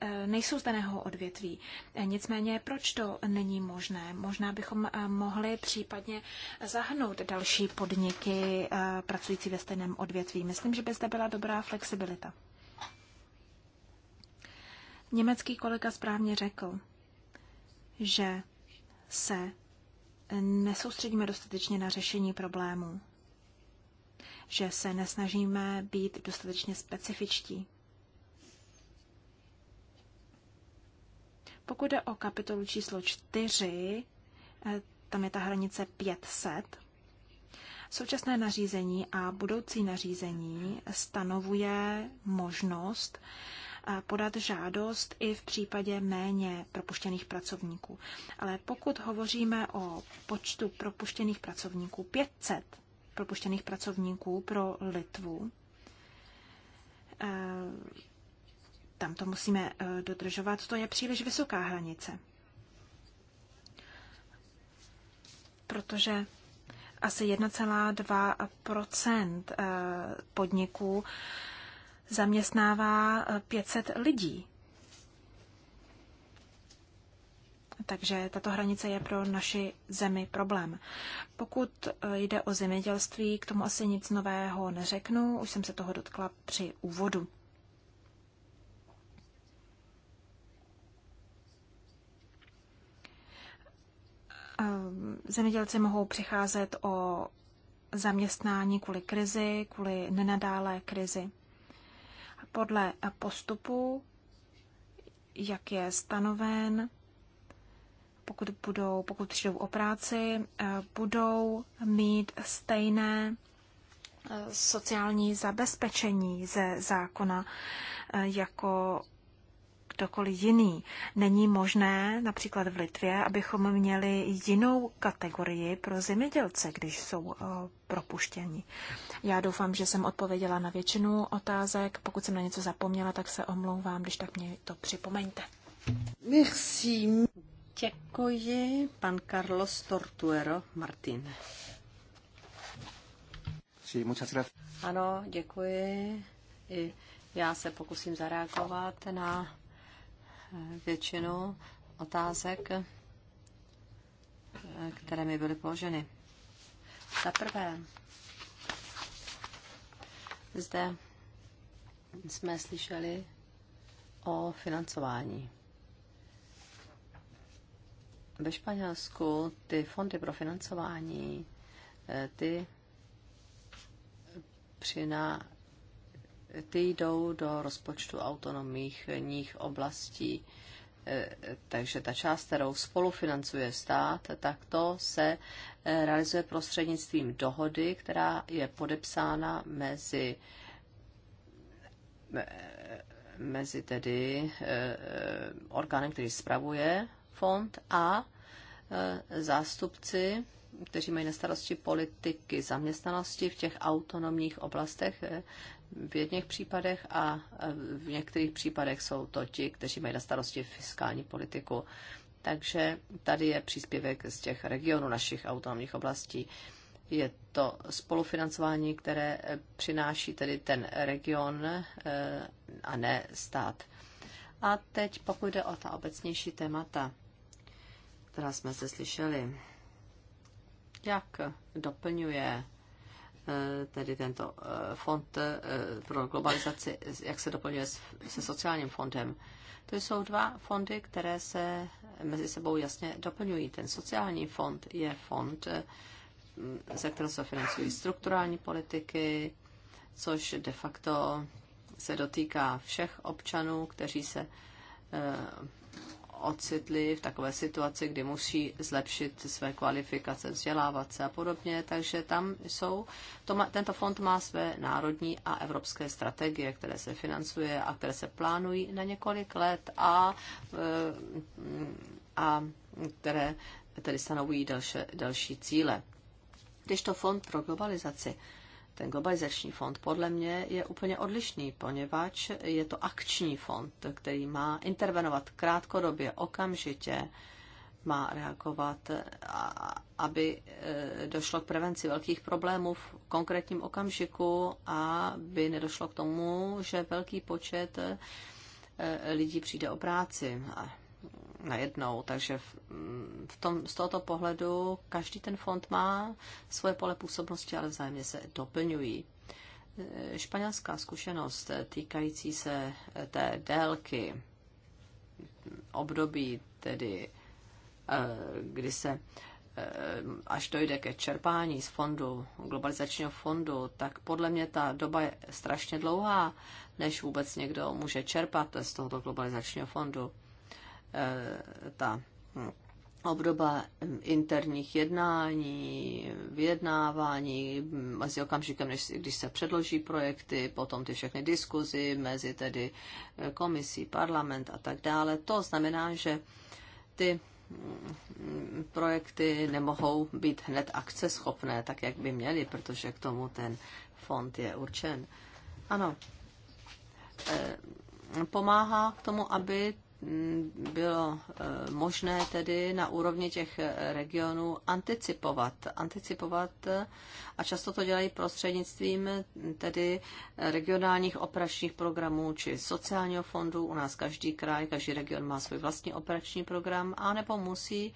[SPEAKER 3] eh, nejsou z daného odvětví. Eh, nicméně, proč to není možné? Možná bychom eh, mohli případně zahrnout další podniky pracující ve stejném odvětví. Myslím, že by zde byla dobrá flexibilita. Německý kolega správně řekl, že se nesoustředíme dostatečně na řešení problémů, že se nesnažíme být dostatečně specifičtí. Pokud jde o kapitolu číslo 4, eh, tam je ta hranice 500, Současné nařízení a budoucí nařízení stanovuje možnost eh, podat žádost i v případě méně propuštěných pracovníků. Ale pokud hovoříme o počtu propuštěných pracovníků, 500 propuštěných pracovníků pro Litvu, eh, tam to musíme eh, dodržovat, to je příliš vysoká hranice. Protože asi 1,2 eh, podniků zaměstnává 500 eh, lidí. Takže tato hranice je pro naši zemi problém. Pokud jde o zemědělství, k tomu asi nic nového neřeknu, už jsem se toho dotkla při úvodu. Ehm, zemědělci mohou přicházet o zaměstnání kvůli krizi, kvůli nenadálé krizi. Podle postupu, jak je stanoven, pokud, budou, pokud přijdou o práci, eh, budou mít stejné eh, sociální zabezpečení ze zákona eh, jako kdokoliv jiný. Není možné například v Litvě, abychom měli jinou kategorii pro zemědělce, když jsou eh, propuštěni. Já doufám, že jsem odpověděla na většinu otázek. Pokud jsem na něco zapomněla, tak se omlouvám, když tak mě to připomeňte.
[SPEAKER 1] Merci. Děkuji, pan Carlos Tortuero Martin. Ano, děkuji. I já se pokusím zareagovat na většinu otázek, které mi byly položeny. Za prvé, zde jsme slyšeli o financování. Ve Španělsku ty fondy pro financování, eh, ty přiná, ty jdou do rozpočtu autonomních oblastí. E, takže ta část, kterou spolufinancuje stát, tak to se e, realizuje prostřednictvím dohody, která je podepsána mezi e, mezi tedy orgánem, který spravuje fond a zástupci, kteří mají na starosti politiky zaměstnanosti v těch autonomních oblastech v jedných případech a e, v některých případech jsou to ti, kteří mají na starosti fiskální politiku. Takže tady je příspěvek z těch regionů našich autonomních oblastí. Je to spolufinancování, které e, přináší tedy ten region e, a ne stát. A teď pokud jde o ta obecnější témata, která jsme se slyšeli, jak doplňuje Eh, tedy tento eh, fond eh, pro globalizaci, jak se doplňuje se sociálním fondem. To jsou dva fondy, které se mezi sebou jasně doplňují. Ten sociální fond je fond, ze kterého se financují strukturální politiky, což de facto se dotýká všech občanů, kteří se ocitli v takové situaci, kdy musí zlepšit své kvalifikace, vzdělávat se a podobně. Takže tam jsou, to má, tento fond má své národní a evropské strategie, které se financuje a které se plánují na několik let a, eh, a které tedy stanovují další, další cíle. Když to fond pro globalizaci, ten globalizační fond podle mě je úplně odlišný, poněvadž je to akční fond, který má intervenovat krátkodobě, okamžitě, má reagovat, aby e, došlo k prevenci velkých problémů v konkrétním okamžiku a by nedošlo k tomu, že velký počet e, lidí přijde o práci najednou. Takže mm, v tom, z tohoto pohledu každý ten fond má svoje pole působnosti, ale vzájemně se doplňují. E, španělská zkušenost týkající se e, té délky mm, období, tedy e, kdy se až dojde ke čerpání z fondu, globalizačního fondu, tak podle mě ta doba je strašně dlouhá, než vůbec někdo může čerpat z tohoto globalizačního fondu. Eh, ta obdoba interních jednání, vyjednávání, mezi okamžikem, než, když se předloží projekty, potom ty všechny diskuzi mezi tedy eh, komisí, parlament a tak dále. To znamená, že ty mm, projekty nemohou být hned akceschopné, tak jak by měly, protože k tomu ten fond je určen. Ano, eh, pomáhá k tomu, aby bylo eh, možné tedy na úrovni těch regionů anticipovat. Anticipovat eh, a často to dělají prostřednictvím hm, tedy regionálních operačních programů či sociálního fondu. U nás každý kraj, každý region má svůj vlastní operační program a nebo musí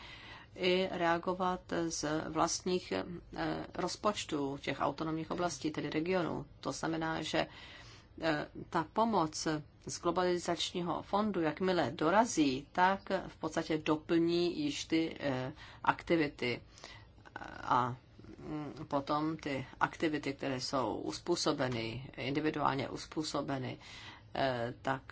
[SPEAKER 1] i reagovat z vlastních eh, rozpočtů těch autonomních oblastí, tedy regionů. To znamená, že E, ta pomoc z globalizačního fondu, jakmile dorazí, tak v podstatě doplní již ty e, aktivity. A mm, potom ty aktivity, které jsou uspůsobeny, individuálně uspůsobeny, e, tak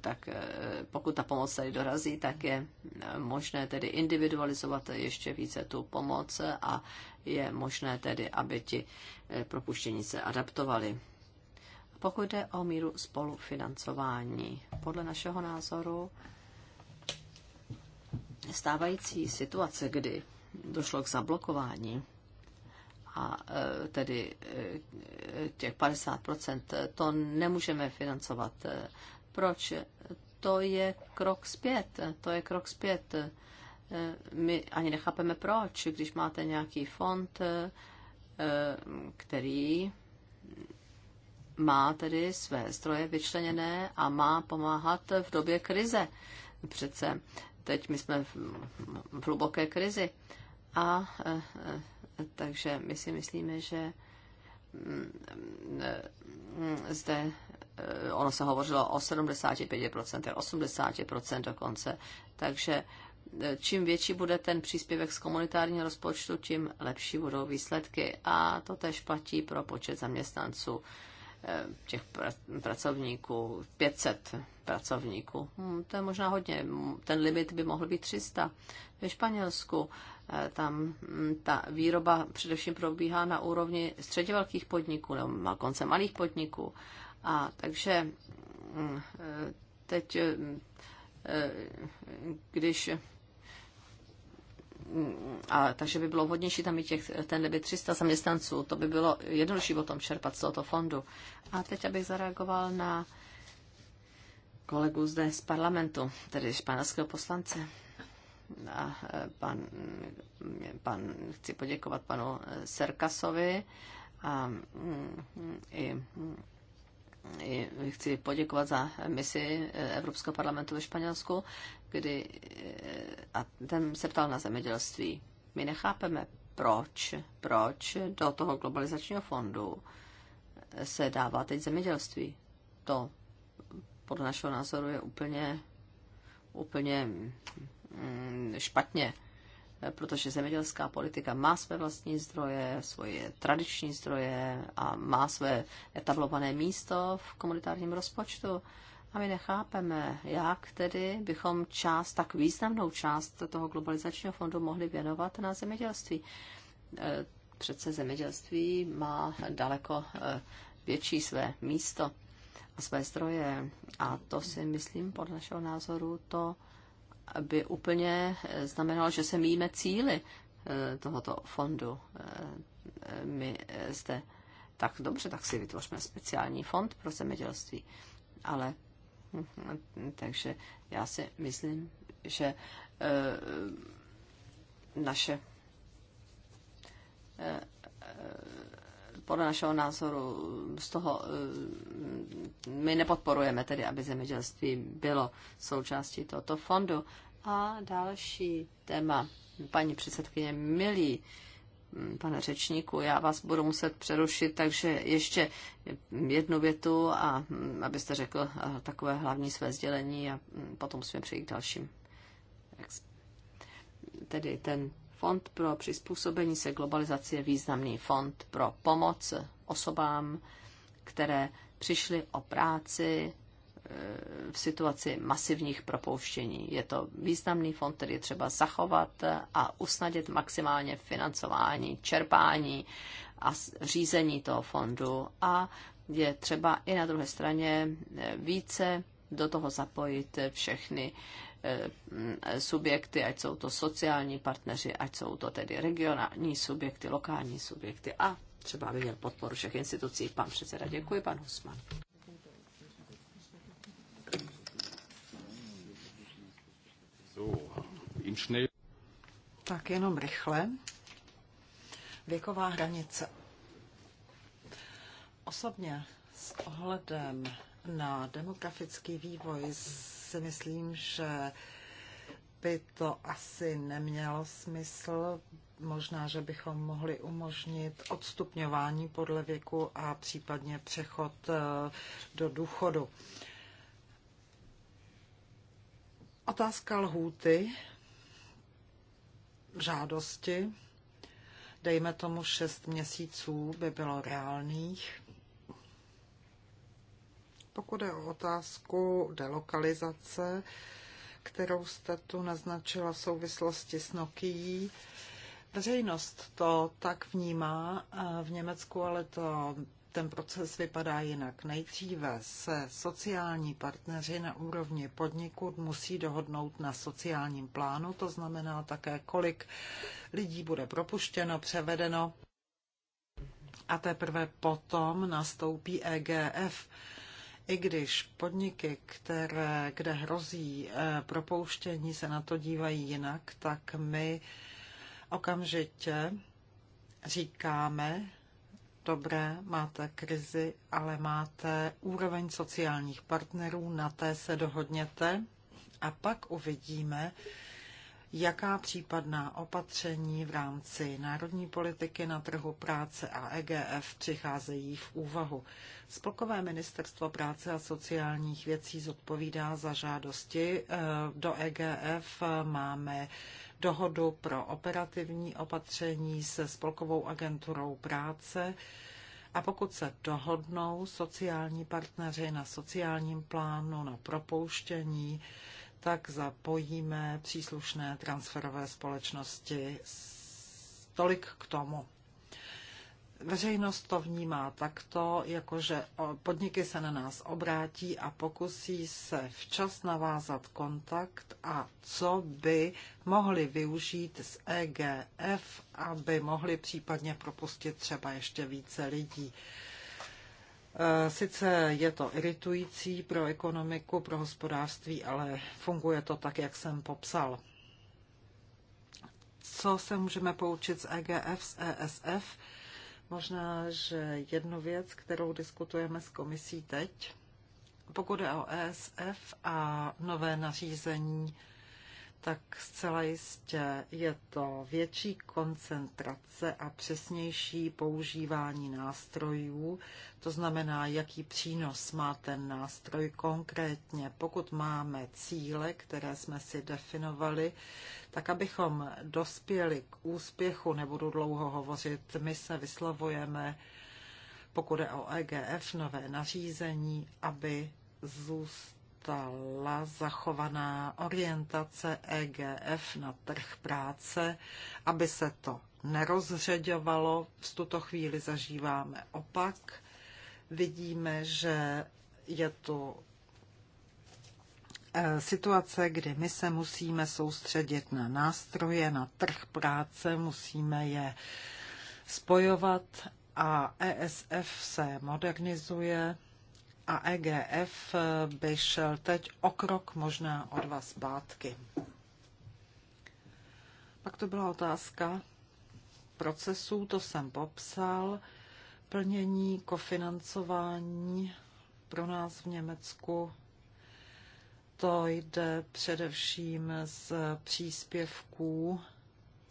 [SPEAKER 1] tak eh, pokud ta pomoc tady dorazí, tak je eh, možné tedy individualizovat ještě více tu pomoc a je možné tedy, aby ti eh, propuštění se adaptovali. Pokud jde o míru spolufinancování, podle našeho názoru stávající situace, kdy došlo k zablokování a tedy těch 50%, to nemůžeme financovat proč? To je krok zpět. To je krok zpět. My ani nechápeme proč, když máte nějaký fond, eh, který má tedy své stroje vyčleněné a má pomáhat v době krize. Přece teď my jsme v, v hluboké krizi. A eh, eh, takže my si myslíme, že mm, zde Eh, ono se hovořilo o 75%, 80% dokonce. Takže eh, čím větší bude ten příspěvek z komunitárního rozpočtu, tím lepší budou výsledky. A to tež platí pro počet zaměstnanců, eh, těch pr- pracovníků, 500 pracovníků. Hmm, to je možná hodně. Ten limit by mohl být 300. Ve Španělsku tam hm, ta výroba především probíhá na úrovni středně velkých podniků nebo konce malých podniků. A takže mm, teď, mm, e, když mm, a, takže by bylo vhodnější tam mít těch, ten by 300 zaměstnanců. To by bylo jednodušší o tom čerpat z tohoto fondu. A teď, abych zareagoval na kolegu zde z parlamentu, tedy španělského poslance. A e, pan, pan, chci poděkovat panu Serkasovi a, i Eh, chci poděkovat za misi eh, Evropského parlamentu ve Španělsku, kdy eh, a ten se ptal na zemědělství. My nechápeme, proč, proč do toho globalizačního fondu se dává teď zemědělství. To podle našeho názoru je úplně, úplně mm, špatně protože zemědělská politika má své vlastní zdroje, svoje tradiční zdroje a má své etablované místo v komunitárním rozpočtu. A my nechápeme, jak tedy bychom část, tak významnou část toho globalizačního fondu mohli věnovat na zemědělství. E, přece zemědělství má daleko e, větší své místo a své zdroje. A to si myslím, podle našeho názoru, to by úplně eh, znamenalo, že se míjíme cíly eh, tohoto fondu. Eh, my zde tak dobře, tak si vytvořme speciální fond pro zemědělství. Ale hm, takže já si myslím, že naše podle našeho názoru z toho eh, my nepodporujeme tedy, aby zemědělství bylo součástí tohoto fondu. A další téma, paní předsedkyně, milí hm, pane řečníku, já vás budu muset přerušit, takže ještě jednu větu, a hm, abyste řekl eh, takové hlavní své sdělení a hm, potom musíme přejít k dalším. Tedy ten Fond pro přizpůsobení se globalizaci je významný fond pro pomoc osobám, které přišly o práci e, v situaci masivních propouštění. Je to významný fond, který je třeba zachovat a usnadit maximálně financování, čerpání a řízení toho fondu a je třeba i na druhé straně e, více do toho zapojit všechny Eh, subjekty, ať jsou to sociální partneři, ať jsou to tedy regionální subjekty, lokální subjekty a třeba by měl podporu všech institucí. Pan předseda, děkuji, pan Husman.
[SPEAKER 2] Tak jenom rychle. Věková hranice. Osobně s ohledem na demografický vývoj z si myslím, že by to asi nemělo smysl. Možná, že bychom mohli umožnit odstupňování podle věku a případně přechod eh, do důchodu. Otázka lhůty žádosti. Dejme tomu 6 měsíců by bylo reálných. Pokud je o otázku delokalizace, kterou jste tu naznačila v souvislosti s Nokií, veřejnost to tak vnímá eh, v Německu, ale to ten proces vypadá jinak. Nejdříve se sociální partneři na úrovni podniku musí dohodnout na sociálním plánu, to znamená také, kolik lidí bude propuštěno, převedeno a teprve potom nastoupí EGF i když podniky, které, kde hrozí eh, propouštění, se na to dívají jinak, tak my okamžitě říkáme, dobré, máte krizi, ale máte úroveň sociálních partnerů, na té se dohodněte a pak uvidíme, jaká případná opatření v rámci národní politiky na trhu práce a EGF přicházejí v úvahu. Spolkové ministerstvo práce a sociálních věcí zodpovídá za žádosti. Eh, do EGF máme dohodu pro operativní opatření se Spolkovou agenturou práce. A pokud se dohodnou sociální partneři na sociálním plánu, na propouštění, tak zapojíme příslušné transferové společnosti. Tolik k tomu. Veřejnost to vnímá takto, jakože podniky se na nás obrátí a pokusí se včas navázat kontakt a co by mohli využít z EGF, aby mohli případně propustit třeba ještě více lidí. Eh, sice je to iritující pro ekonomiku, pro hospodářství, ale funguje to tak, jak jsem popsal. Co se můžeme poučit z EGF, z ESF? Možná, že jednu věc, kterou diskutujeme s komisí teď, pokud je o ESF a nové nařízení tak zcela jistě je to větší koncentrace a přesnější používání nástrojů. To znamená, jaký přínos má ten nástroj konkrétně. Pokud máme cíle, které jsme si definovali, tak abychom dospěli k úspěchu, nebudu dlouho hovořit, my se vyslovujeme, pokud je o EGF, nové nařízení, aby zůstalo zůstala zachovaná orientace EGF na trh práce, aby se to nerozředěvalo. V tuto chvíli zažíváme opak. Vidíme, že je to eh, situace, kdy my se musíme soustředit na nástroje, na trh práce, musíme je spojovat a ESF se modernizuje, a EGF eh, by šel teď o krok možná o dva zpátky. Pak to byla otázka procesů, to jsem popsal, plnění, kofinancování pro nás v Německu. To jde především z příspěvků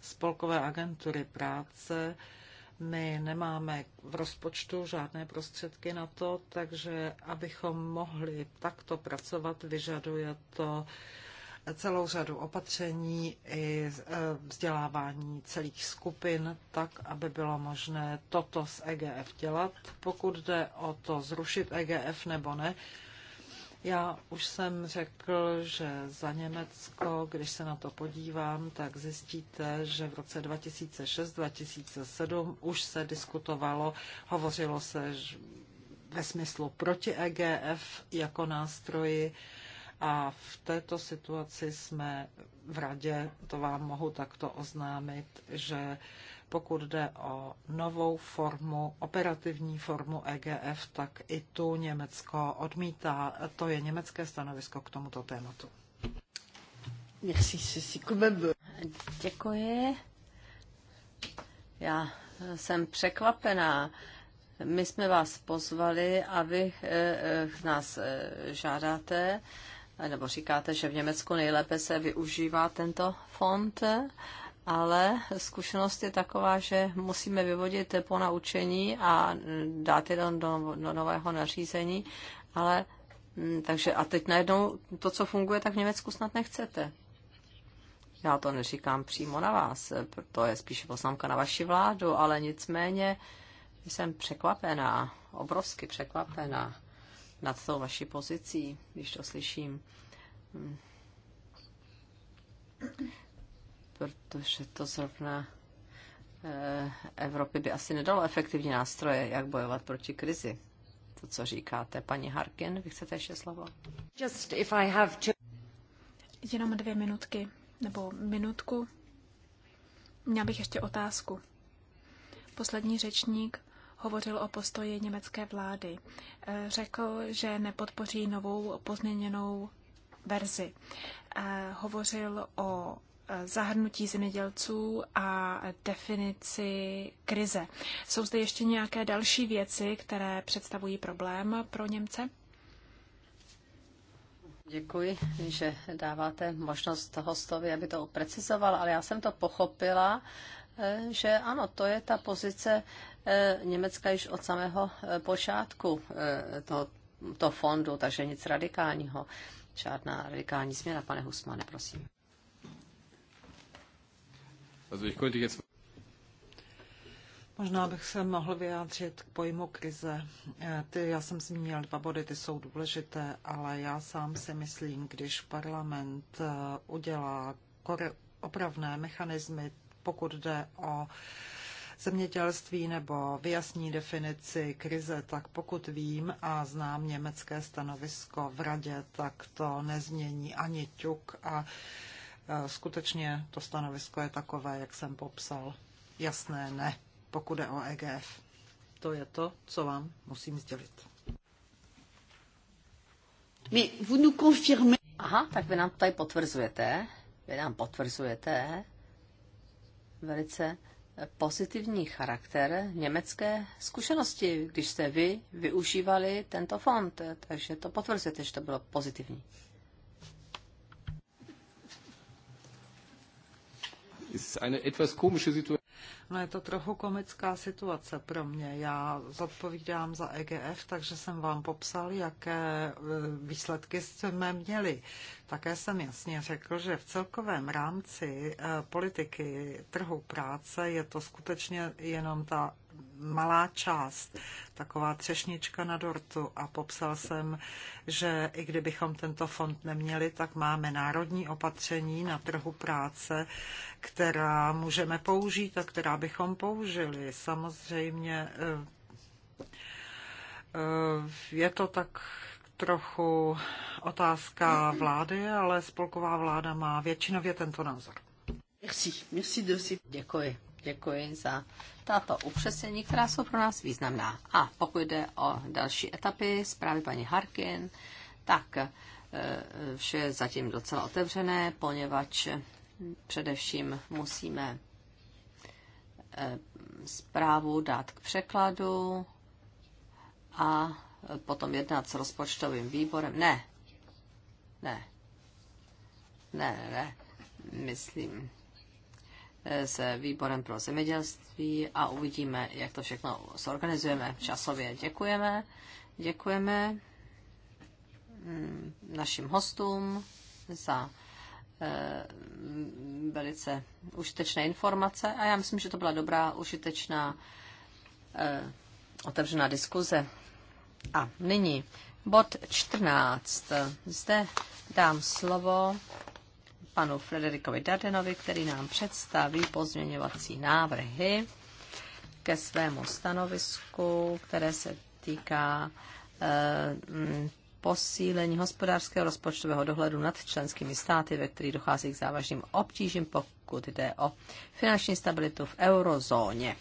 [SPEAKER 2] Spolkové agentury práce, my nemáme v rozpočtu žádné prostředky na to, takže abychom mohli takto pracovat, vyžaduje to celou řadu opatření i e, vzdělávání celých skupin, tak, aby bylo možné toto s EGF dělat. Pokud jde o to zrušit EGF nebo ne, já už jsem řekl, že za Německo, když se na to podívám, tak zjistíte, že v roce 2006-2007 už se diskutovalo, hovořilo se ve smyslu proti EGF jako nástroji a v této situaci jsme v radě, to vám mohu takto oznámit, že pokud jde o novou formu, operativní formu EGF, tak i tu Německo odmítá. To je německé stanovisko k tomuto tématu.
[SPEAKER 1] Děkuji. Já jsem překvapená. My jsme vás pozvali a vy eh, eh, nás eh, žádáte, nebo říkáte, že v Německu nejlépe se využívá tento fond ale zkušenost je taková, že musíme vyvodit po naučení a dát je do, do, no, do nového nařízení, ale mm, takže a teď najednou to, co funguje, tak v Německu snad nechcete. Já to neříkám přímo na vás, to je spíše poznámka na vaši vládu, ale nicméně jsem překvapená, obrovsky překvapená nad tou vaší pozicí, když to slyším. Mm protože to zrovna eh, Evropy by asi nedalo efektivní nástroje, jak bojovat proti krizi. To, co říkáte. Paní Harkin, vy chcete ještě slovo? Just if I have to...
[SPEAKER 3] Jenom dvě minutky, nebo minutku. Měl bych ještě otázku. Poslední řečník hovořil o postoji německé vlády. Eh, řekl, že nepodpoří novou pozměněnou verzi. Eh, hovořil o Eh, zahrnutí zemědělců a definici krize. Jsou zde ještě nějaké další věci, které
[SPEAKER 1] představují problém pro Němce? Děkuji, že dáváte možnost hostovi, aby to precizoval, ale já jsem to pochopila, eh, že ano, to je ta pozice eh, Německa již od samého počátku toho, fondu, takže nic radikálního. Žádná radikální změna, pane Husmane, prosím. Also ich könnte jetzt
[SPEAKER 2] Možná bych se mohl vyjádřit k pojmu krize. E, ty, já jsem zmínil dva body, ty jsou důležité, ale já sám si myslím, když parlament e, udělá opravné mechanismy, pokud jde o zemědělství nebo vyjasní definici krize, tak pokud vím a znám německé stanovisko v radě, tak to nezmění ani ťuk a skutečně to stanovisko je takové, jak jsem popsal. Jasné ne, pokud je o EGF. To je to, co vám musím
[SPEAKER 1] sdělit. Aha, tak vy nám tady potvrzujete, vy nám potvrzujete velice pozitivní charakter německé zkušenosti, když jste vy využívali tento fond, takže to potvrzujete, že to bylo pozitivní.
[SPEAKER 2] No je to trochu komická situace pro mě. Já zodpovídám za EGF, takže jsem vám popsal, jaké e, výsledky jsme měli. Také jsem jasně řekl, že v celkovém rámci e, politiky trhu práce je to skutečně jenom ta malá část, taková třešnička na dortu a popsal jsem, že i kdybychom tento fond neměli, tak máme národní opatření na trhu práce, která můžeme použít a která bychom použili. Samozřejmě eh, eh, je to tak trochu otázka vlády, ale
[SPEAKER 1] spolková vláda má většinově tento názor. Merci, merci de Děkuji. Děkuji za tato upřesnění, která jsou pro nás významná. A pokud jde o další etapy zprávy paní Harkin, tak e, vše je zatím docela otevřené, poněvadž především musíme e, zprávu dát k překladu a potom jednat s rozpočtovým výborem. Ne, ne, ne, ne, myslím, se výborem pro zemědělství a uvidíme, jak to všechno zorganizujeme časově. Děkujeme, děkujeme mm, našim hostům za eh, velice užitečné informace a já myslím, že to byla dobrá, užitečná eh, otevřená diskuze. A nyní bod 14. Zde dám slovo panu Frederikovi Dardenovi, který nám představí pozměňovací návrhy ke svému stanovisku, které se týká eh, mm, posílení hospodářského rozpočtového dohledu nad členskými státy, ve kterých dochází k závažným obtížím, pokud jde o finanční stabilitu v eurozóně.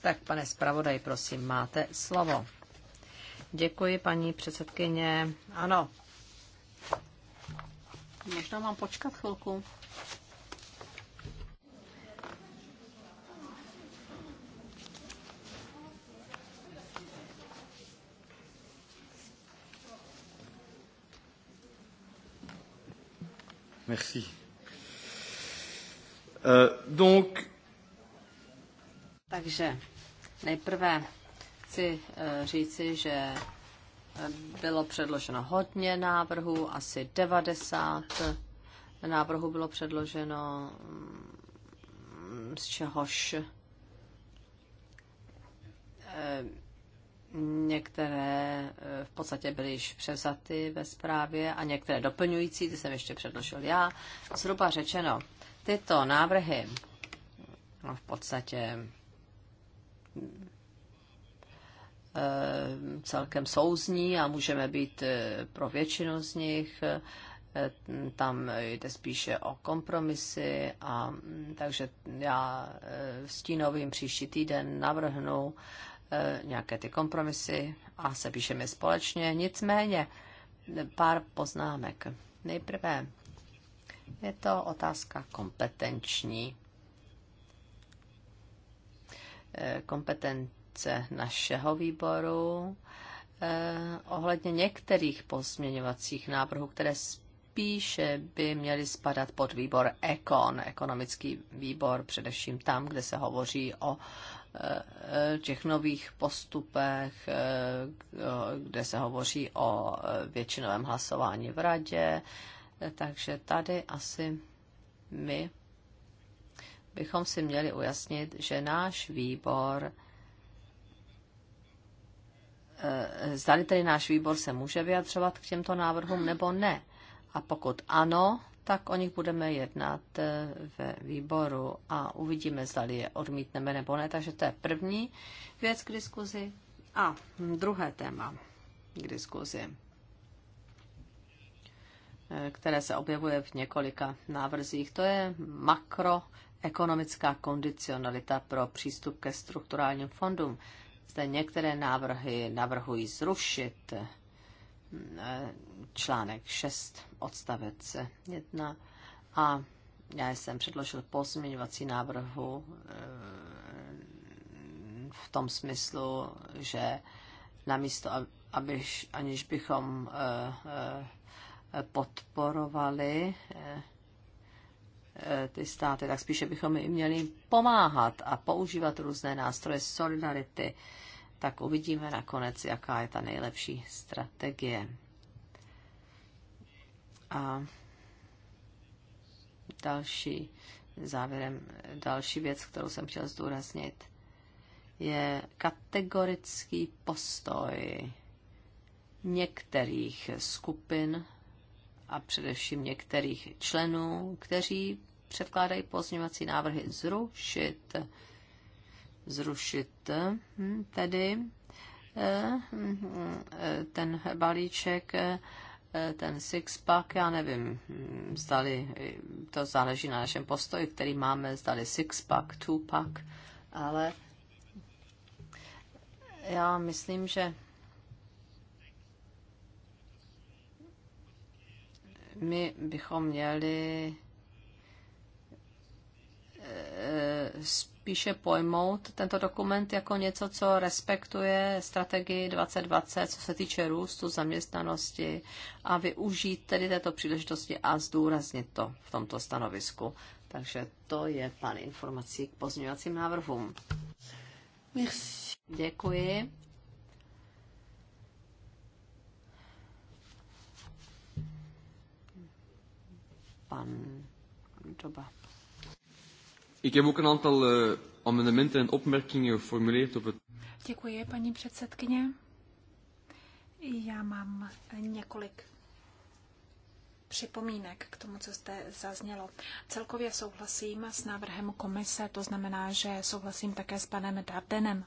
[SPEAKER 1] Tak, pane zpravodaj, prosím, máte slovo. Děkuji, paní předsedkyně. Ano, Možná mám počkat chvilku. Merci. Euh, donc... Takže nejprve chci eh, říci, že bylo předloženo hodně návrhů, asi 90 návrhů bylo předloženo, mm, z čehož eh, některé eh, v podstatě byly již převzaty ve zprávě a některé doplňující, ty jsem ještě předložil já. Zhruba řečeno, tyto návrhy no v podstatě Eh, celkem souzní a můžeme být eh, pro většinu z nich. Eh, tam jde spíše o kompromisy a mm, takže já stínovým příští týden navrhnu nějaké ty kompromisy a se píšeme společně. Nicméně pár poznámek. Nejprve je to otázka kompetenční. Kompetent zástupce našeho výboru eh, ohledně některých pozměňovacích návrhů, které spíše by měly spadat pod výbor EKON, ekonomický výbor, především tam, kde se hovoří o eh, těch nových postupech, eh, kde se hovoří o eh, většinovém hlasování v radě. Takže tady asi my bychom si měli ujasnit, že náš výbor Eh, zdali tedy náš výbor se může vyjadřovat k těmto návrhům nebo ne. A pokud ano, tak o nich budeme jednat eh, ve výboru a uvidíme, zdali je odmítneme nebo ne. Takže to je první věc k diskuzi. A druhé téma k diskuzi, eh, které se objevuje v několika návrzích, to je makroekonomická kondicionalita pro přístup ke strukturálním fondům. Zde některé návrhy navrhují zrušit eh, článek 6 odstavec 1 a já jsem předložil pozměňovací návrhu eh, v tom smyslu, že namísto, abyž, aniž bychom eh, podporovali Eh, ty státy, tak spíše bychom jim měli pomáhat a používat různé nástroje solidarity, tak uvidíme nakonec, jaká je ta nejlepší strategie. A další, závěrem, další věc, kterou jsem chtěl zdůraznit, je kategorický postoj některých skupin a především některých členů, kteří předkládají pozměňovací návrhy zrušit, zrušit hm, tedy eh, hm, ten balíček, eh, ten six-pack, já nevím, hm, zdali, eh, to záleží na našem postoji, který máme, zdali six-pack, two-pack, ale já myslím, že my bychom měli eh, spíše pojmout tento dokument jako něco, co respektuje strategii 2020, co se týče růstu, zaměstnanosti a využít tedy této příležitosti a zdůraznit to v tomto stanovisku. Takže to je pan informací k pozměňovacím návrhům. Děkuji. pan Doba. Ik heb ook een aantal uh, amendementen en opmerkingen geformuleerd op het...
[SPEAKER 3] Děkuji, paní předsedkyně. Já mám několik připomínek k tomu, co zde zaznělo. Celkově souhlasím s návrhem komise, to znamená, že souhlasím také s panem Dardenem,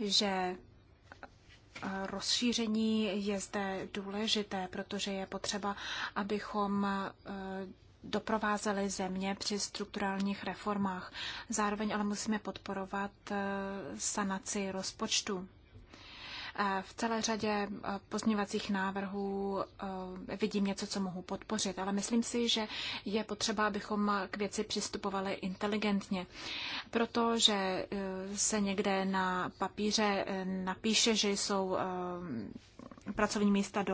[SPEAKER 3] že rozšíření je zde důležité, protože je potřeba, abychom e, doprovázeli země při strukturálních reformách. Zároveň ale musíme podporovat e, sanaci rozpočtu. V celé řadě eh, pozměňovacích návrhů eh, vidím něco, co mohu podpořit, ale myslím si, že je potřeba, abychom k věci přistupovali inteligentně, protože eh, se někde na papíře napíše, že jsou pracovní místa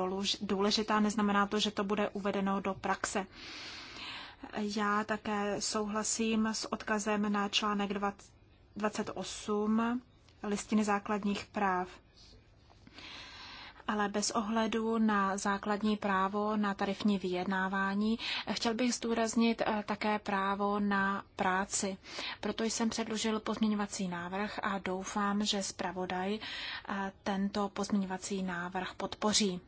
[SPEAKER 3] důležitá, neznamená to, že to bude uvedeno do praxe. Já také souhlasím s odkazem na článek 28 listiny základních práv ale bez ohledu na základní právo na tarifní vyjednávání chtěl bych zdůraznit eh, také právo na práci. Proto jsem předložil pozměňovací návrh a doufám, že zpravodaj eh, tento pozměňovací návrh podpoří.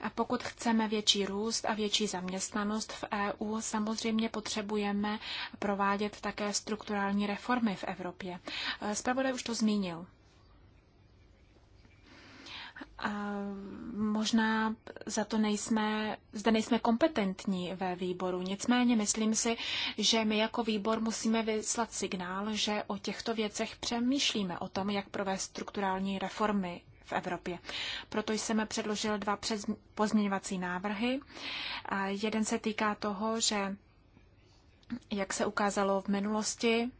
[SPEAKER 3] A pokud chceme větší růst a větší zaměstnanost v EU, samozřejmě potřebujeme provádět také strukturální reformy v Evropě. Spravodaj eh, už to zmínil možná za to nejsme, zde nejsme kompetentní ve výboru. Nicméně myslím si, že my jako výbor musíme vyslat signál, že o těchto věcech přemýšlíme, o tom, jak provést strukturální reformy v Evropě. Proto jsem předložil dva pozměňovací návrhy. Jeden se týká toho, že jak se ukázalo v minulosti,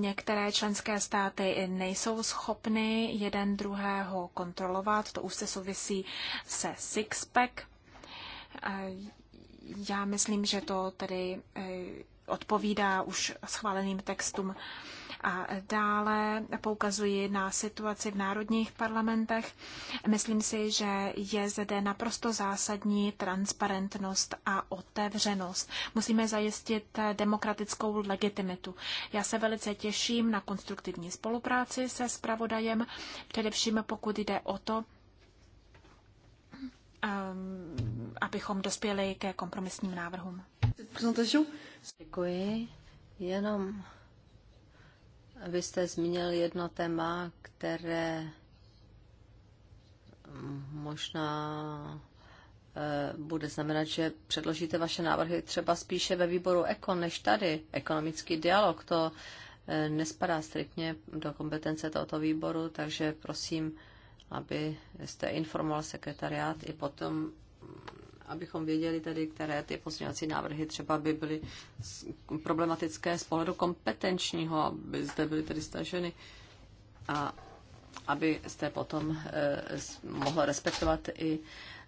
[SPEAKER 3] Některé členské státy nejsou schopny jeden druhého kontrolovat, to už se souvisí se Sixpack. Já myslím, že to tedy eh, odpovídá už schváleným textům a dále poukazuji na situaci v národních parlamentech. Myslím si, že je zde naprosto zásadní transparentnost a otevřenost. Musíme zajistit demokratickou legitimitu. Já se velice těším na konstruktivní spolupráci se spravodajem, především pokud jde o to,
[SPEAKER 1] ehm,
[SPEAKER 3] abychom dospěli ke kompromisním
[SPEAKER 1] návrhům. Děkuji. Jenom vy jste zmínil jedno téma, které možná eh, bude znamenat, že předložíte vaše návrhy třeba spíše ve výboru Ekon než tady. Ekonomický dialog to eh, nespadá striktně do kompetence tohoto výboru, takže prosím, aby jste informoval sekretariát i potom abychom věděli tady, které ty pozměňovací návrhy třeba by byly problematické z pohledu kompetenčního, aby zde byly tedy staženy a aby jste potom eh, mohla respektovat i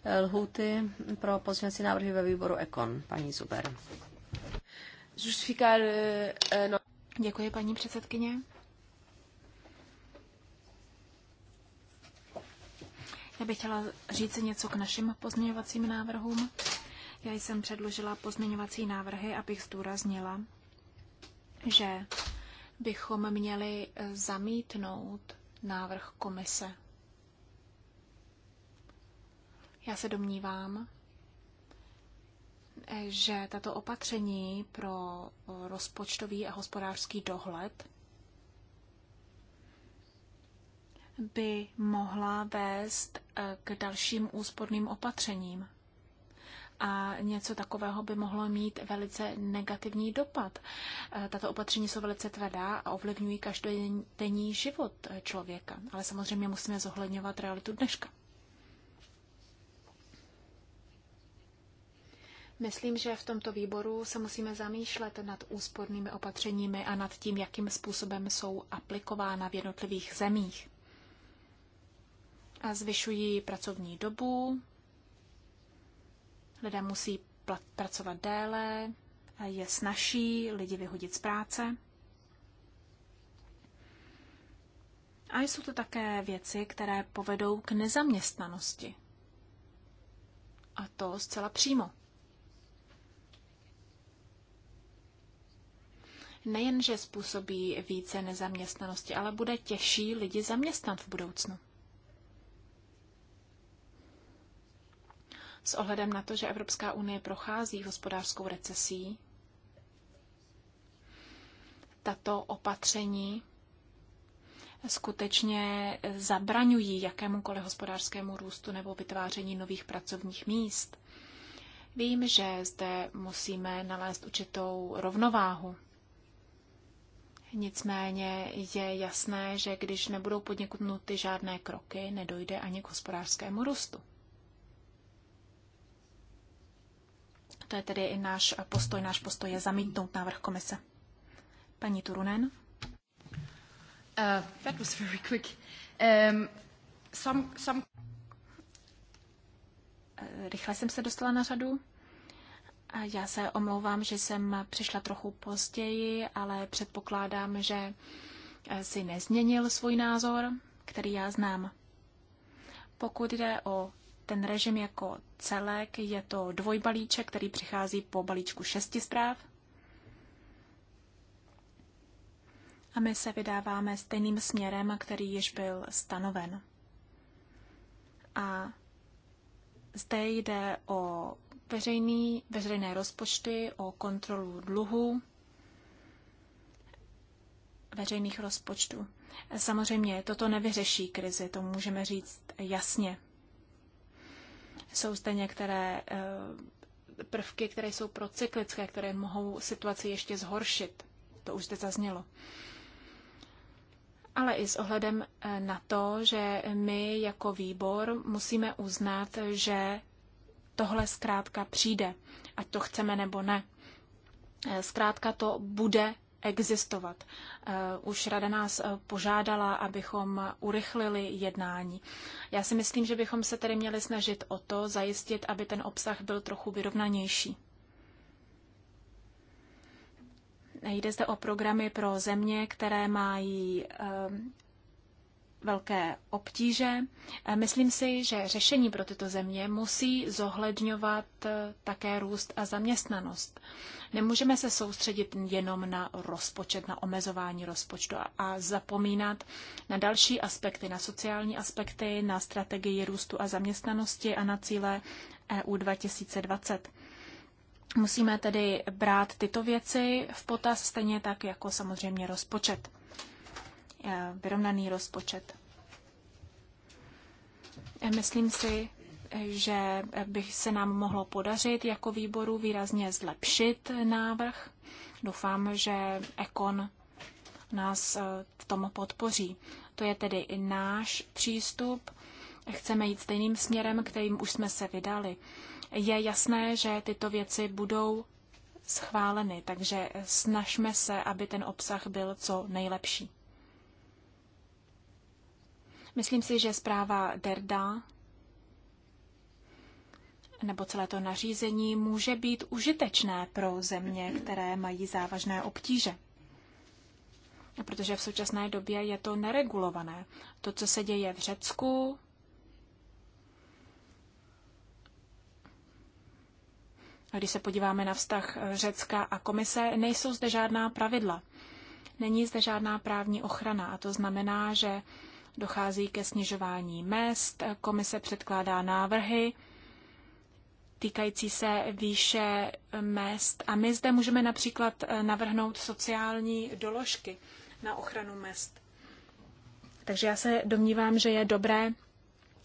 [SPEAKER 1] eh, lhuty pro pozměňovací návrhy ve výboru Ekon, paní Zuber.
[SPEAKER 3] Eh, no- Děkuji, paní předsedkyně. Já bych chtěla říct něco k našim pozměňovacím návrhům. Já jsem předložila pozměňovací návrhy, abych zdůraznila, že bychom měli eh, zamítnout návrh komise. Já se domnívám, eh, že tato opatření pro eh, rozpočtový a hospodářský dohled by mohla vést eh, k dalším úsporným opatřením. A něco takového by mohlo mít velice negativní dopad. Eh, tato opatření jsou velice tvrdá a ovlivňují každodenní život eh, člověka. Ale samozřejmě musíme zohledňovat realitu dneška. Myslím, že v tomto výboru se musíme zamýšlet nad úspornými opatřeními a nad tím, jakým způsobem jsou aplikována v jednotlivých zemích zvyšují pracovní dobu, lidé musí pracovat déle, je snažší lidi vyhodit z práce. A jsou to také věci, které povedou k nezaměstnanosti. A to zcela přímo. Nejenže způsobí více nezaměstnanosti, ale bude těžší lidi zaměstnat v budoucnu. S ohledem na to, že Evropská unie prochází hospodářskou recesí, tato opatření skutečně zabraňují jakémukoliv hospodářskému růstu nebo vytváření nových pracovních míst. Vím, že zde musíme nalézt určitou rovnováhu. Nicméně je jasné, že když nebudou podniknuty žádné kroky, nedojde ani k hospodářskému růstu. To je tedy i náš postoj. Náš postoj je zamítnout návrh komise. Paní Turunen. Uh, that was very quick. Um, some, some... Rychle jsem se dostala na řadu. Já se omlouvám, že jsem přišla trochu později, ale předpokládám, že eh, si nezměnil svůj názor, který já znám. Pokud jde o ten režim jako celek. Je to dvojbalíček, který přichází po balíčku šesti zpráv. A my se vydáváme stejným směrem, který již byl stanoven. A zde jde o veřejný, veřejné rozpočty, o kontrolu dluhu, veřejných rozpočtů. Samozřejmě toto nevyřeší krizi, to můžeme říct jasně. Jsou zde některé eh, prvky, které jsou procyklické, které mohou situaci ještě zhoršit. To už zde zaznělo. Ale i s ohledem eh, na to, že my jako výbor musíme uznat, že tohle zkrátka přijde, ať to chceme nebo ne. Eh, zkrátka to bude existovat. Eh, už rada nás eh, požádala, abychom urychlili jednání. Já si myslím, že bychom se tedy měli snažit o to zajistit, aby ten obsah byl trochu vyrovnanější. Jde zde o programy pro země, které mají eh, velké obtíže. Eh, myslím si, že řešení pro tyto země musí zohledňovat eh, také růst a zaměstnanost. Nemůžeme se soustředit jenom na rozpočet, na omezování rozpočtu a zapomínat na další aspekty, na sociální aspekty, na strategii růstu a zaměstnanosti a na cíle EU 2020. Musíme tedy brát tyto věci v potaz stejně tak jako samozřejmě rozpočet. Eh, vyrovnaný rozpočet. Eh, myslím si, eh, že by se nám mohlo podařit jako výboru výrazně zlepšit návrh. Doufám, že Ekon nás v tom podpoří. To je tedy i náš přístup. Chceme jít stejným směrem, kterým už jsme se vydali. Je jasné, že tyto věci budou schváleny, takže snažme se, aby ten obsah byl co nejlepší. Myslím si, že zpráva Derda nebo celé to nařízení může být užitečné pro země, které mají závažné obtíže. Protože v současné době je to neregulované. To, co se děje v Řecku, když se podíváme na vztah Řecka a komise, nejsou zde žádná pravidla. Není zde žádná právní ochrana a to znamená, že dochází ke snižování mest, komise předkládá návrhy týkající se výše mest a my zde můžeme například eh, navrhnout sociální doložky na ochranu mest. Takže já se domnívám, že je dobré,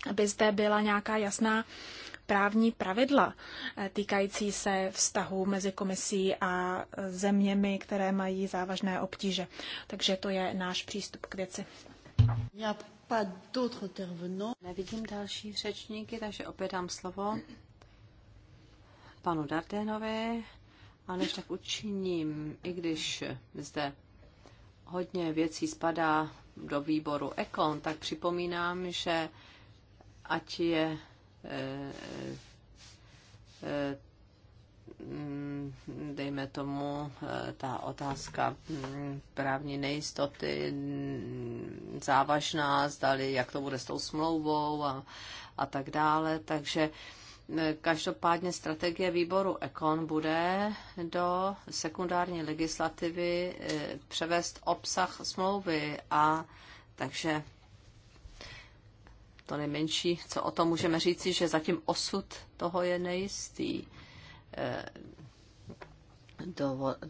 [SPEAKER 3] aby zde byla nějaká jasná právní pravidla eh, týkající se vztahu mezi komisí a eh, zeměmi, které mají závažné obtíže. Takže to
[SPEAKER 1] je náš přístup k věci. Já pas Nevidím další řečníky, takže opět dám slovo panu Dardénovi. A než tak učiním, i když zde hodně věcí spadá do výboru Ekon, tak připomínám, že ať je eh, eh, Mm, dejme tomu, eh, ta otázka mm, právní nejistoty mm, závažná, zdali, jak to bude s tou smlouvou a, a tak dále. Takže eh, každopádně strategie výboru ECON bude do sekundární legislativy eh, převést obsah smlouvy a takže to nejmenší, co o tom můžeme říci, že zatím osud toho je nejistý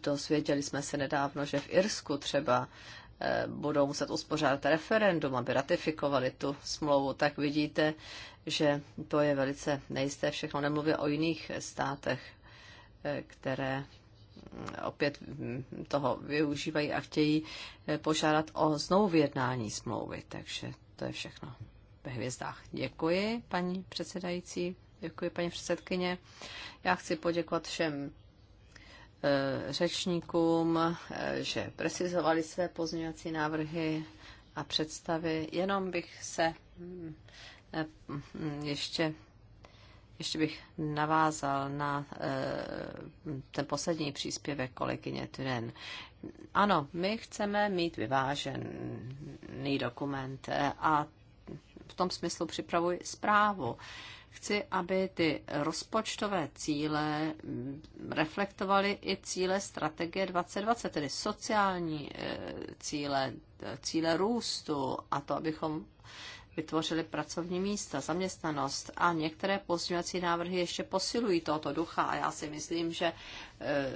[SPEAKER 1] dozvěděli jsme se nedávno, že v Irsku třeba eh, budou muset uspořádat referendum, aby ratifikovali tu smlouvu, tak vidíte, že to je velice nejisté všechno. Nemluvě o jiných státech, eh, které mm, opět mm, toho využívají a chtějí eh, požádat o znovu vyjednání smlouvy. Takže to je všechno ve hvězdách. Děkuji, paní předsedající. Děkuji, paní předsedkyně. Já chci poděkovat všem eh, řečníkům, eh, že precizovali své pozměňovací návrhy a představy. Jenom bych se mm, eh, ještě, ještě bych navázal na ten poslední příspěvek kolegyně Tunen. Ano, my chceme mít vyvážený dokument a v tom smyslu připravuji zprávu. Chci, aby ty rozpočtové cíle mm, reflektovaly i cíle strategie 2020, tedy sociální eh, cíle, eh, cíle růstu a to, abychom vytvořili pracovní místa, zaměstnanost a některé pozměňovací návrhy ještě posilují tohoto ducha a já si myslím, že eh,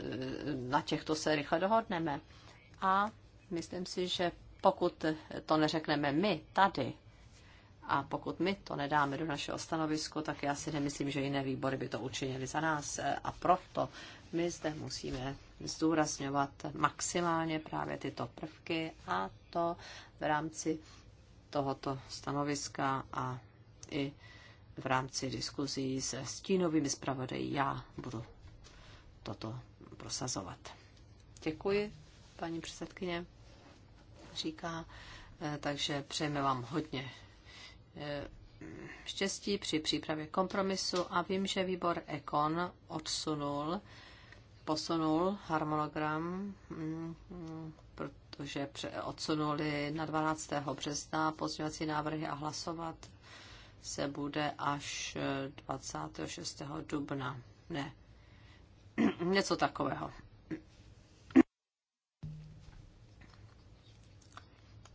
[SPEAKER 1] na těchto se rychle dohodneme. A myslím si, že pokud to neřekneme my tady, a pokud my to nedáme do našeho stanovisku, tak já si nemyslím, že jiné výbory by to učinili za nás. E, a proto my zde musíme zdůrazňovat maximálně právě tyto prvky a to v rámci tohoto stanoviska a i v rámci diskuzí se stínovými zpravodaji já budu toto prosazovat. Děkuji, paní předsedkyně, říká. E, takže přejeme vám hodně Eh, štěstí při přípravě kompromisu a vím, že výbor Ekon odsunul, posunul harmonogram, mm, protože odsunuli na 12. března pozměňovací návrhy a hlasovat se bude až 26. Eh, dubna. Ne, něco takového.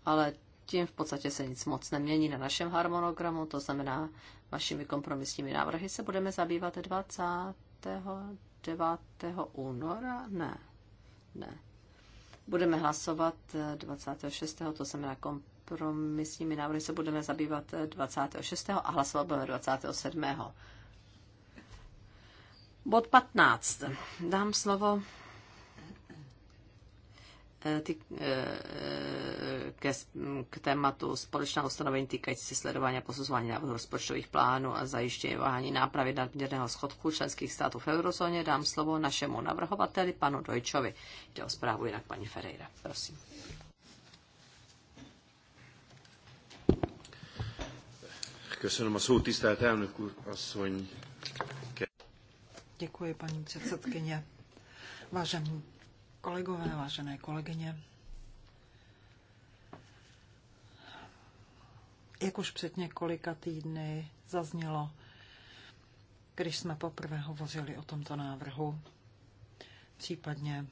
[SPEAKER 1] Ale tím v podstatě se nic moc nemění na našem harmonogramu, to znamená, vašimi kompromisními návrhy se budeme zabývat 29. února? Ne, ne. Budeme hlasovat 26. to znamená kompromisními návrhy se budeme zabývat 26. a hlasovat budeme 27. Bod 15. Dám slovo Eh, ty, eh, eh, ke, k tématu společná ustanovení týkající se sledování a posuzování návrhu rozpočtových plánů a zajišťování nápravy nadměrného schodku členských států v eurozóně dám slovo našemu navrhovateli, panu Dojčovi. Jde o zprávu jinak paní Ferreira. Prosím.
[SPEAKER 2] Děkuji, paní předsedkyně. Vážení kolegové, vážené kolegyně, jak už před několika týdny zaznělo, když jsme poprvé hovořili o tomto návrhu, případně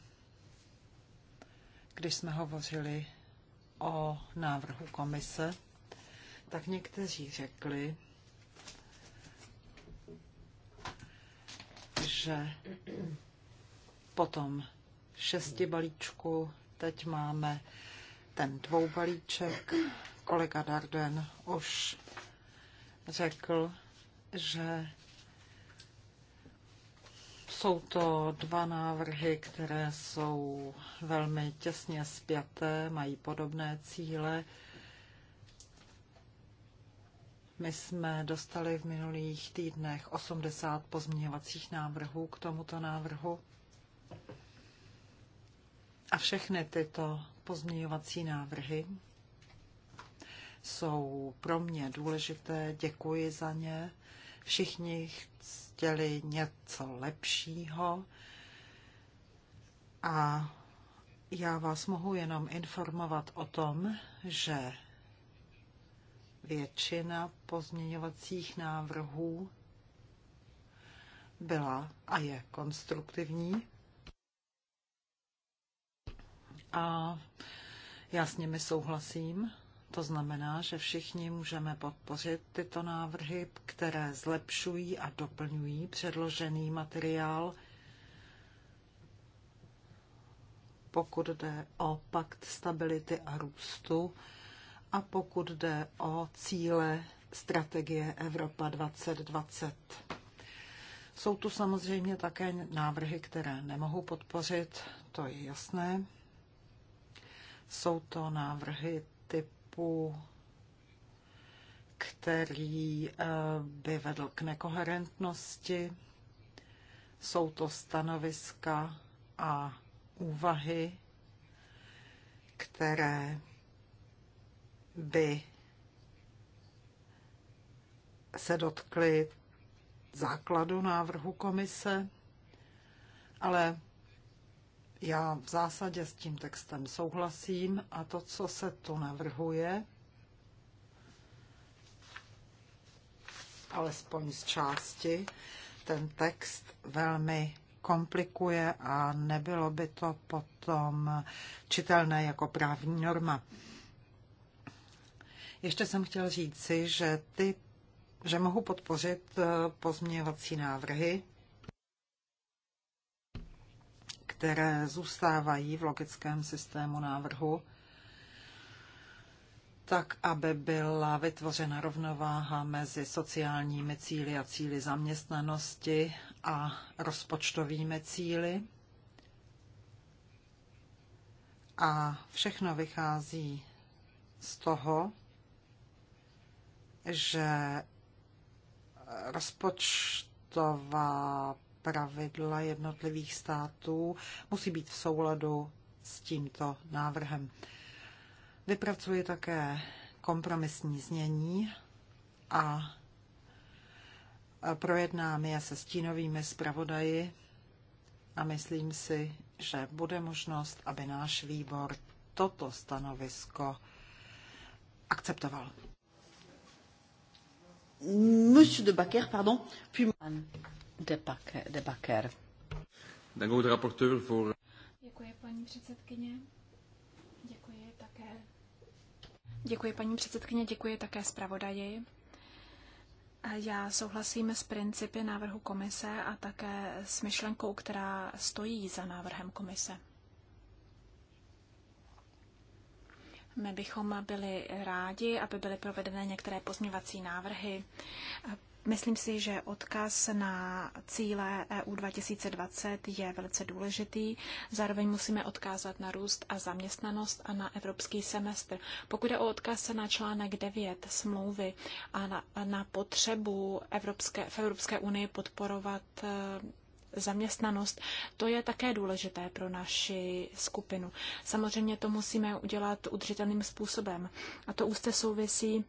[SPEAKER 2] když jsme hovořili o návrhu komise, tak někteří řekli, že potom šesti balíčku, teď máme ten dvou balíček. Kolega Darden už řekl, že jsou to dva návrhy, které jsou velmi těsně spjaté, mají podobné cíle. My jsme dostali v minulých týdnech 80 pozměňovacích návrhů k tomuto návrhu. A všechny tyto pozměňovací návrhy jsou pro mě důležité, děkuji za ně. Všichni chtěli něco lepšího a já vás mohu jenom informovat o tom, že většina pozměňovacích návrhů byla a je konstruktivní a já s nimi souhlasím. To znamená, že všichni můžeme podpořit tyto návrhy, které zlepšují a doplňují předložený materiál, pokud jde o pakt stability a růstu a pokud jde o cíle strategie Evropa 2020. Jsou tu samozřejmě také návrhy, které nemohu podpořit, to je jasné. Jsou to návrhy typu, který eh, by vedl k nekoherentnosti. Jsou to stanoviska a úvahy, které by se dotkly základu návrhu komise, ale já v zásadě s tím textem souhlasím a to, co se tu navrhuje, alespoň z části, ten text velmi komplikuje a nebylo by to potom čitelné jako právní norma. Ještě jsem chtěl říci, že, ty, že mohu podpořit eh, pozměňovací návrhy, které zůstávají v logickém systému návrhu, tak aby byla vytvořena rovnováha mezi sociálními cíly a cíly zaměstnanosti a rozpočtovými cíly. A všechno vychází z toho, že rozpočtová pravidla jednotlivých států musí být v souladu s tímto návrhem. Vypracuje také kompromisní znění a projednám je se stínovými zpravodaji a myslím si, že bude možnost, aby náš výbor toto stanovisko akceptoval.
[SPEAKER 1] Monsieur de Baker, pardon, puis... Debaker.
[SPEAKER 2] Děkuji,
[SPEAKER 3] paní předsedkyně. Děkuji také. Děkuji, paní předsedkyně, děkuji také zpravodaji. Já souhlasím s principy návrhu komise a také s myšlenkou, která stojí za návrhem komise. My bychom byli rádi, aby byly provedeny některé pozměvací návrhy, Myslím si, že odkaz na cíle EU 2020 je velice důležitý. Zároveň musíme odkázat na růst a zaměstnanost a na evropský semestr. Pokud je o odkaz na článek 9 smlouvy a na, na potřebu Evropské, v Evropské unii podporovat eh, zaměstnanost, to je také důležité pro naši skupinu. Samozřejmě to musíme udělat udržitelným způsobem. A to úzce souvisí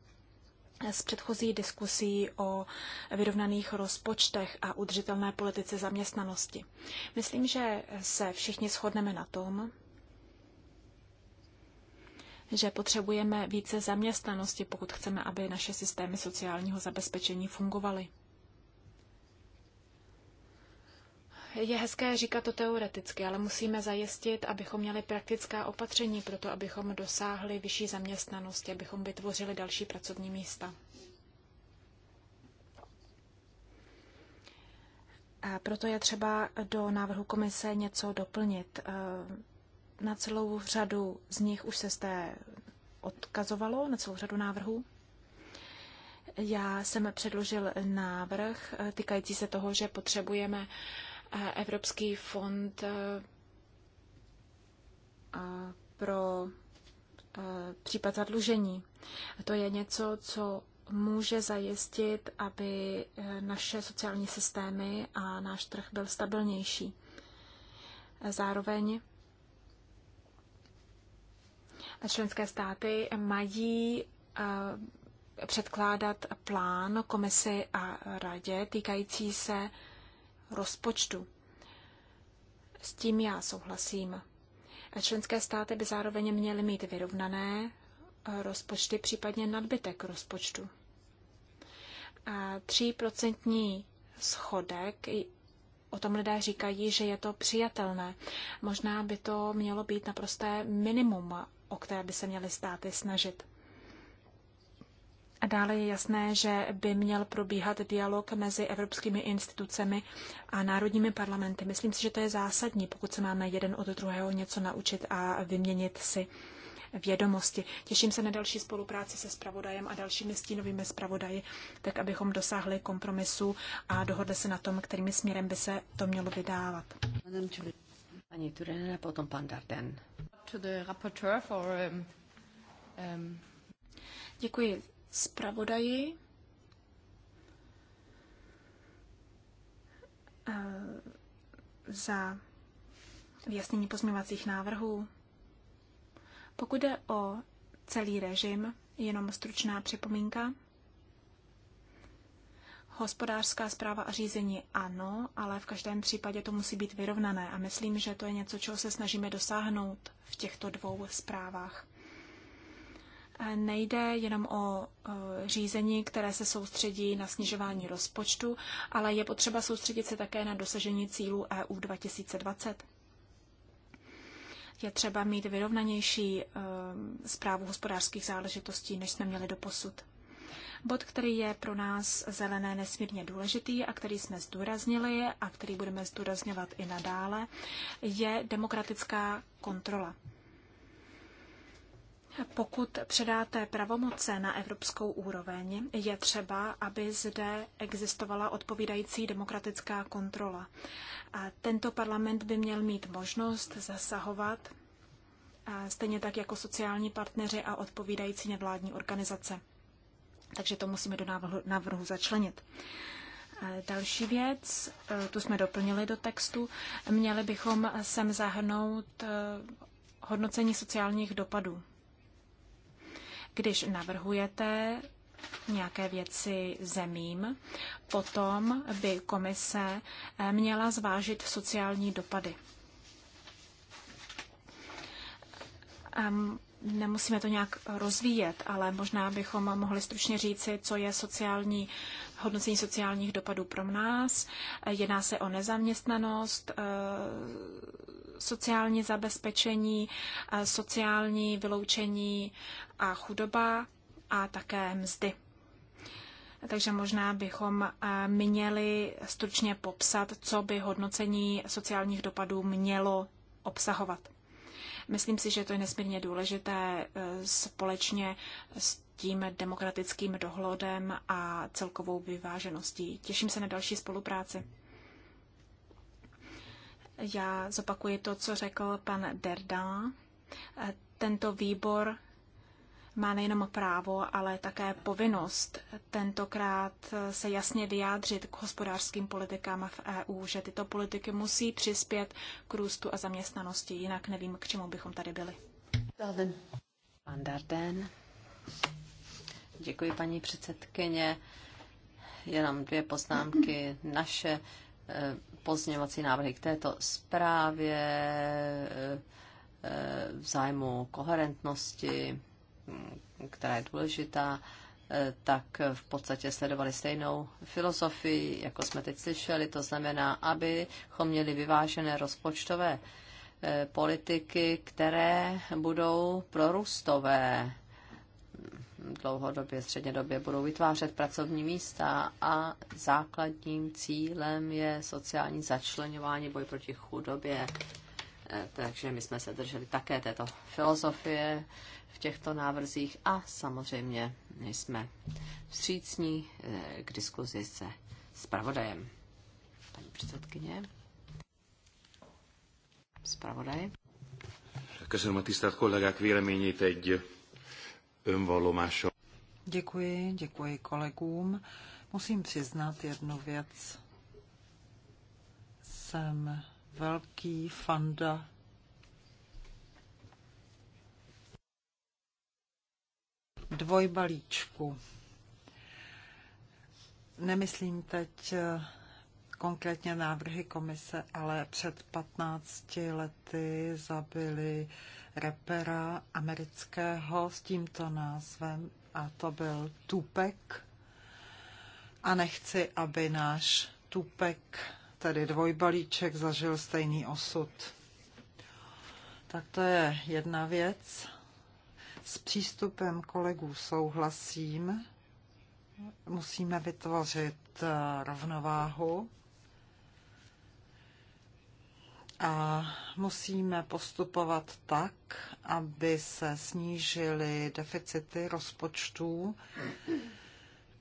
[SPEAKER 3] z předchozí diskusí o vyrovnaných rozpočtech a udržitelné politice zaměstnanosti. Myslím, že se všichni shodneme na tom, že potřebujeme více zaměstnanosti, pokud chceme, aby naše systémy sociálního zabezpečení fungovaly. je hezké říkat to teoreticky, ale musíme zajistit, abychom měli praktická opatření pro to, abychom dosáhli vyšší zaměstnanosti, abychom vytvořili další pracovní místa. A proto je třeba do návrhu komise něco doplnit. E, na celou řadu z nich už se jste odkazovalo, na celou řadu návrhů. Já jsem předložil návrh e, týkající se toho, že potřebujeme Evropský fond eh, pro eh, případ zadlužení. To je něco, co může zajistit, aby eh, naše sociální systémy a náš trh byl stabilnější. Zároveň členské státy mají předkládat plán komisi a radě týkající se rozpočtu. S tím já souhlasím. Členské státy by zároveň měly mít vyrovnané eh, rozpočty, případně nadbytek rozpočtu. A 3% schodek, o tom lidé říkají, že je to přijatelné. Možná by to mělo být naprosté minimum, o které by se měly státy snažit. A dále je jasné, že by měl probíhat dialog mezi evropskými institucemi a národními parlamenty. Myslím si, že to je zásadní, pokud se máme jeden od druhého něco naučit a vyměnit si vědomosti. Těším se na další spolupráci se spravodajem a dalšími stínovými spravodaji, tak abychom dosáhli kompromisu a dohodli se na tom, kterými směrem by se to mělo vydávat.
[SPEAKER 1] Pani Turenen a potom pan Darden. Um, um, Děkuji zpravodaji.
[SPEAKER 3] Eh, za vyjasnění pozměňovacích návrhů. Pokud jde o celý režim, jenom stručná připomínka. Hospodářská zpráva a řízení ano, ale v každém případě to musí být vyrovnané a myslím, že to je něco, čeho se snažíme dosáhnout v těchto dvou zprávách nejde jenom o e, řízení, které se soustředí na snižování rozpočtu, ale je potřeba soustředit se také na dosažení cílů EU 2020. Je třeba mít vyrovnanější zprávu e, hospodářských záležitostí, než jsme měli do posud. Bod, který je pro nás zelené nesmírně důležitý a který jsme zdůraznili a který budeme zdůrazňovat i nadále, je demokratická kontrola. Pokud předáte pravomoce na evropskou úroveň, je třeba, aby zde existovala odpovídající demokratická kontrola. A tento parlament by měl mít možnost zasahovat, stejně tak jako sociální partneři a odpovídající nevládní organizace. Takže to musíme do návrhu, návrhu začlenit. Další věc, e, tu jsme doplnili do textu, měli bychom sem zahrnout e, hodnocení sociálních dopadů když navrhujete nějaké věci zemím, potom by komise eh, měla zvážit sociální dopady. Um, nemusíme to nějak rozvíjet, ale možná bychom mohli stručně říci, co je sociální hodnocení sociálních dopadů pro nás. Jedná se o nezaměstnanost, eh, sociální zabezpečení, eh, sociální vyloučení a chudoba a také mzdy. Takže možná bychom eh, měli stručně popsat, co by hodnocení sociálních dopadů mělo obsahovat. Myslím si, že to je nesmírně důležité společně s tím demokratickým dohledem a celkovou vyvážeností. Těším se na další spolupráci. Já zopakuji to, co řekl pan Derda. Tento výbor má nejenom právo, ale také povinnost tentokrát se jasně vyjádřit k hospodářským politikám v EU, že tyto politiky musí přispět k růstu a zaměstnanosti, jinak nevím, k čemu bychom tady byli. Darden.
[SPEAKER 1] Pan Darden. Děkuji, paní předsedkyně. Jenom dvě poznámky. Naše eh, pozněvací návrhy k této zprávě eh, v zájmu koherentnosti, hm, která je důležitá, eh, tak v podstatě sledovali stejnou filozofii, jako jsme teď slyšeli, to znamená, abychom měli vyvážené rozpočtové politiky, které budou prorůstové dlouhodobě, střednědobě budou vytvářet pracovní místa a základním cílem je sociální začlenování, boj proti chudobě. Eh, takže my jsme se drželi také této filozofie v těchto návrzích a samozřejmě jsme vstřícní eh, k diskuzi se zpravodajem. Paní předsedkyně. Zpravodaj. Köszönöm a tisztelt kollégák véleményét egy
[SPEAKER 2] Děkuji, děkuji kolegům. Musím přiznat jednu věc. Jsem velký fanda dvojbalíčku. Nemyslím teď konkrétně návrhy komise, ale před 15 lety zabili repera amerického s tímto názvem a to byl Tupek. A nechci, aby náš Tupek, tedy dvojbalíček, zažil stejný osud. Tak to je jedna věc. S přístupem kolegů souhlasím. Musíme vytvořit eh, rovnováhu a musíme postupovat tak, aby se snížily deficity rozpočtů,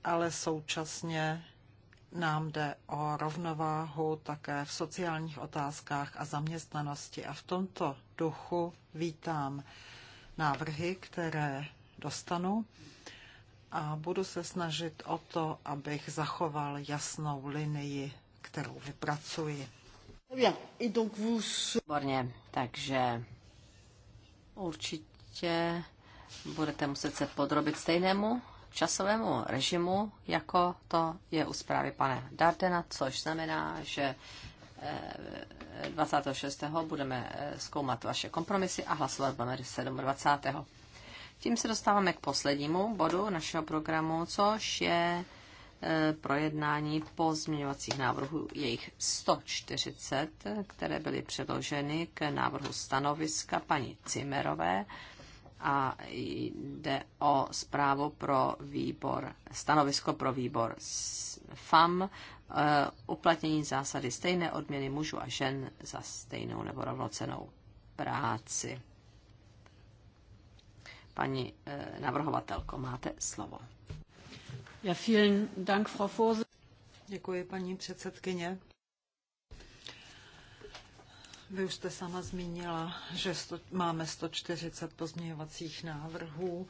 [SPEAKER 2] ale současně nám jde o rovnováhu také v sociálních otázkách a zaměstnanosti. A v tomto duchu vítám návrhy, které dostanu a budu se snažit o to, abych zachoval jasnou linii, kterou vypracuji.
[SPEAKER 1] Výborně, takže určitě budete muset se podrobit stejnému časovému režimu, jako to je u zprávy pana Dardena, což znamená, že 26. Eh, budeme eh, zkoumat vaše kompromisy a hlasovat budeme 27. Tím se dostáváme k poslednímu bodu našeho programu, což je Eh, projednání pozměňovacích návrhů, jejich 140, které byly předloženy k návrhu stanoviska paní Cimerové a jde o zprávu pro výbor, stanovisko pro výbor FAM, eh, uplatnění zásady stejné odměny mužů a žen za stejnou nebo rovnocenou práci. Paní eh, navrhovatelko, máte slovo.
[SPEAKER 2] Děkuji, paní předsedkyně. Vy už jste sama zmínila, že sto, máme 140 pozměňovacích návrhů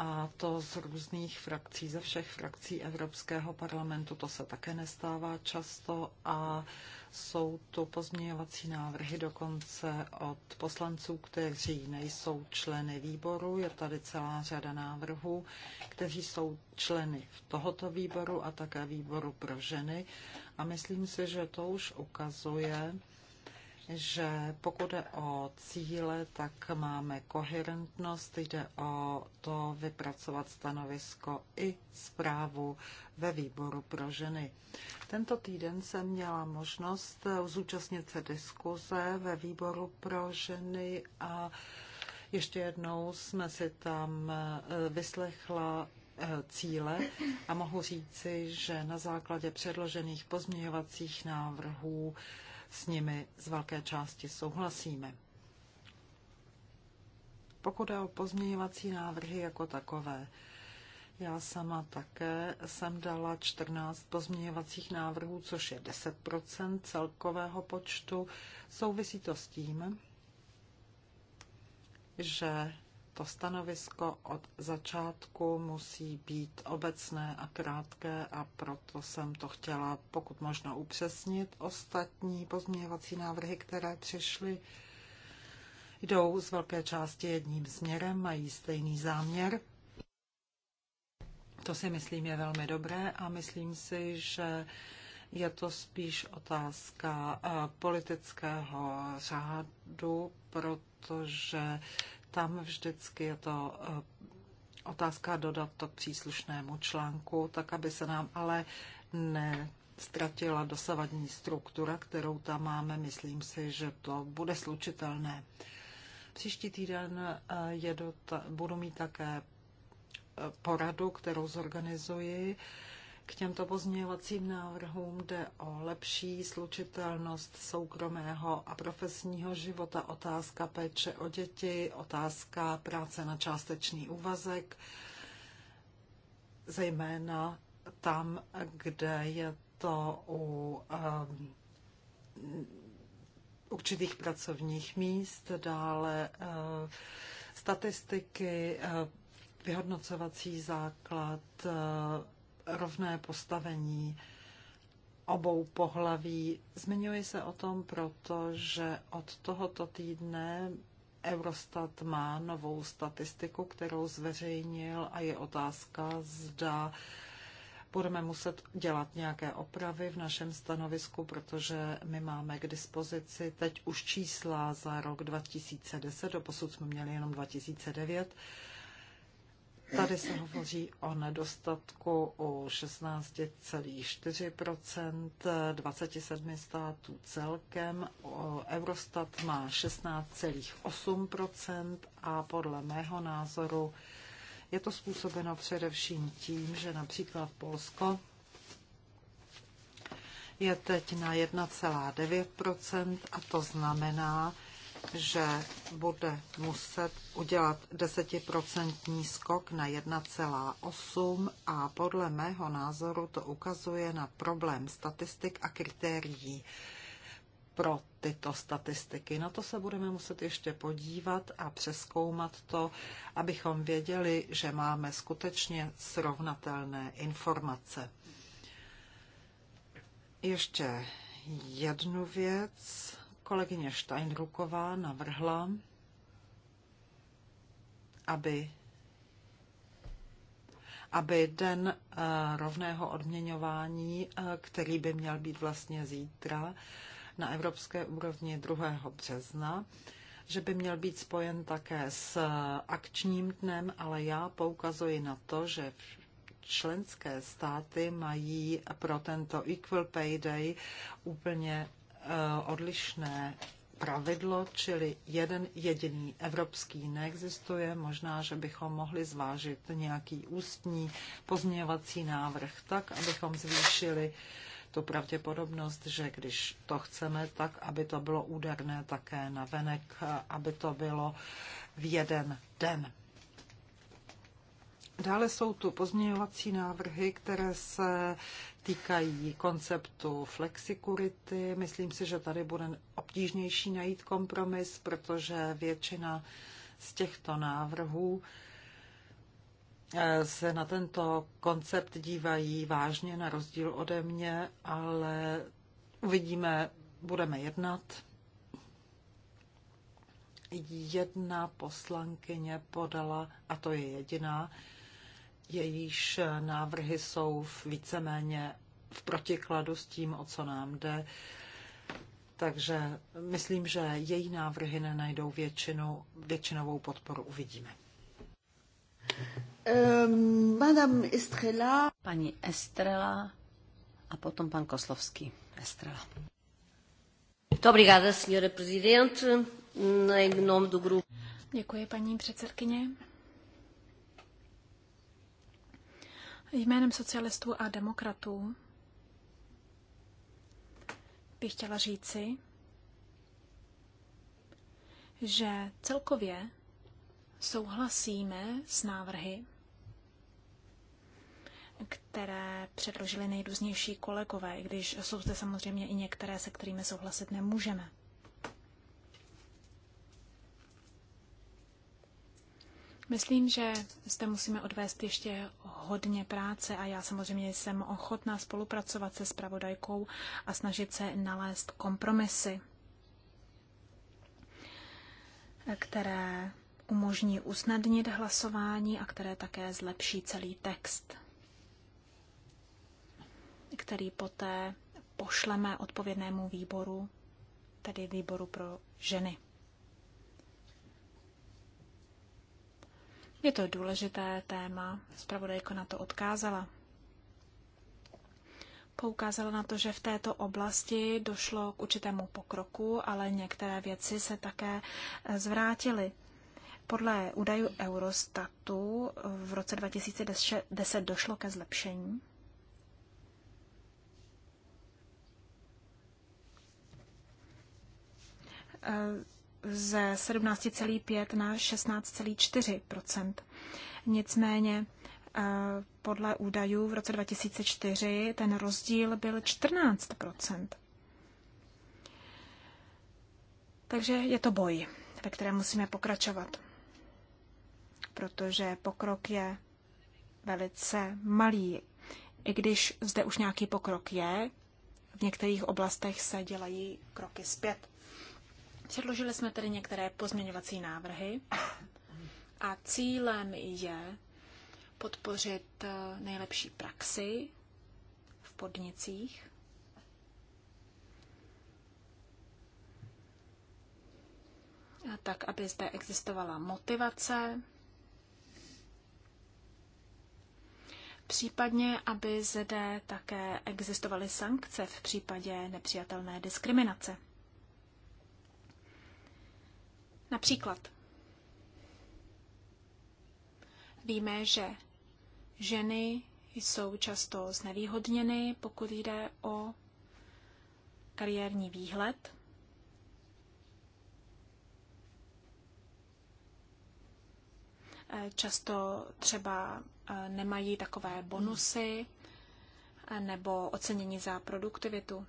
[SPEAKER 2] a to z různých frakcí, ze všech frakcí Evropského parlamentu. To se také nestává často a jsou to pozměňovací návrhy dokonce od poslanců, kteří nejsou členy výboru. Je tady celá řada návrhů, kteří jsou členy v tohoto výboru a také výboru pro ženy. A myslím si, že to už ukazuje, že pokud jde o cíle, tak máme koherentnost, jde o to vypracovat stanovisko i zprávu ve výboru pro ženy. Tento týden jsem měla možnost zúčastnit se diskuze ve výboru pro ženy a ještě jednou jsme si tam eh, vyslechla eh, cíle a mohu říci, že na základě předložených pozměňovacích návrhů s nimi z velké části souhlasíme. Pokud je o pozměňovací návrhy jako takové, já sama také jsem dala 14 pozměňovacích návrhů, což je 10 celkového počtu. Souvisí to s tím, že to stanovisko od začátku musí být obecné a krátké a proto jsem to chtěla pokud možno upřesnit. Ostatní pozměňovací návrhy, které přišly, jdou z velké části jedním směrem, mají stejný záměr. To si myslím je velmi dobré a myslím si, že je to spíš otázka eh, politického řádu, protože tam vždycky je to eh, otázka dodat to k příslušnému článku, tak aby se nám ale ne ztratila dosavadní struktura, kterou tam máme. Myslím si, že to bude slučitelné. Příští týden eh, jedu, budu mít také eh, poradu, kterou zorganizuji k těmto pozměňovacím návrhům jde o lepší slučitelnost soukromého a profesního života, otázka péče o děti, otázka práce na částečný úvazek, zejména tam, kde je to u um, určitých pracovních míst, dále uh, statistiky, uh, vyhodnocovací základ, uh, rovné postavení obou pohlaví. Zmiňuji se o tom, protože od tohoto týdne Eurostat má novou statistiku, kterou zveřejnil a je otázka, zda budeme muset dělat nějaké opravy v našem stanovisku, protože my máme k dispozici teď už čísla za rok 2010, posud jsme měli jenom 2009, Tady se hovoří o nedostatku o 16,4 27 států celkem. Eurostat má 16,8 a podle mého názoru je to způsobeno především tím, že například Polsko je teď na 1,9 a to znamená, že bude muset udělat desetiprocentní skok na 1,8 a podle mého názoru to ukazuje na problém statistik a kritérií pro tyto statistiky. Na to se budeme muset ještě podívat a přeskoumat to, abychom věděli, že máme skutečně srovnatelné informace. Ještě jednu věc Kolegyně Steinruková navrhla, aby, aby den eh, rovného odměňování, eh, který by měl být vlastně zítra na evropské úrovni 2. března, že by měl být spojen také s eh, akčním dnem, ale já poukazuji na to, že členské státy mají pro tento Equal Pay Day úplně Eh, odlišné pravidlo, čili jeden jediný evropský neexistuje. Možná, že bychom mohli zvážit nějaký ústní pozměňovací návrh tak, abychom zvýšili tu pravděpodobnost, že když to chceme, tak aby to bylo úderné také na venek, eh, aby to bylo v jeden den. Dále jsou tu pozměňovací návrhy, které se týkají konceptu flexikurity. Myslím si, že tady bude obtížnější najít kompromis, protože většina z těchto návrhů eh, se na tento koncept dívají vážně, na rozdíl ode mě, ale uvidíme, budeme jednat. Jedna poslankyně podala, a to je jediná, jejíž návrhy jsou víceméně v protikladu s tím, o co nám jde. Takže myslím, že její návrhy nenajdou většinu, většinovou podporu. Uvidíme.
[SPEAKER 1] Um, Madame Estrela. Paní Estrela a potom pan Koslovský. Estrela. Obrigada, senhora presidente. Em do Děkuji, paní předsedkyně.
[SPEAKER 3] Jménem socialistů a demokratů bych chtěla říci, že celkově souhlasíme s návrhy, které předložili nejrůznější kolegové, i když jsou zde samozřejmě i některé, se kterými souhlasit nemůžeme. Myslím, že zde musíme odvést ještě hodně práce a já samozřejmě jsem ochotná spolupracovat se spravodajkou a snažit se nalézt kompromisy, které umožní usnadnit hlasování a které také zlepší celý text, který poté pošleme odpovědnému výboru, tedy výboru pro ženy. Je to důležité téma, zpravodajko na to odkázala. Poukázala na to, že v této oblasti došlo k určitému pokroku, ale některé věci se také eh, zvrátily. Podle údajů Eurostatu v roce 2010 došlo ke zlepšení. Uh, ze 17,5 na 16,4 Nicméně eh, podle údajů v roce 2004 ten rozdíl byl 14 Takže je to boj, ve kterém musíme pokračovat, protože pokrok je velice malý. I když zde už nějaký pokrok je, v některých oblastech se dělají kroky zpět. Předložili jsme tedy některé pozměňovací návrhy a cílem je podpořit eh, nejlepší praxi v podnicích. A tak, aby zde existovala motivace, případně, aby zde také existovaly sankce v případě nepřijatelné diskriminace. Například víme, že ženy jsou často znevýhodněny, pokud jde o kariérní výhled. Často třeba eh, nemají takové bonusy eh, nebo ocenění za produktivitu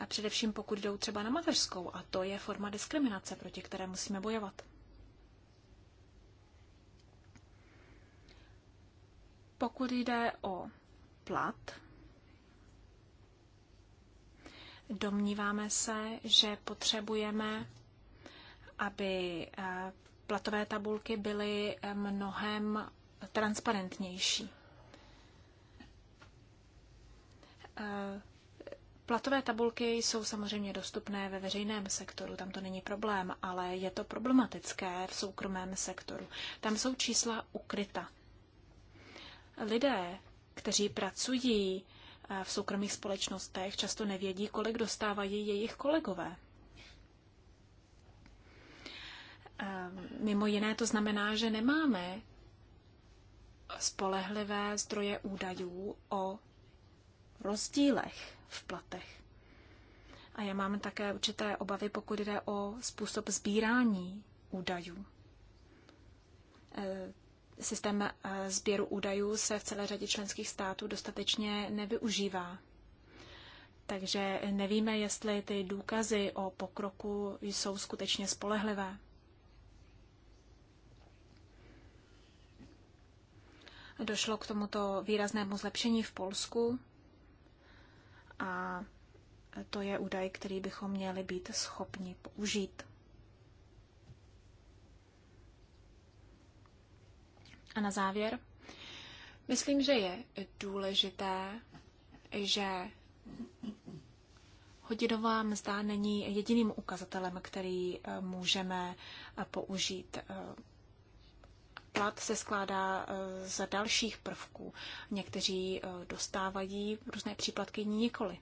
[SPEAKER 3] a především pokud jdou třeba na mateřskou, a to je forma diskriminace, proti které musíme bojovat. Pokud jde o plat, domníváme se, že potřebujeme, aby eh, platové tabulky byly eh, mnohem transparentnější. Eh, Platové tabulky jsou samozřejmě dostupné ve veřejném sektoru, tam to není problém, ale je to problematické v soukromém sektoru. Tam jsou čísla ukryta. Lidé, kteří pracují eh, v soukromých společnostech, často nevědí, kolik dostávají jejich kolegové. Eh, mimo jiné to znamená, že nemáme spolehlivé zdroje údajů o rozdílech v platech. A já mám také určité obavy, pokud jde o způsob sbírání údajů. E, systém e, sběru údajů se v celé řadě členských států dostatečně nevyužívá. Takže nevíme, jestli ty důkazy o pokroku jsou skutečně spolehlivé. Došlo k tomuto výraznému zlepšení v Polsku to je údaj, který bychom měli být schopni použít. A na závěr, myslím, že je důležité, že hodinová mzda není jediným ukazatelem, který eh, můžeme eh, použít. Eh, plat se skládá z dalších prvků. Někteří dostávají různé příplatky, nikoli.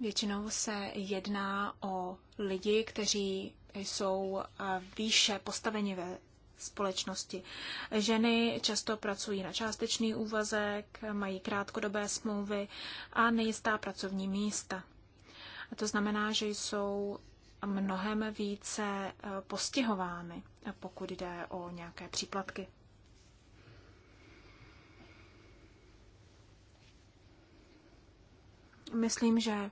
[SPEAKER 3] Většinou se jedná o lidi, kteří jsou eh, výše postaveni ve společnosti. Ženy často pracují na částečný úvazek, mají krátkodobé smlouvy a nejistá pracovní místa. A to znamená, že jsou mnohem více eh, postihovány, pokud jde o nějaké příplatky. Myslím, že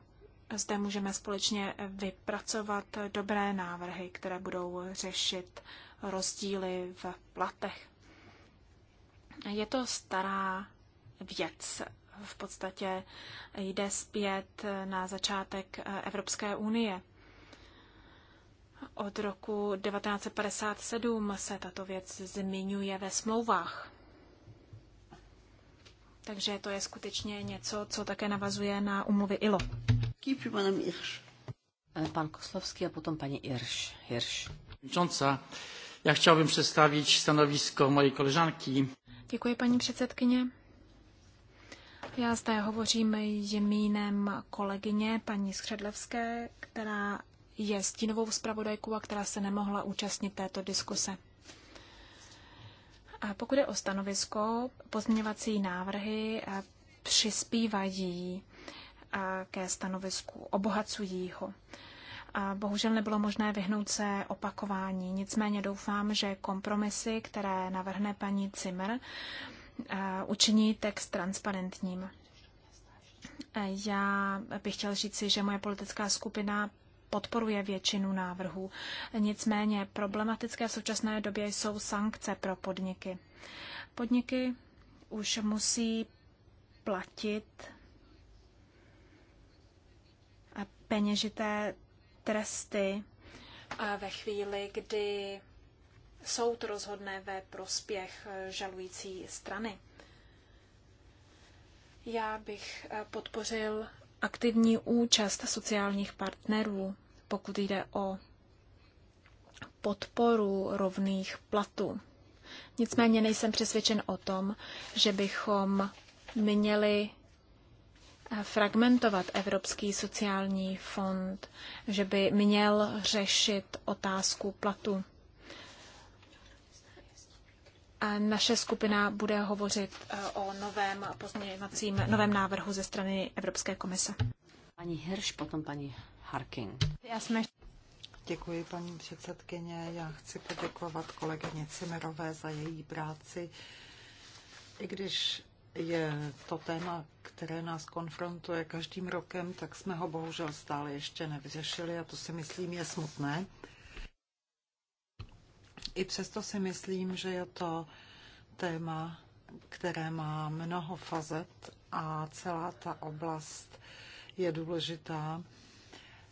[SPEAKER 3] zde můžeme společně vypracovat dobré návrhy, které budou řešit rozdíly v platech. Je to stará věc. V podstatě jde zpět na začátek Evropské unie. Od roku 1957 se tato věc zmiňuje ve smlouvách. Takže to je skutečně něco, co také navazuje na umluvy ILO.
[SPEAKER 1] Eh, pan Koslovský a potom paní Irš.
[SPEAKER 2] Hirš. Já chciałbym představit stanovisko mojej koleżanki.
[SPEAKER 1] Děkuji,
[SPEAKER 3] paní předsedkyně. Já zde hovořím jménem kolegyně paní Skředlevské, která je stínovou zpravodajkou a která se nemohla účastnit této diskuse. A pokud je o stanovisko, pozměňovací návrhy eh, přispívají ke stanovisku, obohacují ho. Bohužel nebylo možné vyhnout se opakování, nicméně doufám, že kompromisy, které navrhne paní Zimmer, eh, učiní text transparentním. Eh, já bych chtěl říci, že moje politická skupina podporuje většinu návrhů. Nicméně problematické v současné době jsou sankce pro podniky. Podniky už musí platit peněžité tresty ve chvíli, kdy soud rozhodne ve prospěch eh, žalující strany. Já bych eh, podpořil aktivní účast sociálních partnerů, pokud jde o podporu rovných platů. Nicméně nejsem přesvědčen o tom, že bychom měli fragmentovat Evropský sociální fond, že by měl řešit otázku platu. A naše skupina bude hovořit eh, o novém pozměňovacím, novém návrhu ze strany Evropské komise.
[SPEAKER 2] Pani Hirš, potom
[SPEAKER 1] paní Harkin.
[SPEAKER 3] Já jsme...
[SPEAKER 2] Děkuji, paní předsedkyně. Já chci poděkovat kolegyně Cimerové za její práci. I když je to téma, které nás konfrontuje každým rokem, tak jsme ho bohužel stále ještě nevyřešili a to si myslím je smutné. I přesto si myslím, že je to téma, které má mnoho fazet a celá ta oblast je důležitá.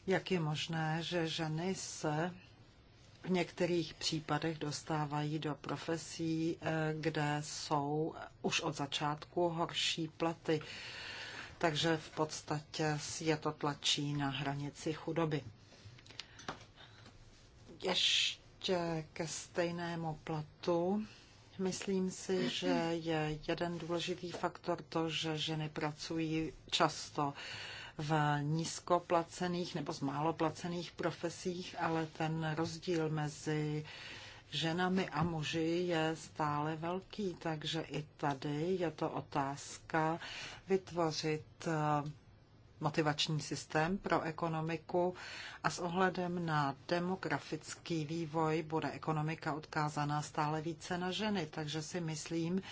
[SPEAKER 2] Jak je možné, že ženy se v některých případech dostávají do profesí, eh, kde jsou už od začátku horší platy. Takže v podstatě je to tlačí na hranici chudoby. Ještě ke stejnému platu. Myslím si, že je jeden důležitý faktor to, že ženy pracují často v nízkoplacených nebo z málo placených profesích, ale ten rozdíl mezi ženami a muži je stále velký, takže i tady je to otázka vytvořit eh, motivační systém pro ekonomiku a s ohledem na demografický vývoj bude ekonomika odkázaná stále více na ženy, takže si myslím,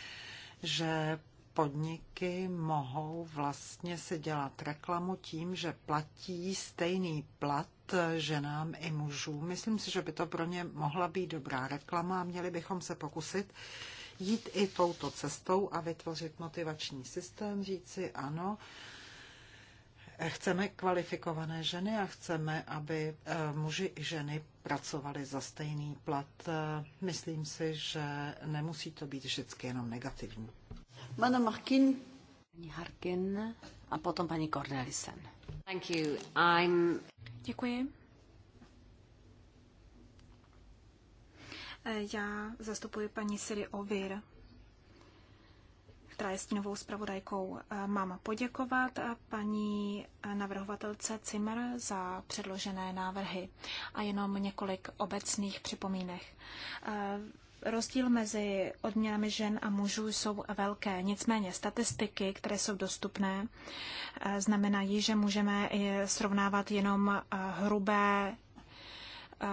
[SPEAKER 2] že podniky mohou vlastně si dělat reklamu tím, že platí stejný plat ženám i mužům. Myslím si, že by to pro ně mohla být dobrá reklama a měli bychom se pokusit jít i touto cestou a vytvořit motivační systém, říci ano, chceme kvalifikované ženy a chceme, aby eh, muži i ženy pracovali za stejný plat. Myslím si, že nemusí to být vždycky jenom negativní.
[SPEAKER 1] Madame Markin. Paní Harkin a potom paní Cornelisen. Thank you. I'm... Děkuji.
[SPEAKER 3] Eh, já zastupuji paní Siri Ovir, která je stínovou zpravodajkou. Eh, mám poděkovat eh, paní navrhovatelce Cimer za předložené návrhy a jenom několik obecných připomínek. Rozdíl mezi odměnami žen a mužů jsou velké, nicméně statistiky, které jsou dostupné, eh, znamenají, že můžeme srovnávat jenom eh, hrubé eh,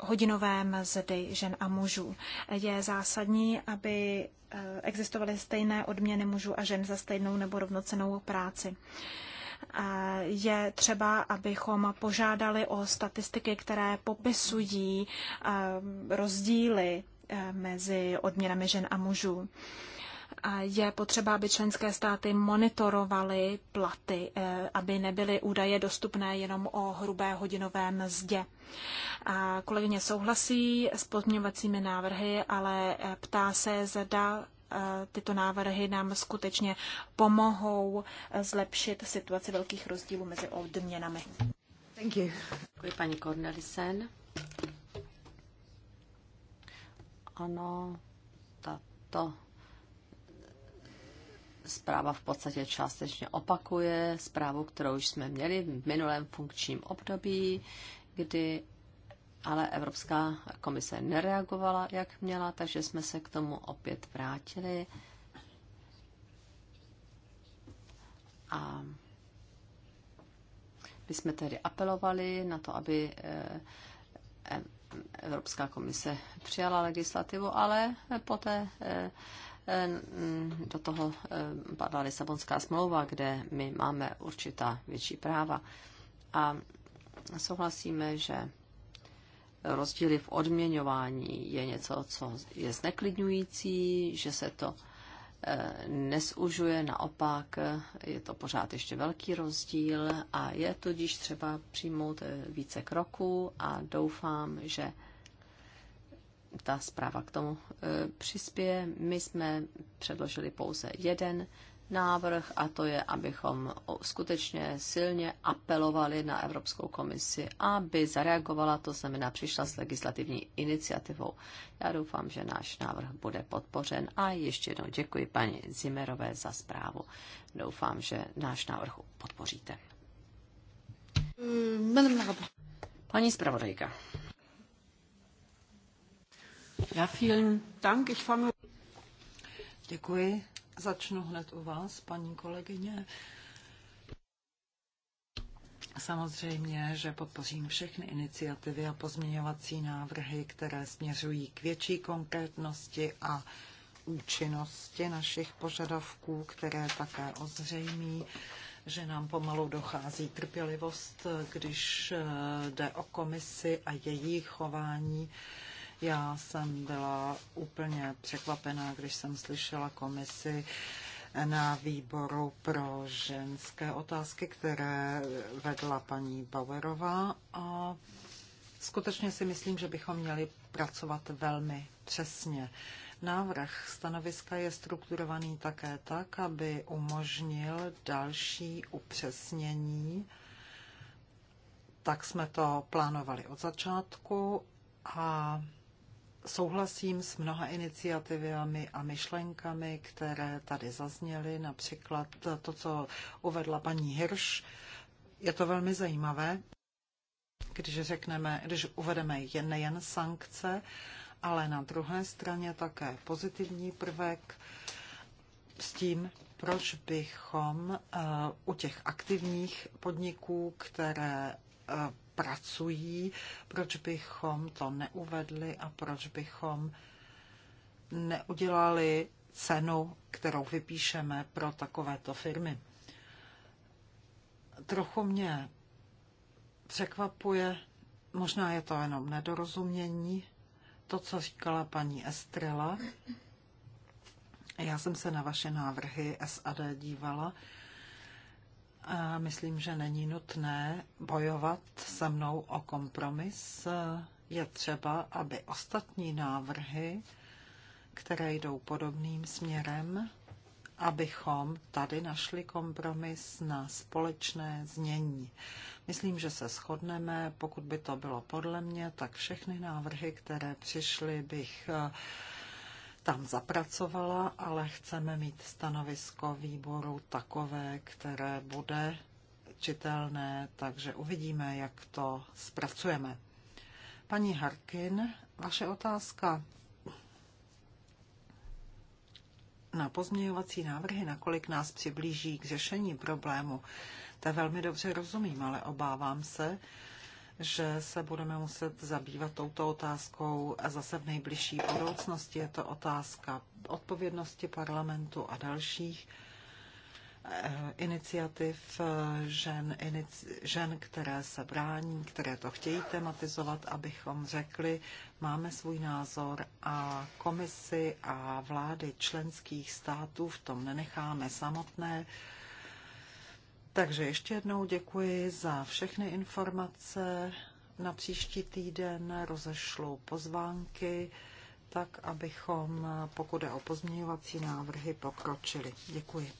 [SPEAKER 3] hodinové mzdy žen a mužů. Je zásadní, aby existovaly stejné odměny mužů a žen za stejnou nebo rovnocenou práci je třeba, abychom požádali o statistiky, které popisují rozdíly Eh, mezi odměnami žen a mužů. Je potřeba, aby členské státy monitorovaly platy, eh, aby nebyly údaje dostupné jenom o hrubé hodinové mzdě. Kolegyně souhlasí s pozměňovacími návrhy, ale eh, ptá se, zda tyto návrhy nám skutečně pomohou zlepšit situaci velkých rozdílů
[SPEAKER 1] mezi odměnami. Thank you. Děkuji paní Kornelisen. Ano, tato zpráva v podstatě částečně opakuje zprávu, kterou už jsme měli v minulém funkčním období, kdy ale Evropská komise nereagovala, jak měla, takže jsme se k tomu opět vrátili. A my jsme tedy apelovali na to, aby eh, Evropská komise přijala legislativu, ale poté eh, eh, do toho eh, padla Lisabonská smlouva, kde my máme určitá větší práva. A souhlasíme, že rozdíly v odměňování je něco, co je zneklidňující, že se to nesužuje. naopak je to pořád ještě velký rozdíl a je tudíž třeba přijmout více kroků a doufám, že ta zpráva k tomu eh, přispěje. My jsme předložili pouze jeden návrh a to je, abychom skutečně silně apelovali na Evropskou komisi, aby zareagovala, to znamená přišla s legislativní iniciativou. Já doufám, že náš návrh bude podpořen a ještě jednou děkuji paní Zimerové za zprávu. Doufám, že náš návrh podpoříte. Paní zpravodajka.
[SPEAKER 2] Já vielen Dank. Ich fange... Děkuji. Začnu hned u vás, paní kolegyně. Samozřejmě, že podpořím všechny iniciativy a pozměňovací návrhy, které směřují k větší konkrétnosti a účinnosti našich požadavků, které také ozřejmí, že nám pomalu dochází trpělivost, když eh, jde o komisi a jejich chování. Já jsem byla úplně překvapená, když jsem slyšela komisi na výboru pro ženské otázky, které vedla paní Bauerová a skutečně si myslím, že bychom měli pracovat velmi přesně. Návrh stanoviska je strukturovaný také tak, aby umožnil další upřesnění. Tak jsme to plánovali od začátku a Souhlasím s mnoha iniciativami a myšlenkami, které tady zazněly, například to, co uvedla paní Hirš. Je to velmi zajímavé, když, řekneme, když uvedeme jen, nejen sankce, ale na druhé straně také pozitivní prvek s tím, proč bychom eh, u těch aktivních podniků, které eh, pracují, proč bychom to neuvedli a proč bychom neudělali cenu, kterou vypíšeme pro takovéto firmy. Trochu mě překvapuje, možná je to jenom nedorozumění, to, co říkala paní Estrela. Já jsem se na vaše návrhy SAD dívala a myslím, že není nutné bojovat se mnou o kompromis. Je třeba, aby ostatní návrhy, které jdou podobným směrem, abychom tady našli kompromis na společné znění. Myslím, že se shodneme, pokud by to bylo podle mě, tak všechny návrhy, které přišly, bych eh, tam zapracovala, ale chceme mít stanovisko výboru takové, které bude čitelné, takže uvidíme, jak to zpracujeme. Paní Harkin, vaše otázka na pozměňovací návrhy, nakolik nás přiblíží k řešení problému, to velmi dobře rozumím, ale obávám se, že se budeme muset zabývat touto otázkou a zase v nejbližší budoucnosti. Je to otázka odpovědnosti parlamentu a dalších eh, iniciativ eh, žen, inici, žen, které se brání, které to chtějí tematizovat, abychom řekli, máme svůj názor a komisi a vlády členských států v tom nenecháme samotné. Takže ještě jednou děkuji za všechny informace. Na příští týden rozešlu pozvánky, tak abychom, pokud je o pozměňovací návrhy, pokročili. Děkuji.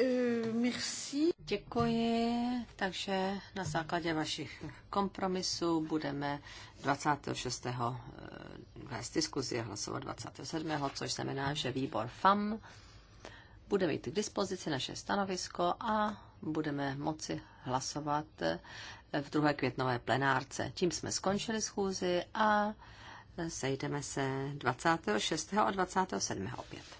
[SPEAKER 1] E, merci. Děkuji. Takže na základě vašich kompromisů budeme 26. E, vést diskuzi a hlasovat 27. což znamená, že výbor FAM bude mít k dispozici naše stanovisko a budeme moci hlasovat eh, v druhé květnové plenárce. Tím jsme skončili schůzi a eh, sejdeme se 26. a 27. opět.